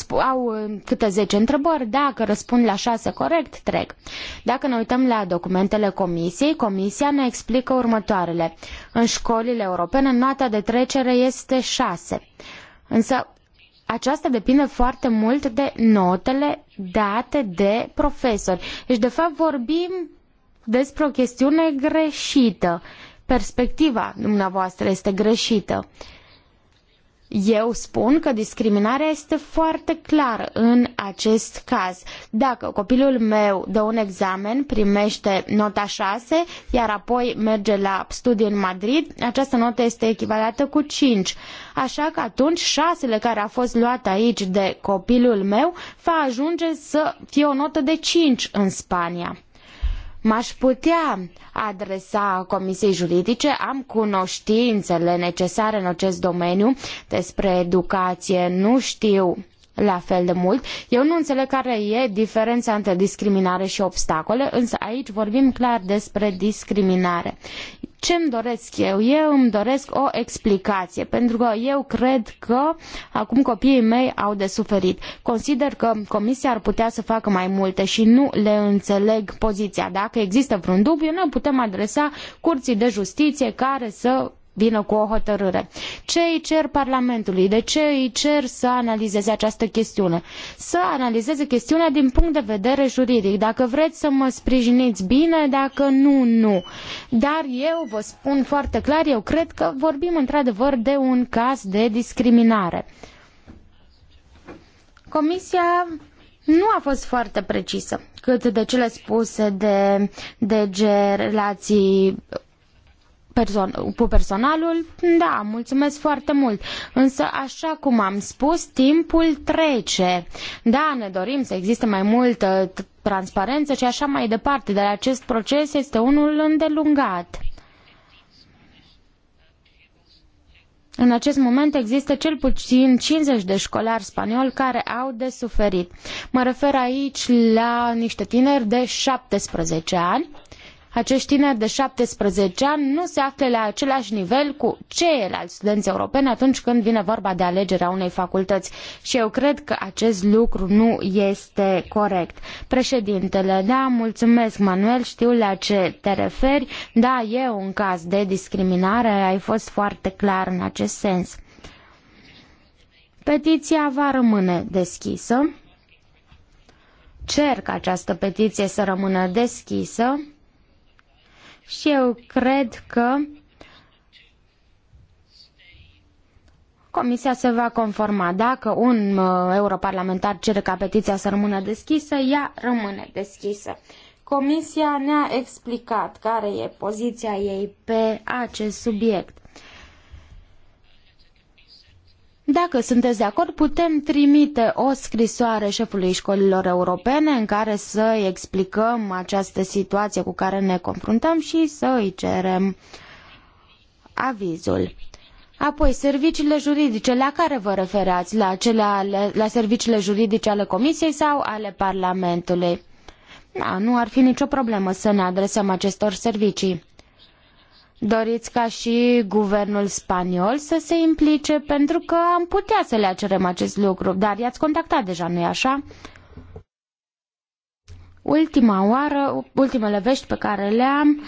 au um, câte zece întrebări, dacă răspund la 6 corect, trec. Dacă ne uităm la documentele comisiei, comisia ne explică următoarele. În școlile europene, nota de trecere este 6. Însă aceasta depinde foarte mult de notele date de profesori. Deci, de fapt, vorbim despre o chestiune greșită. Perspectiva dumneavoastră este greșită. Eu spun că discriminarea este foarte clară în acest caz. Dacă copilul meu dă un examen, primește nota 6, iar apoi merge la studii în Madrid, această notă este echivalată cu 5. Așa că atunci șasele care a fost luat aici de copilul meu va ajunge să fie o notă de 5 în Spania. M-aș putea adresa Comisiei Juridice, am cunoștințele necesare în acest domeniu despre educație, nu știu la fel de mult. Eu nu înțeleg care e diferența între discriminare și obstacole, însă aici vorbim clar despre discriminare. Ce îmi doresc eu? Eu îmi doresc o explicație, pentru că eu cred că acum copiii mei au de suferit. Consider că comisia ar putea să facă mai multe și nu le înțeleg poziția. Dacă există vreun dubiu, noi putem adresa curții de justiție care să vină cu o hotărâre. Ce îi cer Parlamentului? De ce îi cer să analizeze această chestiune? Să analizeze chestiunea din punct de vedere juridic. Dacă vreți să mă sprijiniți bine, dacă nu, nu. Dar eu vă spun foarte clar, eu cred că vorbim într-adevăr de un caz de discriminare. Comisia nu a fost foarte precisă cât de cele spuse de DG Relații perso- cu personalul? Da, mulțumesc foarte mult. Însă, așa cum am spus, timpul trece. Da, ne dorim să existe mai multă transparență și așa mai departe, dar acest proces este unul îndelungat. În acest moment există cel puțin 50 de școlari spanioli care au de suferit. Mă refer aici la niște tineri de 17 ani acești tineri de 17 ani nu se află la același nivel cu ceilalți studenți europeni atunci când vine vorba de alegerea unei facultăți și eu cred că acest lucru nu este corect. Președintele, da, mulțumesc Manuel, știu la ce te referi, da, e un caz de discriminare, ai fost foarte clar în acest sens. Petiția va rămâne deschisă. Cer ca această petiție să rămână deschisă și eu cred că Comisia se va conforma. Dacă un uh, europarlamentar cere ca petiția să rămână deschisă, ea rămâne deschisă. Comisia ne-a explicat care e poziția ei pe acest subiect. Dacă sunteți de acord, putem trimite o scrisoare șefului școlilor europene în care să explicăm această situație cu care ne confruntăm și să îi cerem avizul. Apoi, serviciile juridice, la care vă referați? La, cele ale, la serviciile juridice ale Comisiei sau ale Parlamentului? Da, nu ar fi nicio problemă să ne adresăm acestor servicii. Doriți ca și guvernul spaniol să se implice pentru că am putea să le cerem acest lucru, dar i-ați contactat deja, nu-i așa? Ultima oară, ultimele vești pe care le-am,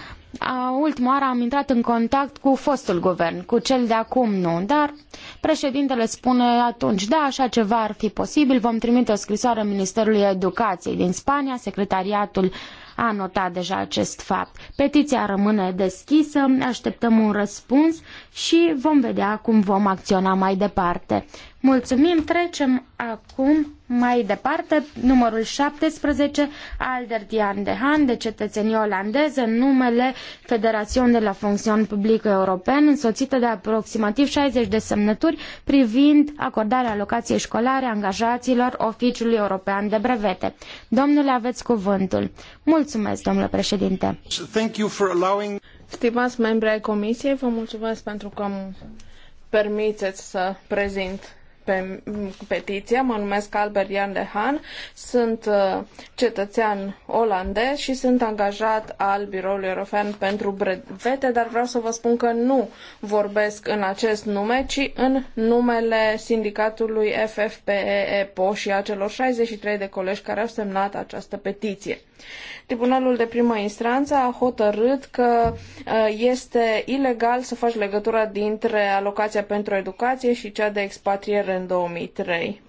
ultima oară am intrat în contact cu fostul guvern, cu cel de acum nu, dar președintele spune atunci, da, așa ceva ar fi posibil, vom trimite o scrisoare Ministerului Educației din Spania, secretariatul uh, a notat deja acest fapt. Petiția rămâne deschisă, așteptăm un răspuns și vom vedea cum vom acționa mai departe. Mulțumim, trecem acum mai departe, numărul 17, Alder Dian de Han, de cetățenie olandeză, în numele Federațion de la Funcțion Publică European, însoțită de aproximativ 60 de semnături privind acordarea locației școlare angajaților Oficiului European de Brevete. Domnule, aveți cuvântul. Mulțumesc, domnule președinte. Thank you for allowing... Stimați membri ai Comisiei, vă mulțumesc pentru că permiteți să prezint pe petiție, mă numesc Albert Jan de Han, sunt uh, cetățean olandez și sunt angajat al Biroului European pentru brevete, dar vreau să vă spun că nu vorbesc în acest nume, ci în numele sindicatului FFPE EPO și a celor 63 de colegi care au semnat această petiție. Tribunalul de primă instanță a hotărât că uh, este ilegal să faci legătura dintre alocația pentru educație și cea de expatriere în 2003.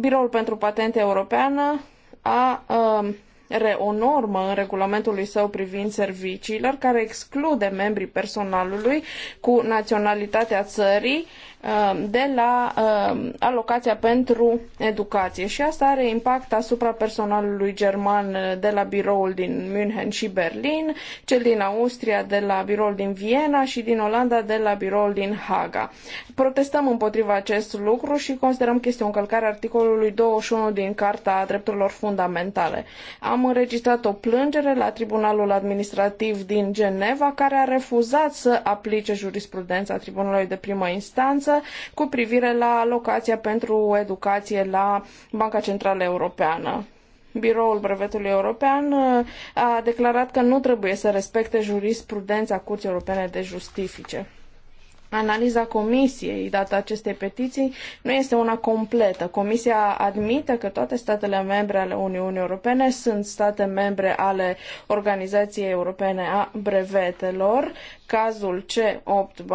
Biroul pentru Patente Europeană a are um, o normă în regulamentul lui său privind serviciilor care exclude membrii personalului cu naționalitatea țării Uh, de la uh, alocația pentru educație și asta are impact asupra personalului german uh, de la biroul din München și Berlin, cel din Austria de la biroul din Viena și din Olanda de la biroul din Haga. Protestăm împotriva acest lucru și considerăm că este o încălcare articolului 21 din Carta Drepturilor Fundamentale. Am înregistrat o plângere la Tribunalul Administrativ din Geneva care a refuzat să aplice jurisprudența Tribunalului de primă instanță transparență cu privire la alocația pentru educație la Banca Centrală Europeană. Biroul Brevetului European uh, a declarat că nu trebuie să respecte jurisprudența Curții Europene de Justifice. Analiza comisiei dată acestei petiții nu este una completă. Comisia admite că toate statele membre ale Uniunii Europene sunt state membre ale Organizației Europene a Brevetelor, Cazul C8-88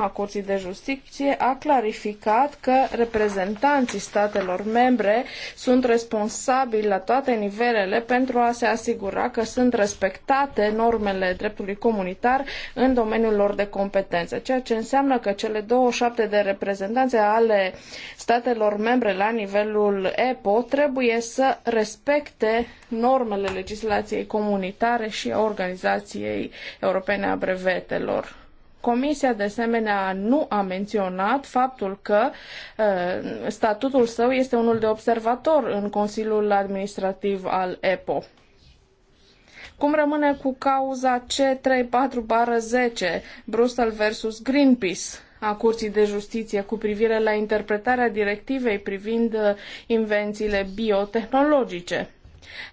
a Curții de Justiție a clarificat că reprezentanții statelor membre sunt responsabili la toate nivelele pentru a se asigura că sunt respectate normele dreptului comunitar în domeniul lor de competență, ceea ce înseamnă că cele 27 de reprezentanțe ale statelor membre la nivelul EPO trebuie să respecte normele legislației comunitare și a Organizației Europene a Brevetelor. Comisia, de asemenea, nu a menționat faptul că uh, statutul său este unul de observator în Consiliul Administrativ al EPO. Cum rămâne cu cauza C34-10, Brusel versus Greenpeace, a Curții de Justiție cu privire la interpretarea directivei privind uh, invențiile biotehnologice?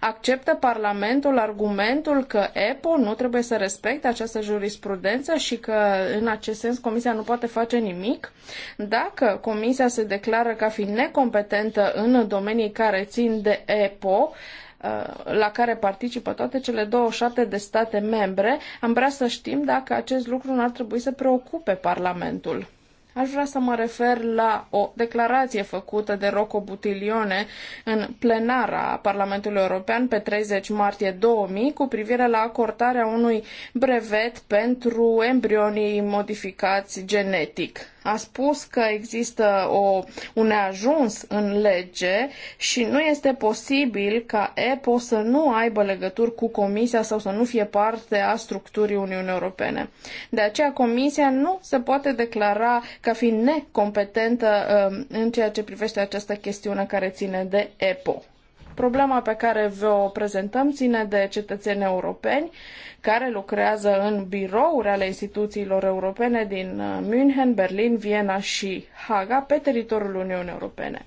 Acceptă Parlamentul argumentul că EPO nu trebuie să respecte această jurisprudență și că în acest sens Comisia nu poate face nimic? Dacă Comisia se declară ca fiind necompetentă în domenii care țin de EPO, uh, la care participă toate cele 27 de state membre, am vrea să știm dacă acest lucru nu ar trebui să preocupe Parlamentul. Aș vrea să mă refer la o declarație făcută de Rocco Butilione în plenara Parlamentului European pe 30 martie 2000 cu privire la acordarea unui brevet pentru embrionii modificați genetic a spus că există o, un neajuns în lege și nu este posibil ca EPO să nu aibă legături cu Comisia sau să nu fie parte a structurii Uniunii Europene. De aceea Comisia nu se poate declara ca fiind necompetentă um, în ceea ce privește această chestiune care ține de EPO. Problema pe care vă o prezentăm ține de cetățeni europeni care lucrează în birouri ale instituțiilor europene din uh, München, Berlin, Viena și Haga pe teritoriul Uniunii Europene.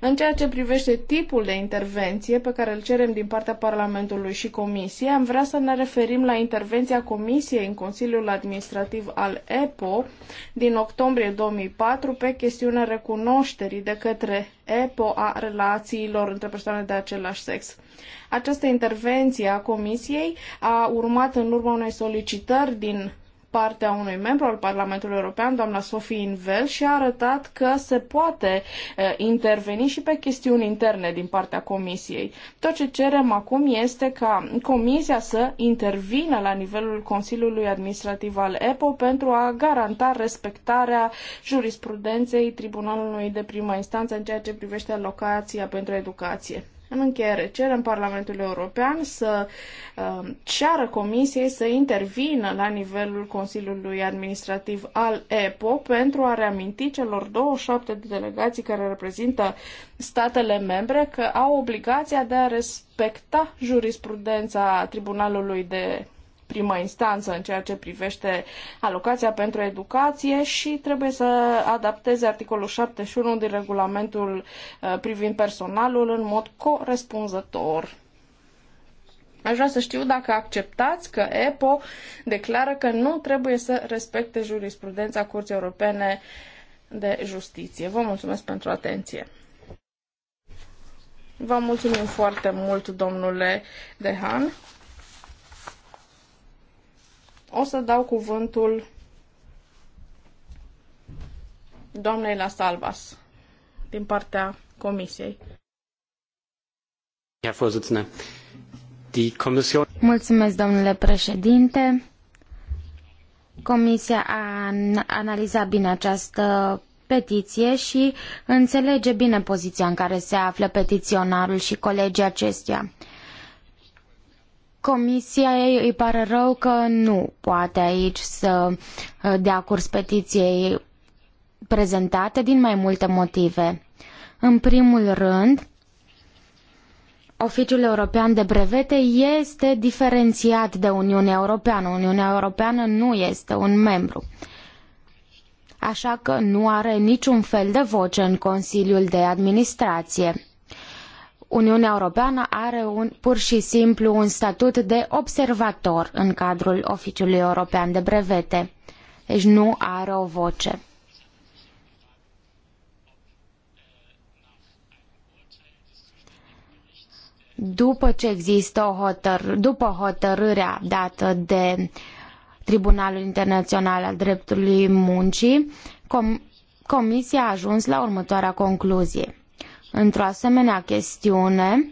În ceea ce privește tipul de intervenție pe care îl cerem din partea Parlamentului și Comisiei, am vrea să ne referim la intervenția Comisiei în Consiliul Administrativ al EPO din octombrie 2004 pe chestiunea recunoașterii de către EPO a relațiilor între persoane de același sex. Această intervenție a Comisiei a urmat în urma unei solicitări din partea unui membru al Parlamentului European, doamna Sophie Invel, și a arătat că se poate interveni și pe chestiuni interne din partea Comisiei. Tot ce cerem acum este ca Comisia să intervină la nivelul Consiliului Administrativ al EPO pentru a garanta respectarea jurisprudenței Tribunalului de primă instanță în ceea ce privește alocația pentru educație. În încheiere, cerem Parlamentul European să uh, ceară Comisiei să intervină la nivelul Consiliului Administrativ al EPO pentru a reaminti celor 27 de delegații care reprezintă statele membre că au obligația de a respecta jurisprudența Tribunalului de primă instanță în ceea ce privește alocația pentru educație și trebuie să adapteze articolul 71 din regulamentul uh, privind personalul în mod corespunzător. Aș vrea să știu dacă acceptați că EPO declară că nu trebuie să respecte jurisprudența Curții Europene de Justiție. Vă mulțumesc pentru atenție. Vă mulțumim foarte mult, domnule Dehan. O să dau cuvântul doamnei La Salvas din partea Comisiei. Mulțumesc, domnule președinte. Comisia a analizat bine această petiție și înțelege bine poziția în care se află petiționarul și colegii acestuia. Comisia ei îi pare rău că nu poate aici să uh, dea curs petiției prezentate din mai multe motive. În primul rând, Oficiul European de Brevete este diferențiat de Uniunea Europeană. Uniunea Europeană nu este un membru. Așa că nu are niciun fel de voce în Consiliul de Administrație. Uniunea Europeană are un, pur și simplu un statut de observator în cadrul Oficiului European de Brevete. Deci nu are o voce. După ce există o hotăr, după hotărârea dată de Tribunalul Internațional al Dreptului Muncii, com Comisia a ajuns la următoarea concluzie într-o asemenea chestiune,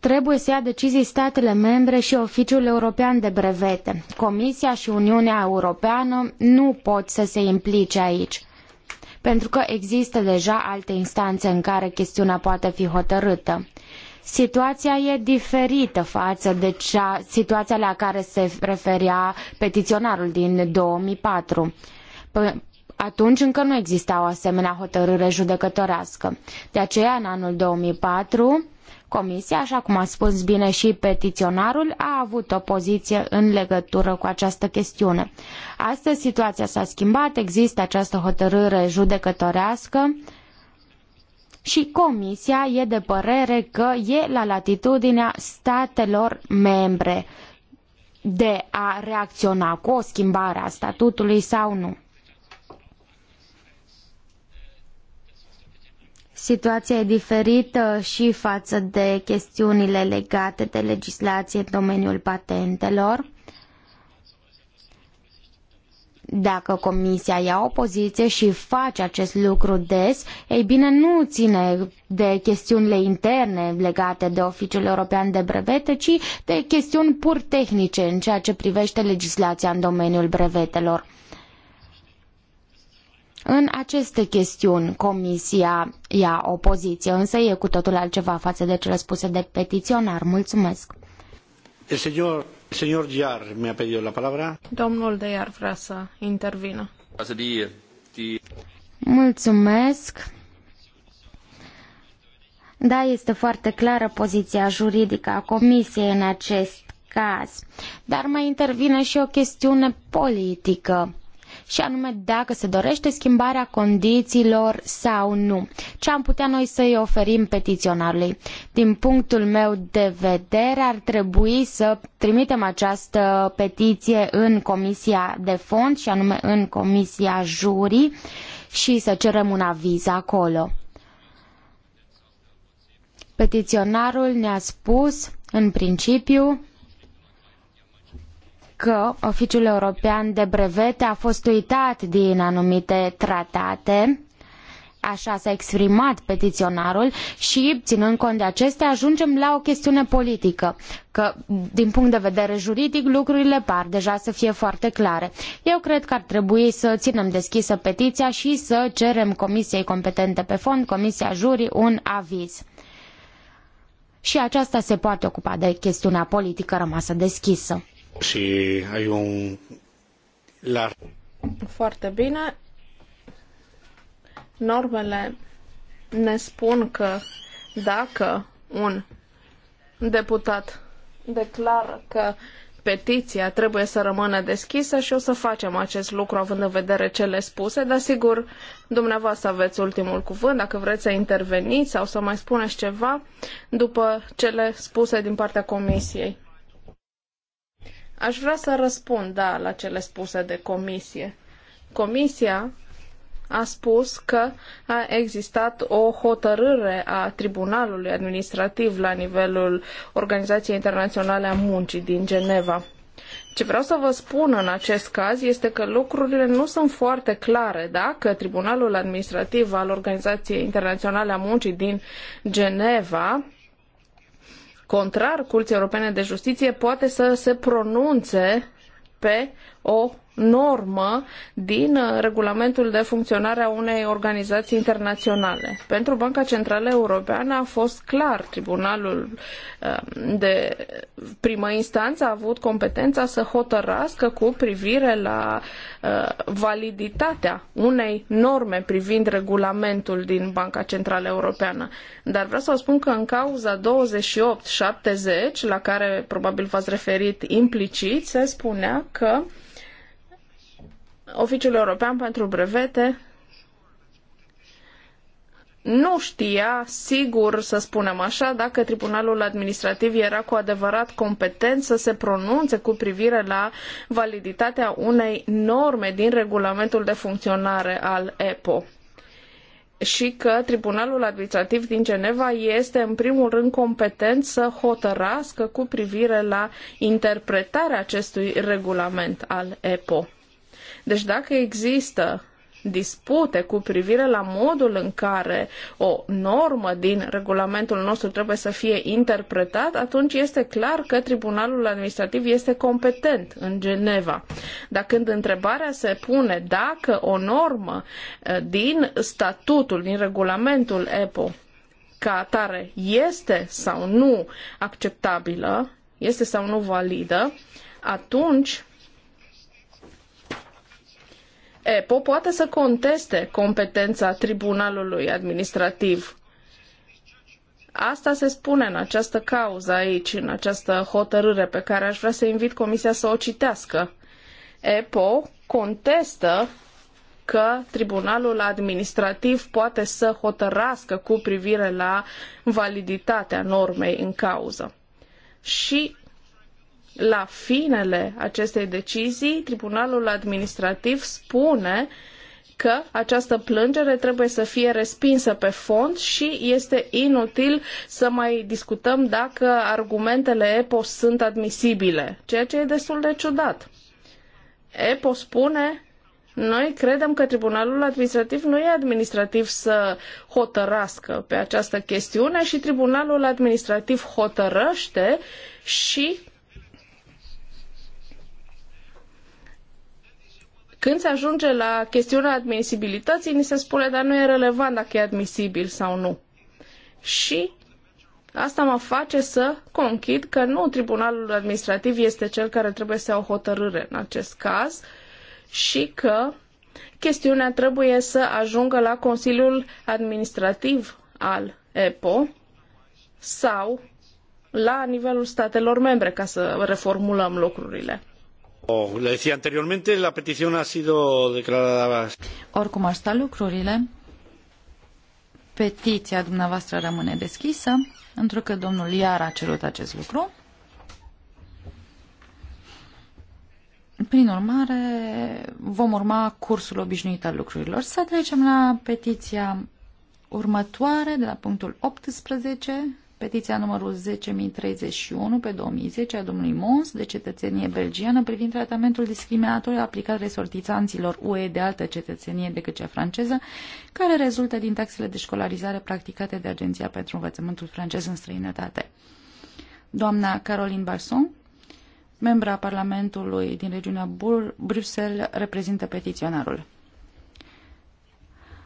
trebuie să ia decizii statele membre și Oficiul European de Brevete. Comisia și Uniunea Europeană nu pot să se implice aici, pentru că există deja alte instanțe în care chestiunea poate fi hotărâtă. Situația e diferită față de cea, situația la care se referea petiționarul din 2004 atunci încă nu exista o asemenea hotărâre judecătorească. De aceea, în anul 2004, Comisia, așa cum a spus bine și petiționarul, a avut o poziție în legătură cu această chestiune. Astăzi situația s-a schimbat, există această hotărâre judecătorească și Comisia e de părere că e la latitudinea statelor membre de a reacționa cu o schimbare a statutului sau nu. Situația e diferită și față de chestiunile legate de legislație în domeniul patentelor. Dacă comisia ia o poziție și face acest lucru des, ei bine, nu ține de chestiunile interne legate de Oficiul European de Brevete, ci de chestiuni pur tehnice în ceea ce privește legislația în domeniul brevetelor. În aceste chestiuni, Comisia ia o poziție, însă e cu totul altceva față de cele spuse de petiționar. Mulțumesc! El señor, señor Diar mi-a pedit la palabra. Domnul de Iar vrea să intervină. Mulțumesc! Da, este foarte clară poziția juridică a Comisiei în acest caz, dar mai intervine și o chestiune politică și anume dacă se dorește schimbarea condițiilor sau nu. Ce am putea noi să îi oferim petiționarului? Din punctul meu de vedere ar trebui să trimitem această petiție în Comisia de Fond și anume în Comisia Juri și să cerem un aviz acolo. Petiționarul ne-a spus în principiu că Oficiul European de Brevete a fost uitat din anumite tratate, așa s-a exprimat petiționarul și, ținând cont de acestea, ajungem la o chestiune politică, că, din punct de vedere juridic, lucrurile par deja să fie foarte clare. Eu cred că ar trebui să ținem deschisă petiția și să cerem Comisiei competente pe fond, Comisia Juri, un aviz. Și aceasta se poate ocupa de chestiunea politică rămasă deschisă. Și ai un... La... Foarte bine. Normele ne spun că dacă un deputat declară că petiția trebuie să rămână deschisă și o să facem acest lucru având în vedere cele spuse, dar sigur dumneavoastră aveți ultimul cuvânt, dacă vreți să interveniți sau să mai spuneți ceva după cele spuse din partea comisiei. Aș vrea să răspund, da, la cele spuse de comisie. Comisia a spus că a existat o hotărâre a Tribunalului Administrativ la nivelul Organizației Internaționale a Muncii din Geneva. Ce vreau să vă spun în acest caz este că lucrurile nu sunt foarte clare dacă Tribunalul Administrativ al Organizației Internaționale a Muncii din Geneva contrar Curții Europene de Justiție, poate să se pronunțe pe o normă din uh, regulamentul de funcționare a unei organizații internaționale. Pentru Banca Centrală Europeană a fost clar, tribunalul uh, de primă instanță a avut competența să hotărască cu privire la uh, validitatea unei norme privind regulamentul din Banca Centrală Europeană. Dar vreau să vă spun că în cauza 2870, la care probabil v-ați referit implicit, se spunea că Oficiul European pentru Brevete nu știa sigur, să spunem așa, dacă Tribunalul Administrativ era cu adevărat competent să se pronunțe cu privire la validitatea unei norme din regulamentul de funcționare al EPO și că Tribunalul Administrativ din Geneva este în primul rând competent să hotărască cu privire la interpretarea acestui regulament al EPO. Deci dacă există dispute cu privire la modul în care o normă din regulamentul nostru trebuie să fie interpretată, atunci este clar că Tribunalul Administrativ este competent în Geneva. Dar când întrebarea se pune dacă o normă eh, din statutul, din regulamentul EPO ca atare este sau nu acceptabilă, este sau nu validă, atunci EPO poate să conteste competența Tribunalului Administrativ. Asta se spune în această cauză aici, în această hotărâre pe care aș vrea să invit Comisia să o citească. EPO contestă că Tribunalul Administrativ poate să hotărască cu privire la validitatea normei în cauză. Și la finele acestei decizii, Tribunalul Administrativ spune că această plângere trebuie să fie respinsă pe fond și este inutil să mai discutăm dacă argumentele EPO sunt admisibile, ceea ce e destul de ciudat. EPO spune noi credem că Tribunalul Administrativ nu e administrativ să hotărască pe această chestiune și Tribunalul Administrativ hotărăște și Când se ajunge la chestiunea admisibilității, ni se spune, dar nu e relevant dacă e admisibil sau nu. Și asta mă face să conchid că nu Tribunalul Administrativ este cel care trebuie să ia o hotărâre în acest caz și că chestiunea trebuie să ajungă la Consiliul Administrativ al EPO sau la nivelul statelor membre, ca să reformulăm lucrurile. Oh, le decía anteriormente, la petición a sido declarada... Oricum ar sta lucrurile, petiția dumneavoastră rămâne deschisă, întrucât domnul Iar a cerut acest lucru. Prin urmare, vom urma cursul obișnuit al lucrurilor. Să trecem la petiția următoare, de la punctul 18, Petiția numărul 10.031 pe 2010 a domnului Mons de cetățenie belgiană privind tratamentul discriminatoriu aplicat resortițanților UE de altă cetățenie decât cea franceză, care rezultă din taxele de școlarizare practicate de Agenția pentru Învățământul francez în străinătate. Doamna Caroline Barson, membra Parlamentului din regiunea Bur Bruxelles, reprezintă petiționarul.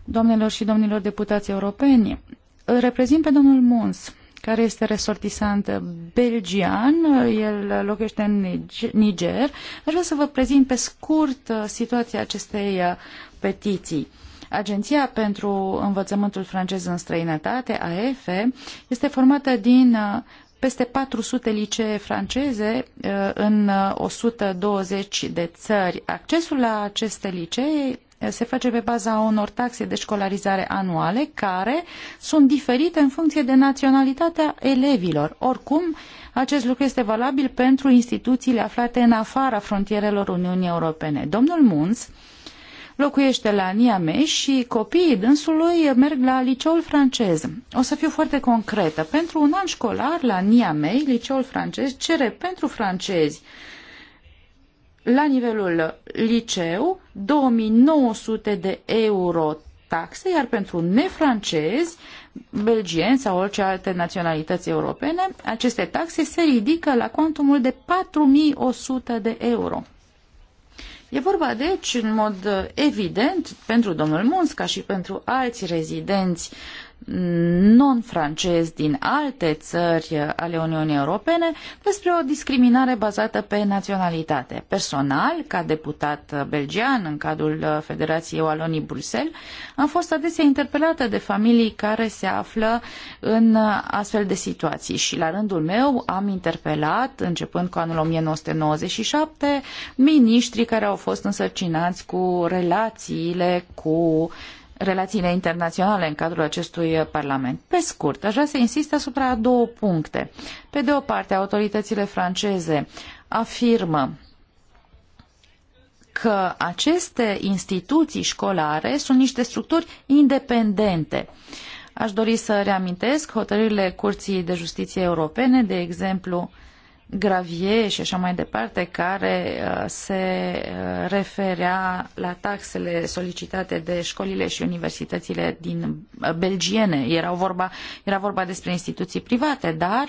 Doamnelor și domnilor deputați europeni, îl reprezint pe domnul Mons, care este resortisant belgian, el locuiește în Niger. Aș vrea să vă prezint pe scurt uh, situația acestei uh, petiții. Agenția pentru Învățământul Francez în Străinătate, AEFE, este formată din uh, peste 400 licee franceze în 120 de țări. Accesul la aceste licee se face pe baza unor taxe de școlarizare anuale care sunt diferite în funcție de naționalitatea elevilor. Oricum, acest lucru este valabil pentru instituțiile aflate în afara frontierelor Uniunii Europene. Domnul Munz locuiește la Niamey și copiii dânsului merg la liceul francez. O să fiu foarte concretă. Pentru un an școlar la Niamey, liceul francez cere pentru francezi la nivelul liceu 2900 de euro taxe, iar pentru nefrancezi, belgieni sau orice alte naționalități europene, aceste taxe se ridică la contumul de 4100 de euro. E vorba deci, în mod evident, pentru domnul Munz, ca și pentru alți rezidenți non-francezi din alte țări ale Uniunii Europene despre o discriminare bazată pe naționalitate. Personal, ca deputat belgian în cadrul Federației Walonii Bruxelles, am fost adesea interpelată de familii care se află în astfel de situații și la rândul meu am interpelat, începând cu anul 1997, miniștrii care au fost însărcinați cu relațiile cu uh, relațiile internaționale în cadrul acestui Parlament. Pe scurt, aș vrea să insist asupra două puncte. Pe de o parte, autoritățile franceze afirmă că aceste instituții școlare sunt niște structuri independente. Aș dori să reamintesc hotărârile Curții de Justiție Europene, de exemplu, Gravie și așa mai departe, care uh, se uh, referea la taxele solicitate de școlile și universitățile din uh, belgiene. Era vorba, era vorba despre instituții private, dar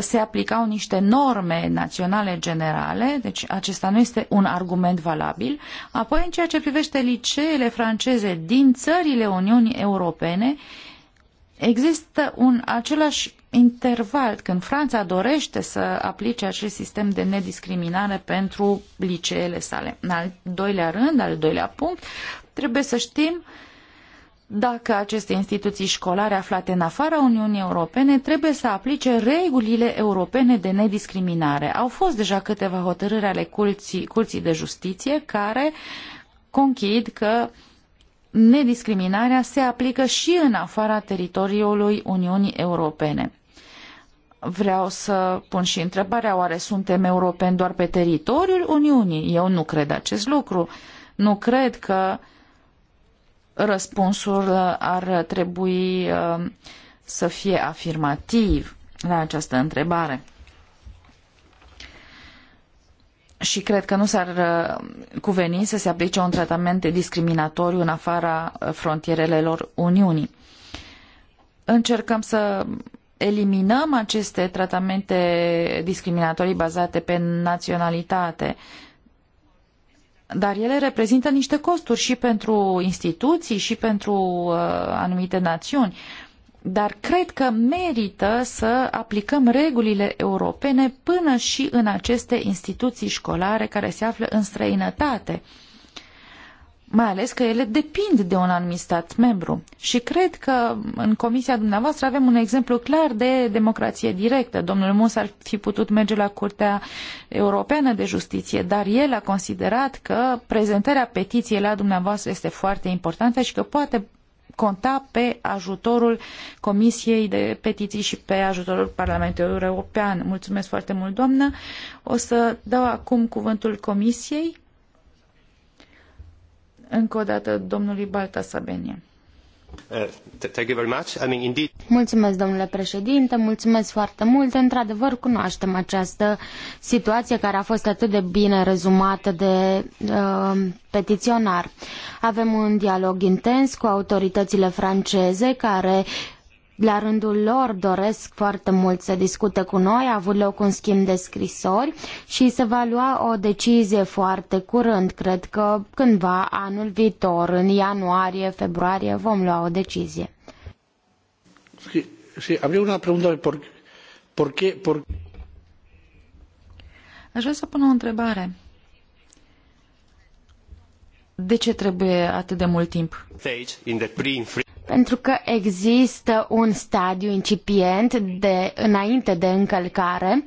se aplicau niște norme naționale generale, deci acesta nu este un argument valabil. Apoi, în ceea ce privește liceele franceze din țările Uniunii Europene, există un același interval, când Franța dorește să aplice acest sistem de nediscriminare pentru liceele sale. În al doilea rând, al doilea punct, trebuie să știm dacă aceste instituții școlare aflate în afara Uniunii Europene trebuie să aplice regulile europene de nediscriminare. Au fost deja câteva hotărâri ale curții, curții de justiție care conchid că nediscriminarea se aplică și în afara teritoriului Uniunii Europene vreau să pun și întrebarea, oare suntem europeni doar pe teritoriul Uniunii? Eu nu cred acest lucru. Nu cred că răspunsul ar trebui uh, să fie afirmativ la această întrebare. Și cred că nu s-ar uh, cuveni să se aplice un tratament discriminatoriu în afara frontierelor Uniunii. Încercăm să eliminăm aceste tratamente discriminatorii bazate pe naționalitate, dar ele reprezintă niște costuri și pentru instituții și pentru uh, anumite națiuni. Dar cred că merită să aplicăm regulile europene până și în aceste instituții școlare care se află în străinătate. Uh, mai ales că ele depind de un anumit stat membru. Și cred că în comisia dumneavoastră avem un exemplu clar de democrație directă. Domnul Mus ar fi putut merge la Curtea Europeană de Justiție, dar el a considerat că prezentarea petiției la dumneavoastră este foarte importantă și că poate conta pe ajutorul Comisiei de Petiții și pe ajutorul Parlamentului European. Mulțumesc foarte mult, doamnă. O să dau acum cuvântul Comisiei încă o dată domnului Baltasabenie. Uh, mulțumesc, domnule președinte, mulțumesc foarte mult. Într-adevăr, cunoaștem această situație care a fost atât de bine rezumată de uh, petiționar. Avem un dialog intens cu autoritățile franceze care uh, la rândul lor doresc foarte mult să discute cu noi, a avut loc un schimb de scrisori și se va lua o decizie foarte curând. Cred că cândva anul viitor, în ianuarie, februarie, vom lua o decizie. Sí, sí, una pregunta por, por qué, por... Aș vrea să pun o întrebare. De ce trebuie atât de mult timp? Stage in the pre pentru că există un stadiu incipient de, înainte de încălcare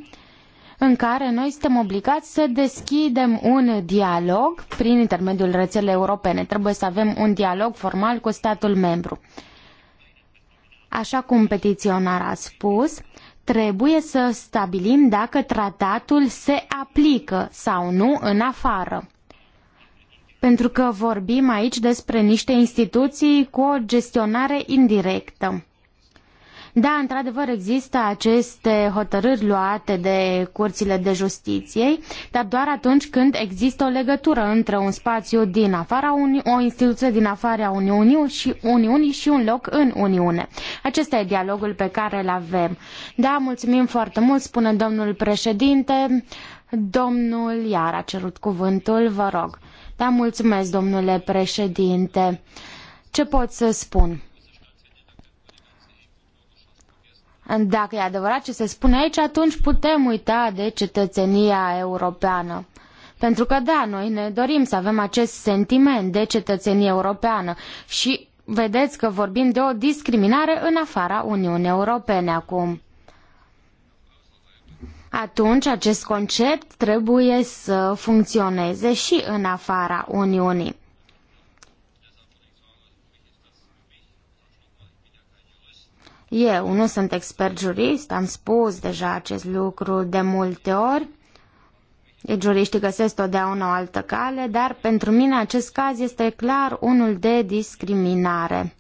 în care noi suntem obligați să deschidem un dialog prin intermediul rețelei europene. Trebuie să avem un dialog formal cu statul membru. Așa cum petiționar a spus, trebuie să stabilim dacă tratatul se aplică sau nu în afară pentru că vorbim aici despre niște instituții cu o gestionare indirectă. Da, într-adevăr există aceste hotărâri luate de curțile de justiție, dar doar atunci când există o legătură între un spațiu din afara Uni- o instituție din afara Uniunii și Uniunii și un loc în Uniune. Acesta e dialogul pe care îl avem. Da, mulțumim foarte mult, spune domnul președinte. Domnul Iar a cerut cuvântul, vă rog. Da, mulțumesc, domnule președinte. Ce pot să spun? Dacă e adevărat ce se spune aici, atunci putem uita de cetățenia europeană. Pentru că, da, noi ne dorim să avem acest sentiment de cetățenie europeană și vedeți că vorbim de o discriminare în afara Uniunii Europene acum atunci acest concept trebuie să funcționeze și în afara Uniunii. Eu nu sunt expert jurist, am spus deja acest lucru de multe ori. Juriștii găsesc totdeauna o altă cale, dar pentru mine acest caz este clar unul de discriminare.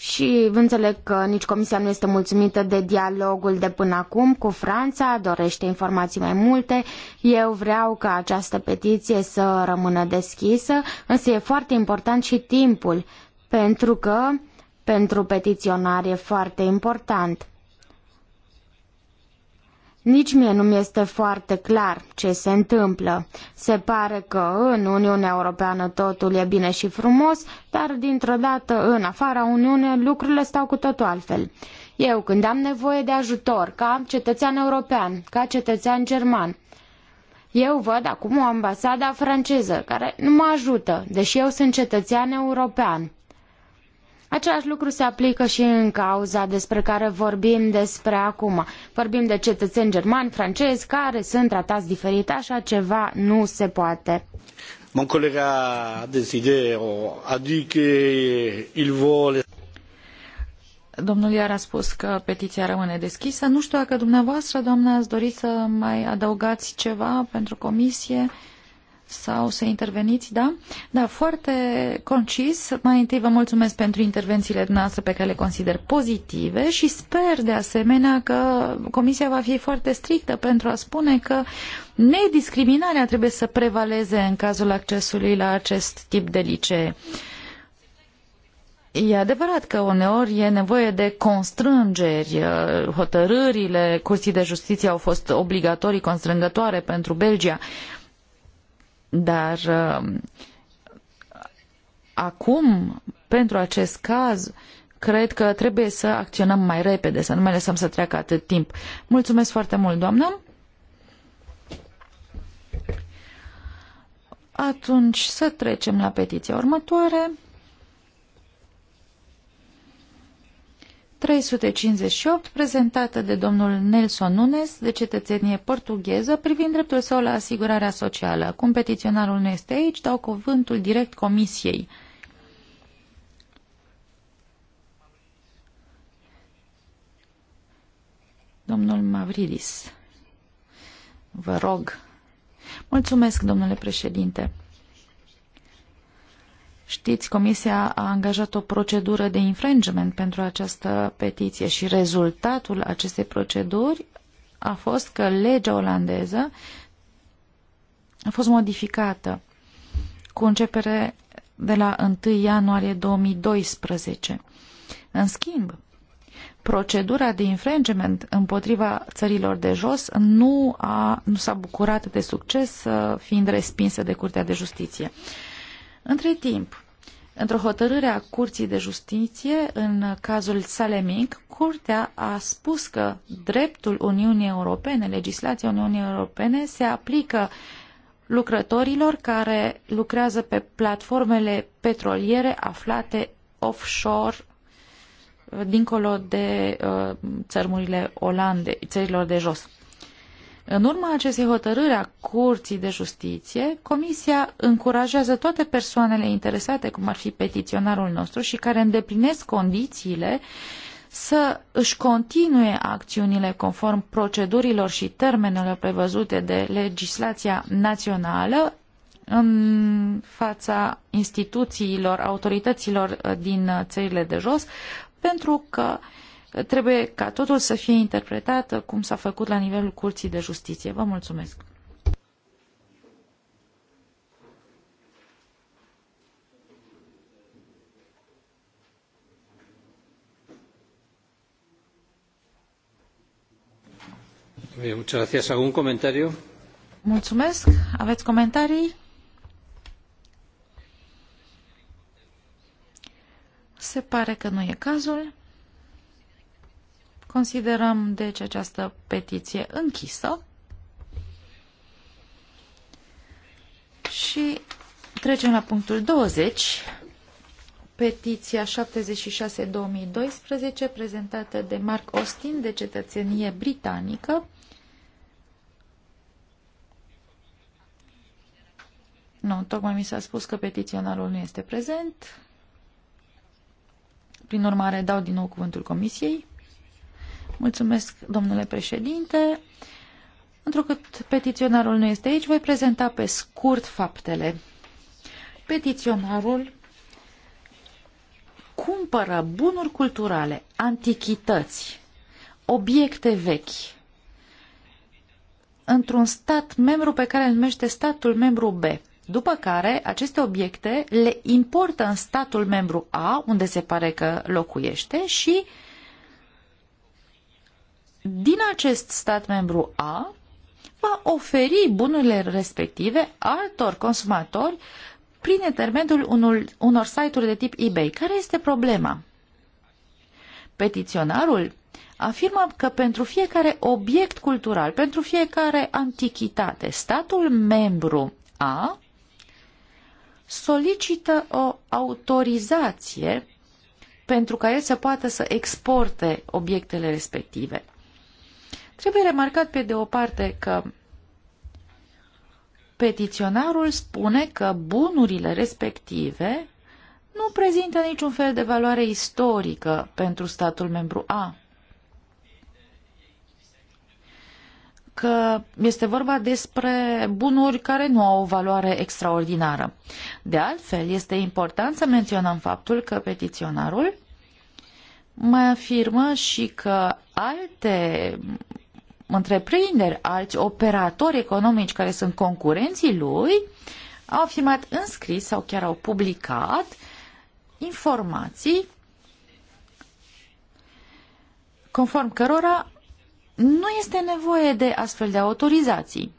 și înțeleg că nici Comisia nu este mulțumită de dialogul de până acum cu Franța, dorește informații mai multe. Eu vreau ca această petiție să rămână deschisă, însă e foarte important și timpul, pentru că pentru petiționar e foarte important. Nici mie nu mi-este foarte clar ce se întâmplă. Se pare că în Uniunea Europeană totul e bine și frumos, dar dintr-o dată în afara Uniunii lucrurile stau cu totul altfel. Eu, când am nevoie de ajutor, ca cetățean european, ca cetățean german, eu văd acum o ambasada franceză care nu mă ajută, deși eu sunt cetățean european. Același lucru se aplică și în cauza despre care vorbim despre acum. Vorbim de cetățeni germani, francezi, care sunt tratați diferit. Așa ceva nu se poate. Mon colega Desidero a dit că il vole... Domnul Iar a spus că petiția rămâne deschisă. Nu știu dacă dumneavoastră, doamnă, ați dori să mai adăugați ceva pentru comisie sau să interveniți, da? Da, foarte concis. Mai întâi vă mulțumesc pentru intervențiile noastre pe care le consider pozitive și sper de asemenea că Comisia va fi foarte strictă pentru a spune că nediscriminarea trebuie să prevaleze în cazul accesului la acest tip de licee. E adevărat că uneori e nevoie de constrângeri. Uh, hotărârile Curții de Justiție au fost obligatorii constrângătoare pentru Belgia. Dar uh, acum, pentru acest caz, cred că trebuie să acționăm mai repede, să nu mai lăsăm să treacă atât timp. Mulțumesc foarte mult, doamnă! Atunci să trecem la petiția următoare. 358, prezentată de domnul Nelson Nunes, de cetățenie portugheză, privind dreptul său la asigurarea socială. Cum petiționarul nu este aici, dau cuvântul direct comisiei. Domnul Mavridis, vă rog. Mulțumesc, domnule președinte. Știți, Comisia a angajat o procedură de infringement pentru această petiție și rezultatul acestei proceduri a fost că legea olandeză a fost modificată cu începere de la 1 ianuarie 2012. În schimb, procedura de infringement împotriva țărilor de jos nu, a, nu s-a bucurat de succes, fiind respinsă de Curtea de Justiție. Între timp, într-o hotărâre a Curții de Justiție, în cazul Salemic, Curtea a spus că dreptul Uniunii Europene, legislația Uniunii Europene, se aplică lucrătorilor care lucrează pe platformele petroliere aflate offshore dincolo de uh, țărmurile Olandei, țărilor de jos. În urma acestei hotărâri a Curții de Justiție, Comisia încurajează toate persoanele interesate, cum ar fi petiționarul nostru, și care îndeplinesc condițiile să își continue acțiunile conform procedurilor și termenelor prevăzute de legislația națională în fața instituțiilor, autorităților din țările de jos, pentru că uh, Trebuie ca totul să fie interpretat uh, cum s-a făcut la nivelul Curții de Justiție. Vă mulțumesc! Algún comentario? Mulțumesc. Aveți comentarii? Se pare că nu e cazul. Considerăm, deci, această petiție închisă și trecem la punctul 20, petiția 76-2012, prezentată de Mark Austin, de cetățenie britanică, Nu, tocmai mi s-a spus că petiționarul nu este prezent. Prin urmare, dau din nou cuvântul comisiei. Mulțumesc, domnule președinte. Întrucât petiționarul nu este aici, voi prezenta pe scurt faptele. Petiționarul cumpără bunuri culturale, antichități, obiecte vechi, într-un stat membru pe care îl numește statul membru B. După care, aceste obiecte le importă în statul membru A, unde se pare că locuiește, și uh, din acest stat membru A va oferi bunurile respective altor consumatori prin intermediul unul, unor site-uri de tip eBay. Care este problema? Petiționarul afirmă că pentru fiecare obiect cultural, pentru fiecare antichitate, statul membru A solicită o autorizație pentru ca el să poată să exporte obiectele respective. Trebuie remarcat pe de o parte că petiționarul spune că bunurile respective nu prezintă niciun fel de valoare istorică pentru statul membru A. că este vorba despre bunuri care nu au o valoare extraordinară. De altfel, este important să menționăm faptul că petiționarul mai afirmă și că alte întreprinderi, alți operatori economici care sunt concurenții lui, au afirmat în scris sau chiar au publicat informații conform cărora nu este nevoie de astfel de autorizații.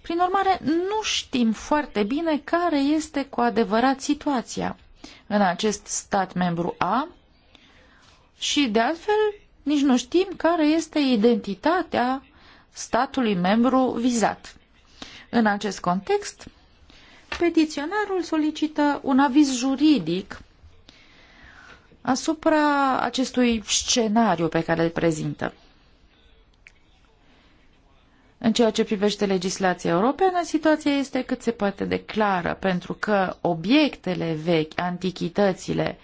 Prin urmare, nu știm foarte bine care este cu adevărat situația în acest stat membru A și, de altfel, nici nu știm care este identitatea statului membru vizat. În acest context, petiționarul solicită un aviz juridic asupra acestui scenariu pe care îl prezintă. În ceea ce privește legislația europeană, situația este cât se poate de clară, pentru că obiectele vechi, antichitățile,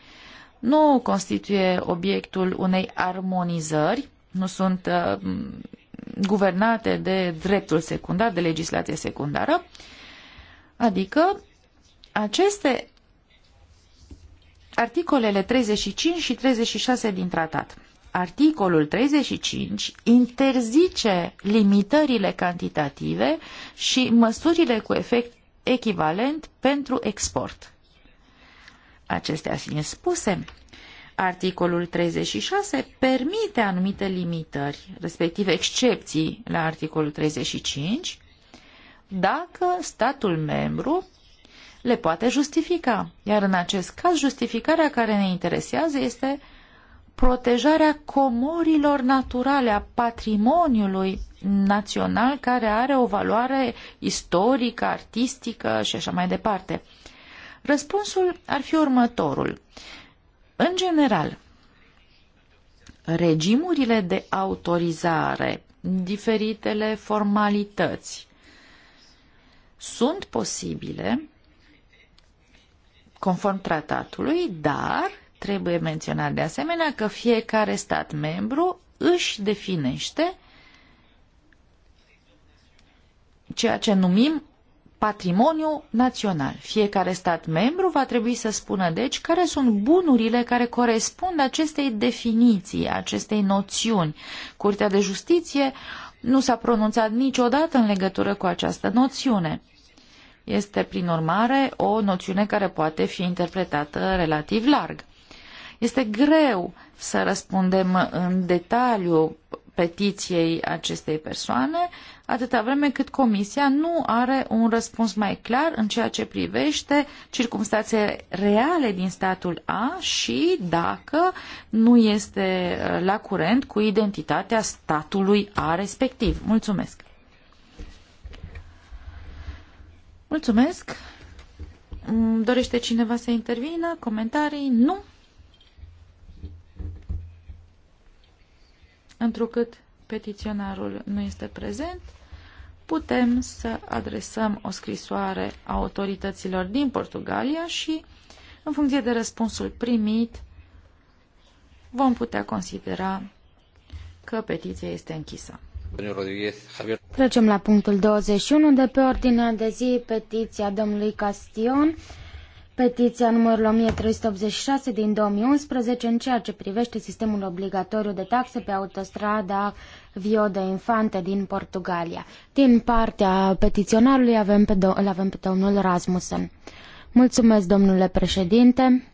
nu constituie obiectul unei armonizări, nu sunt uh, guvernate de dreptul secundar, de legislație secundară, adică aceste articolele 35 și 36 din tratat. Articolul 35 interzice limitările cantitative și măsurile cu efect echivalent pentru export. Acestea fiind spuse, articolul 36 permite anumite limitări, respectiv excepții la articolul 35, dacă statul membru le poate justifica. Iar în acest caz, justificarea care ne interesează este protejarea comorilor naturale, a patrimoniului național care are o valoare istorică, artistică și așa mai departe. Răspunsul ar fi următorul. În general, regimurile de autorizare, diferitele formalități, sunt posibile conform tratatului, dar trebuie menționat de asemenea că fiecare stat membru își definește ceea ce numim patrimoniu național. Fiecare stat membru va trebui să spună, deci, care sunt bunurile care corespund acestei definiții, acestei noțiuni. Curtea de Justiție nu s-a pronunțat niciodată în legătură cu această noțiune. Este, prin urmare, o noțiune care poate fi interpretată relativ larg. Este greu să răspundem în detaliu petiției acestei persoane, atâta vreme cât Comisia nu are un răspuns mai clar în ceea ce privește circumstanțe reale din statul A și dacă nu este uh, la curent cu identitatea statului A respectiv. Mulțumesc! Mulțumesc! Mm, dorește cineva să intervină? Comentarii? Nu? Întrucât petiționarul nu este prezent, putem să adresăm o scrisoare a autorităților din Portugalia și, în funcție de răspunsul primit, vom putea considera că petiția este închisă. Trecem la punctul 21 de pe ordinea de zi, petiția domnului Castion Petiția numărul 1386 din 2011 în ceea ce privește sistemul obligatoriu de taxe pe autostrada Vio de Infante din Portugalia. Din partea petiționarului avem pe do- îl avem pe domnul Rasmussen. Mulțumesc, domnule președinte.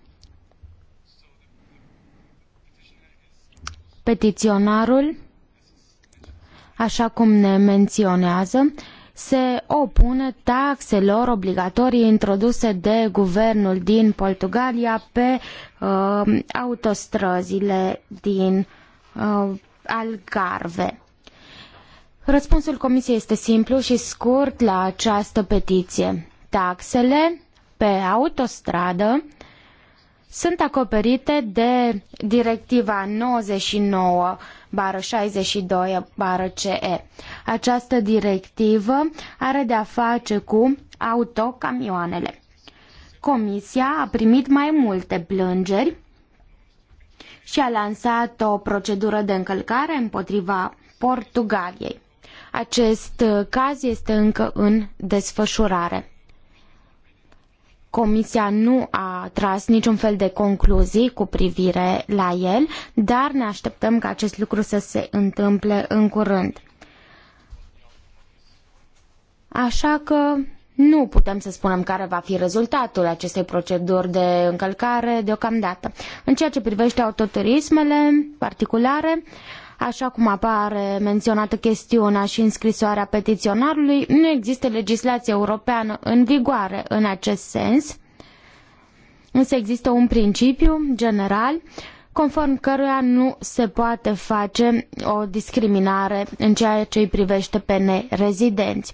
Petiționarul, așa cum ne menționează, se opune taxelor obligatorii introduse de guvernul din Portugalia pe uh, autostrăzile din uh, Algarve. Răspunsul Comisiei este simplu și scurt la această petiție. Taxele pe autostradă sunt acoperite de directiva 99 bară 62 bară CE. Această directivă are de-a face cu autocamioanele. Comisia a primit mai multe plângeri și a lansat o procedură de încălcare împotriva Portugaliei. Acest caz este încă în desfășurare. Comisia nu a tras niciun fel de concluzii cu privire la el, dar ne așteptăm ca acest lucru să se întâmple în curând. Așa că nu putem să spunem care va fi rezultatul acestei proceduri de încălcare deocamdată. În ceea ce privește autoturismele particulare, uh, Așa cum apare menționată chestiunea și în scrisoarea petiționarului, nu există legislație europeană în vigoare în acest sens, însă există un principiu general conform căruia nu se poate face o discriminare în ceea ce îi privește pe nerezidenți.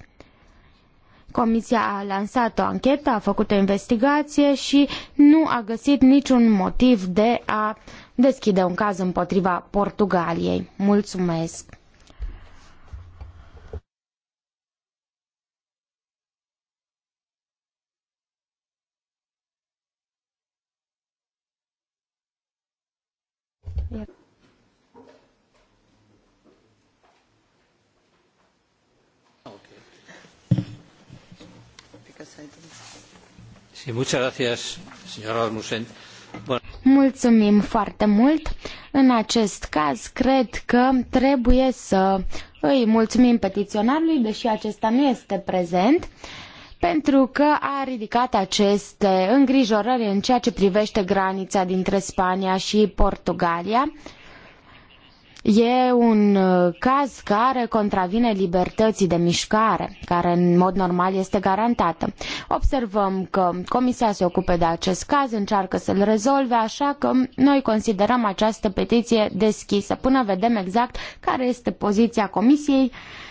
Comisia a lansat o anchetă, a făcut o investigație și nu a găsit niciun motiv de a deschide un caz împotriva Portugaliei. Mulțumesc! Sí, muchas gracias, señora Rasmussen. Bueno. Mulțumim foarte mult. În acest caz, cred că trebuie să îi mulțumim petiționarului, deși acesta nu este prezent pentru că a ridicat aceste îngrijorări în ceea ce privește granița dintre Spania și Portugalia. E un uh, caz care contravine libertății de mișcare, care în mod normal este garantată. Observăm că Comisia se ocupe de acest caz, încearcă să-l rezolve, așa că noi considerăm această petiție deschisă până vedem exact care este poziția Comisiei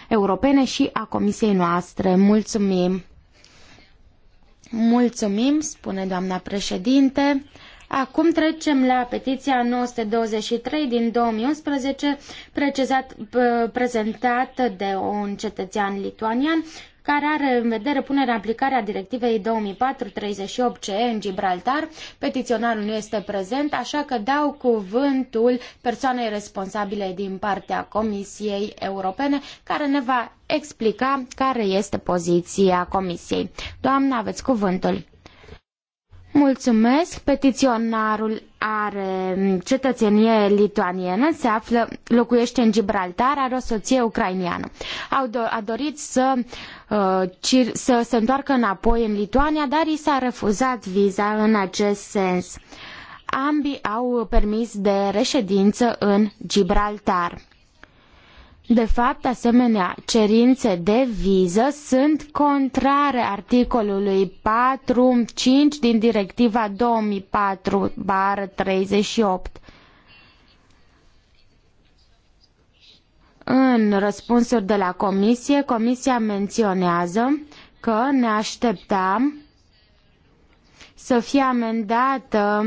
Europene și a Comisiei noastre. Mulțumim! Mulțumim, spune doamna președinte. Acum trecem la petiția 923 din 2011, precizat, prezentată de un cetățean lituanian care are în vedere punerea în aplicare a directivei 2004-38CE în Gibraltar. Petiționarul nu este prezent, așa că dau cuvântul persoanei responsabile din partea Comisiei Europene, care ne va explica care este poziția Comisiei. Doamna, aveți cuvântul. Mulțumesc. Petiționarul are cetățenie lituaniană, se află, locuiește în Gibraltar, are o soție ucrainiană. Au do- a dorit să, uh, să se întoarcă înapoi în Lituania, dar i s-a refuzat viza în acest sens. Ambii au permis de reședință în Gibraltar. De fapt, asemenea cerințe de viză sunt contrare articolului 4.5 din directiva 2004-38. În răspunsuri de la comisie, comisia menționează că ne așteptam să fie amendată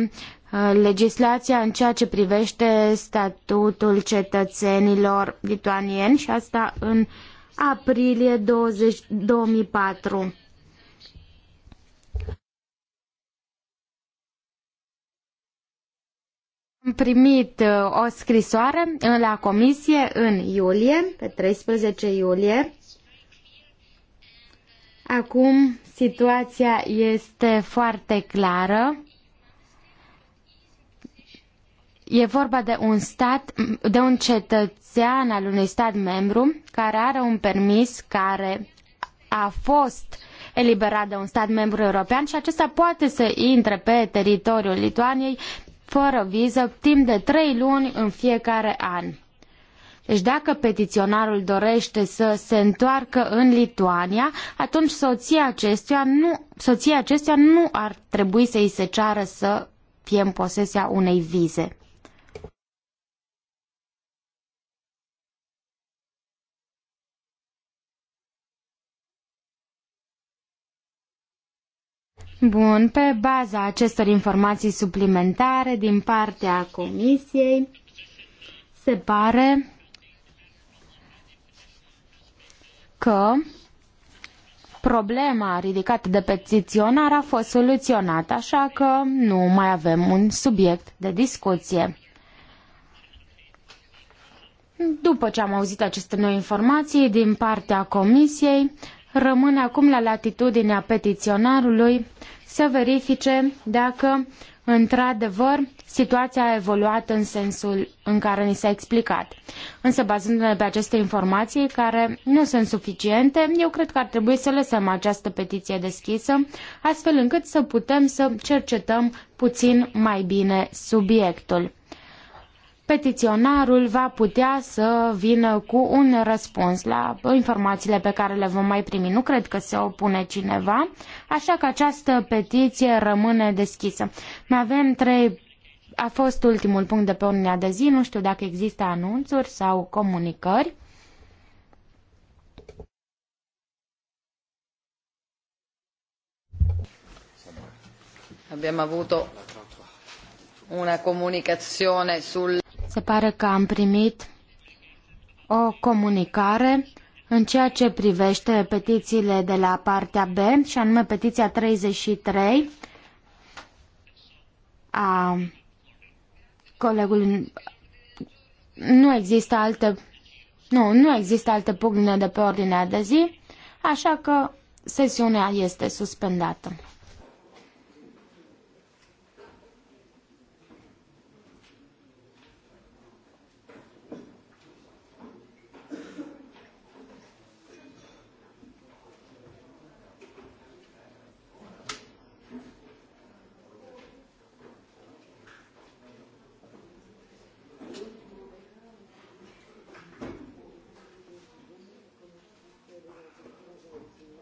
Uh, legislația în ceea ce privește statutul cetățenilor lituanieni și asta în aprilie 20, 2004. Am primit uh, o scrisoare uh, la comisie în iulie, pe 13 iulie. Acum situația este foarte clară. E vorba de un stat, de un cetățean al unui stat membru care are un permis care a fost eliberat de un stat membru european și acesta poate să intre pe teritoriul Lituaniei fără viză timp de trei luni în fiecare an. Deci dacă petiționarul dorește să se întoarcă în Lituania, atunci soția acestuia nu, soția acestuia nu ar trebui să îi se ceară să fie în posesia unei vize. Bun, pe baza acestor informații suplimentare din partea Comisiei, se pare că problema ridicată de petiționar a fost soluționată, așa că nu mai avem un subiect de discuție. După ce am auzit aceste noi informații din partea Comisiei, rămâne acum la latitudinea petiționarului să verifice dacă, într-adevăr, situația a evoluat în sensul în care ni s-a explicat. Însă, bazându-ne pe aceste informații, care nu sunt suficiente, eu cred că ar trebui să lăsăm această petiție deschisă, astfel încât să putem să cercetăm puțin mai bine subiectul petiționarul va putea să vină cu un răspuns la informațiile pe care le vom mai primi. Nu cred că se opune cineva, așa că această petiție rămâne deschisă. Mai avem trei a fost ultimul punct de pe ordinea de zi, nu știu dacă există anunțuri sau comunicări. Abbiamo avuto una comunicazione sul se pare că am primit o comunicare în ceea ce privește petițiile de la partea B, și anume petiția 33 a colegului. Nu există alte. Nu, nu există alte pugne de pe ordinea de zi, așa că sesiunea este suspendată.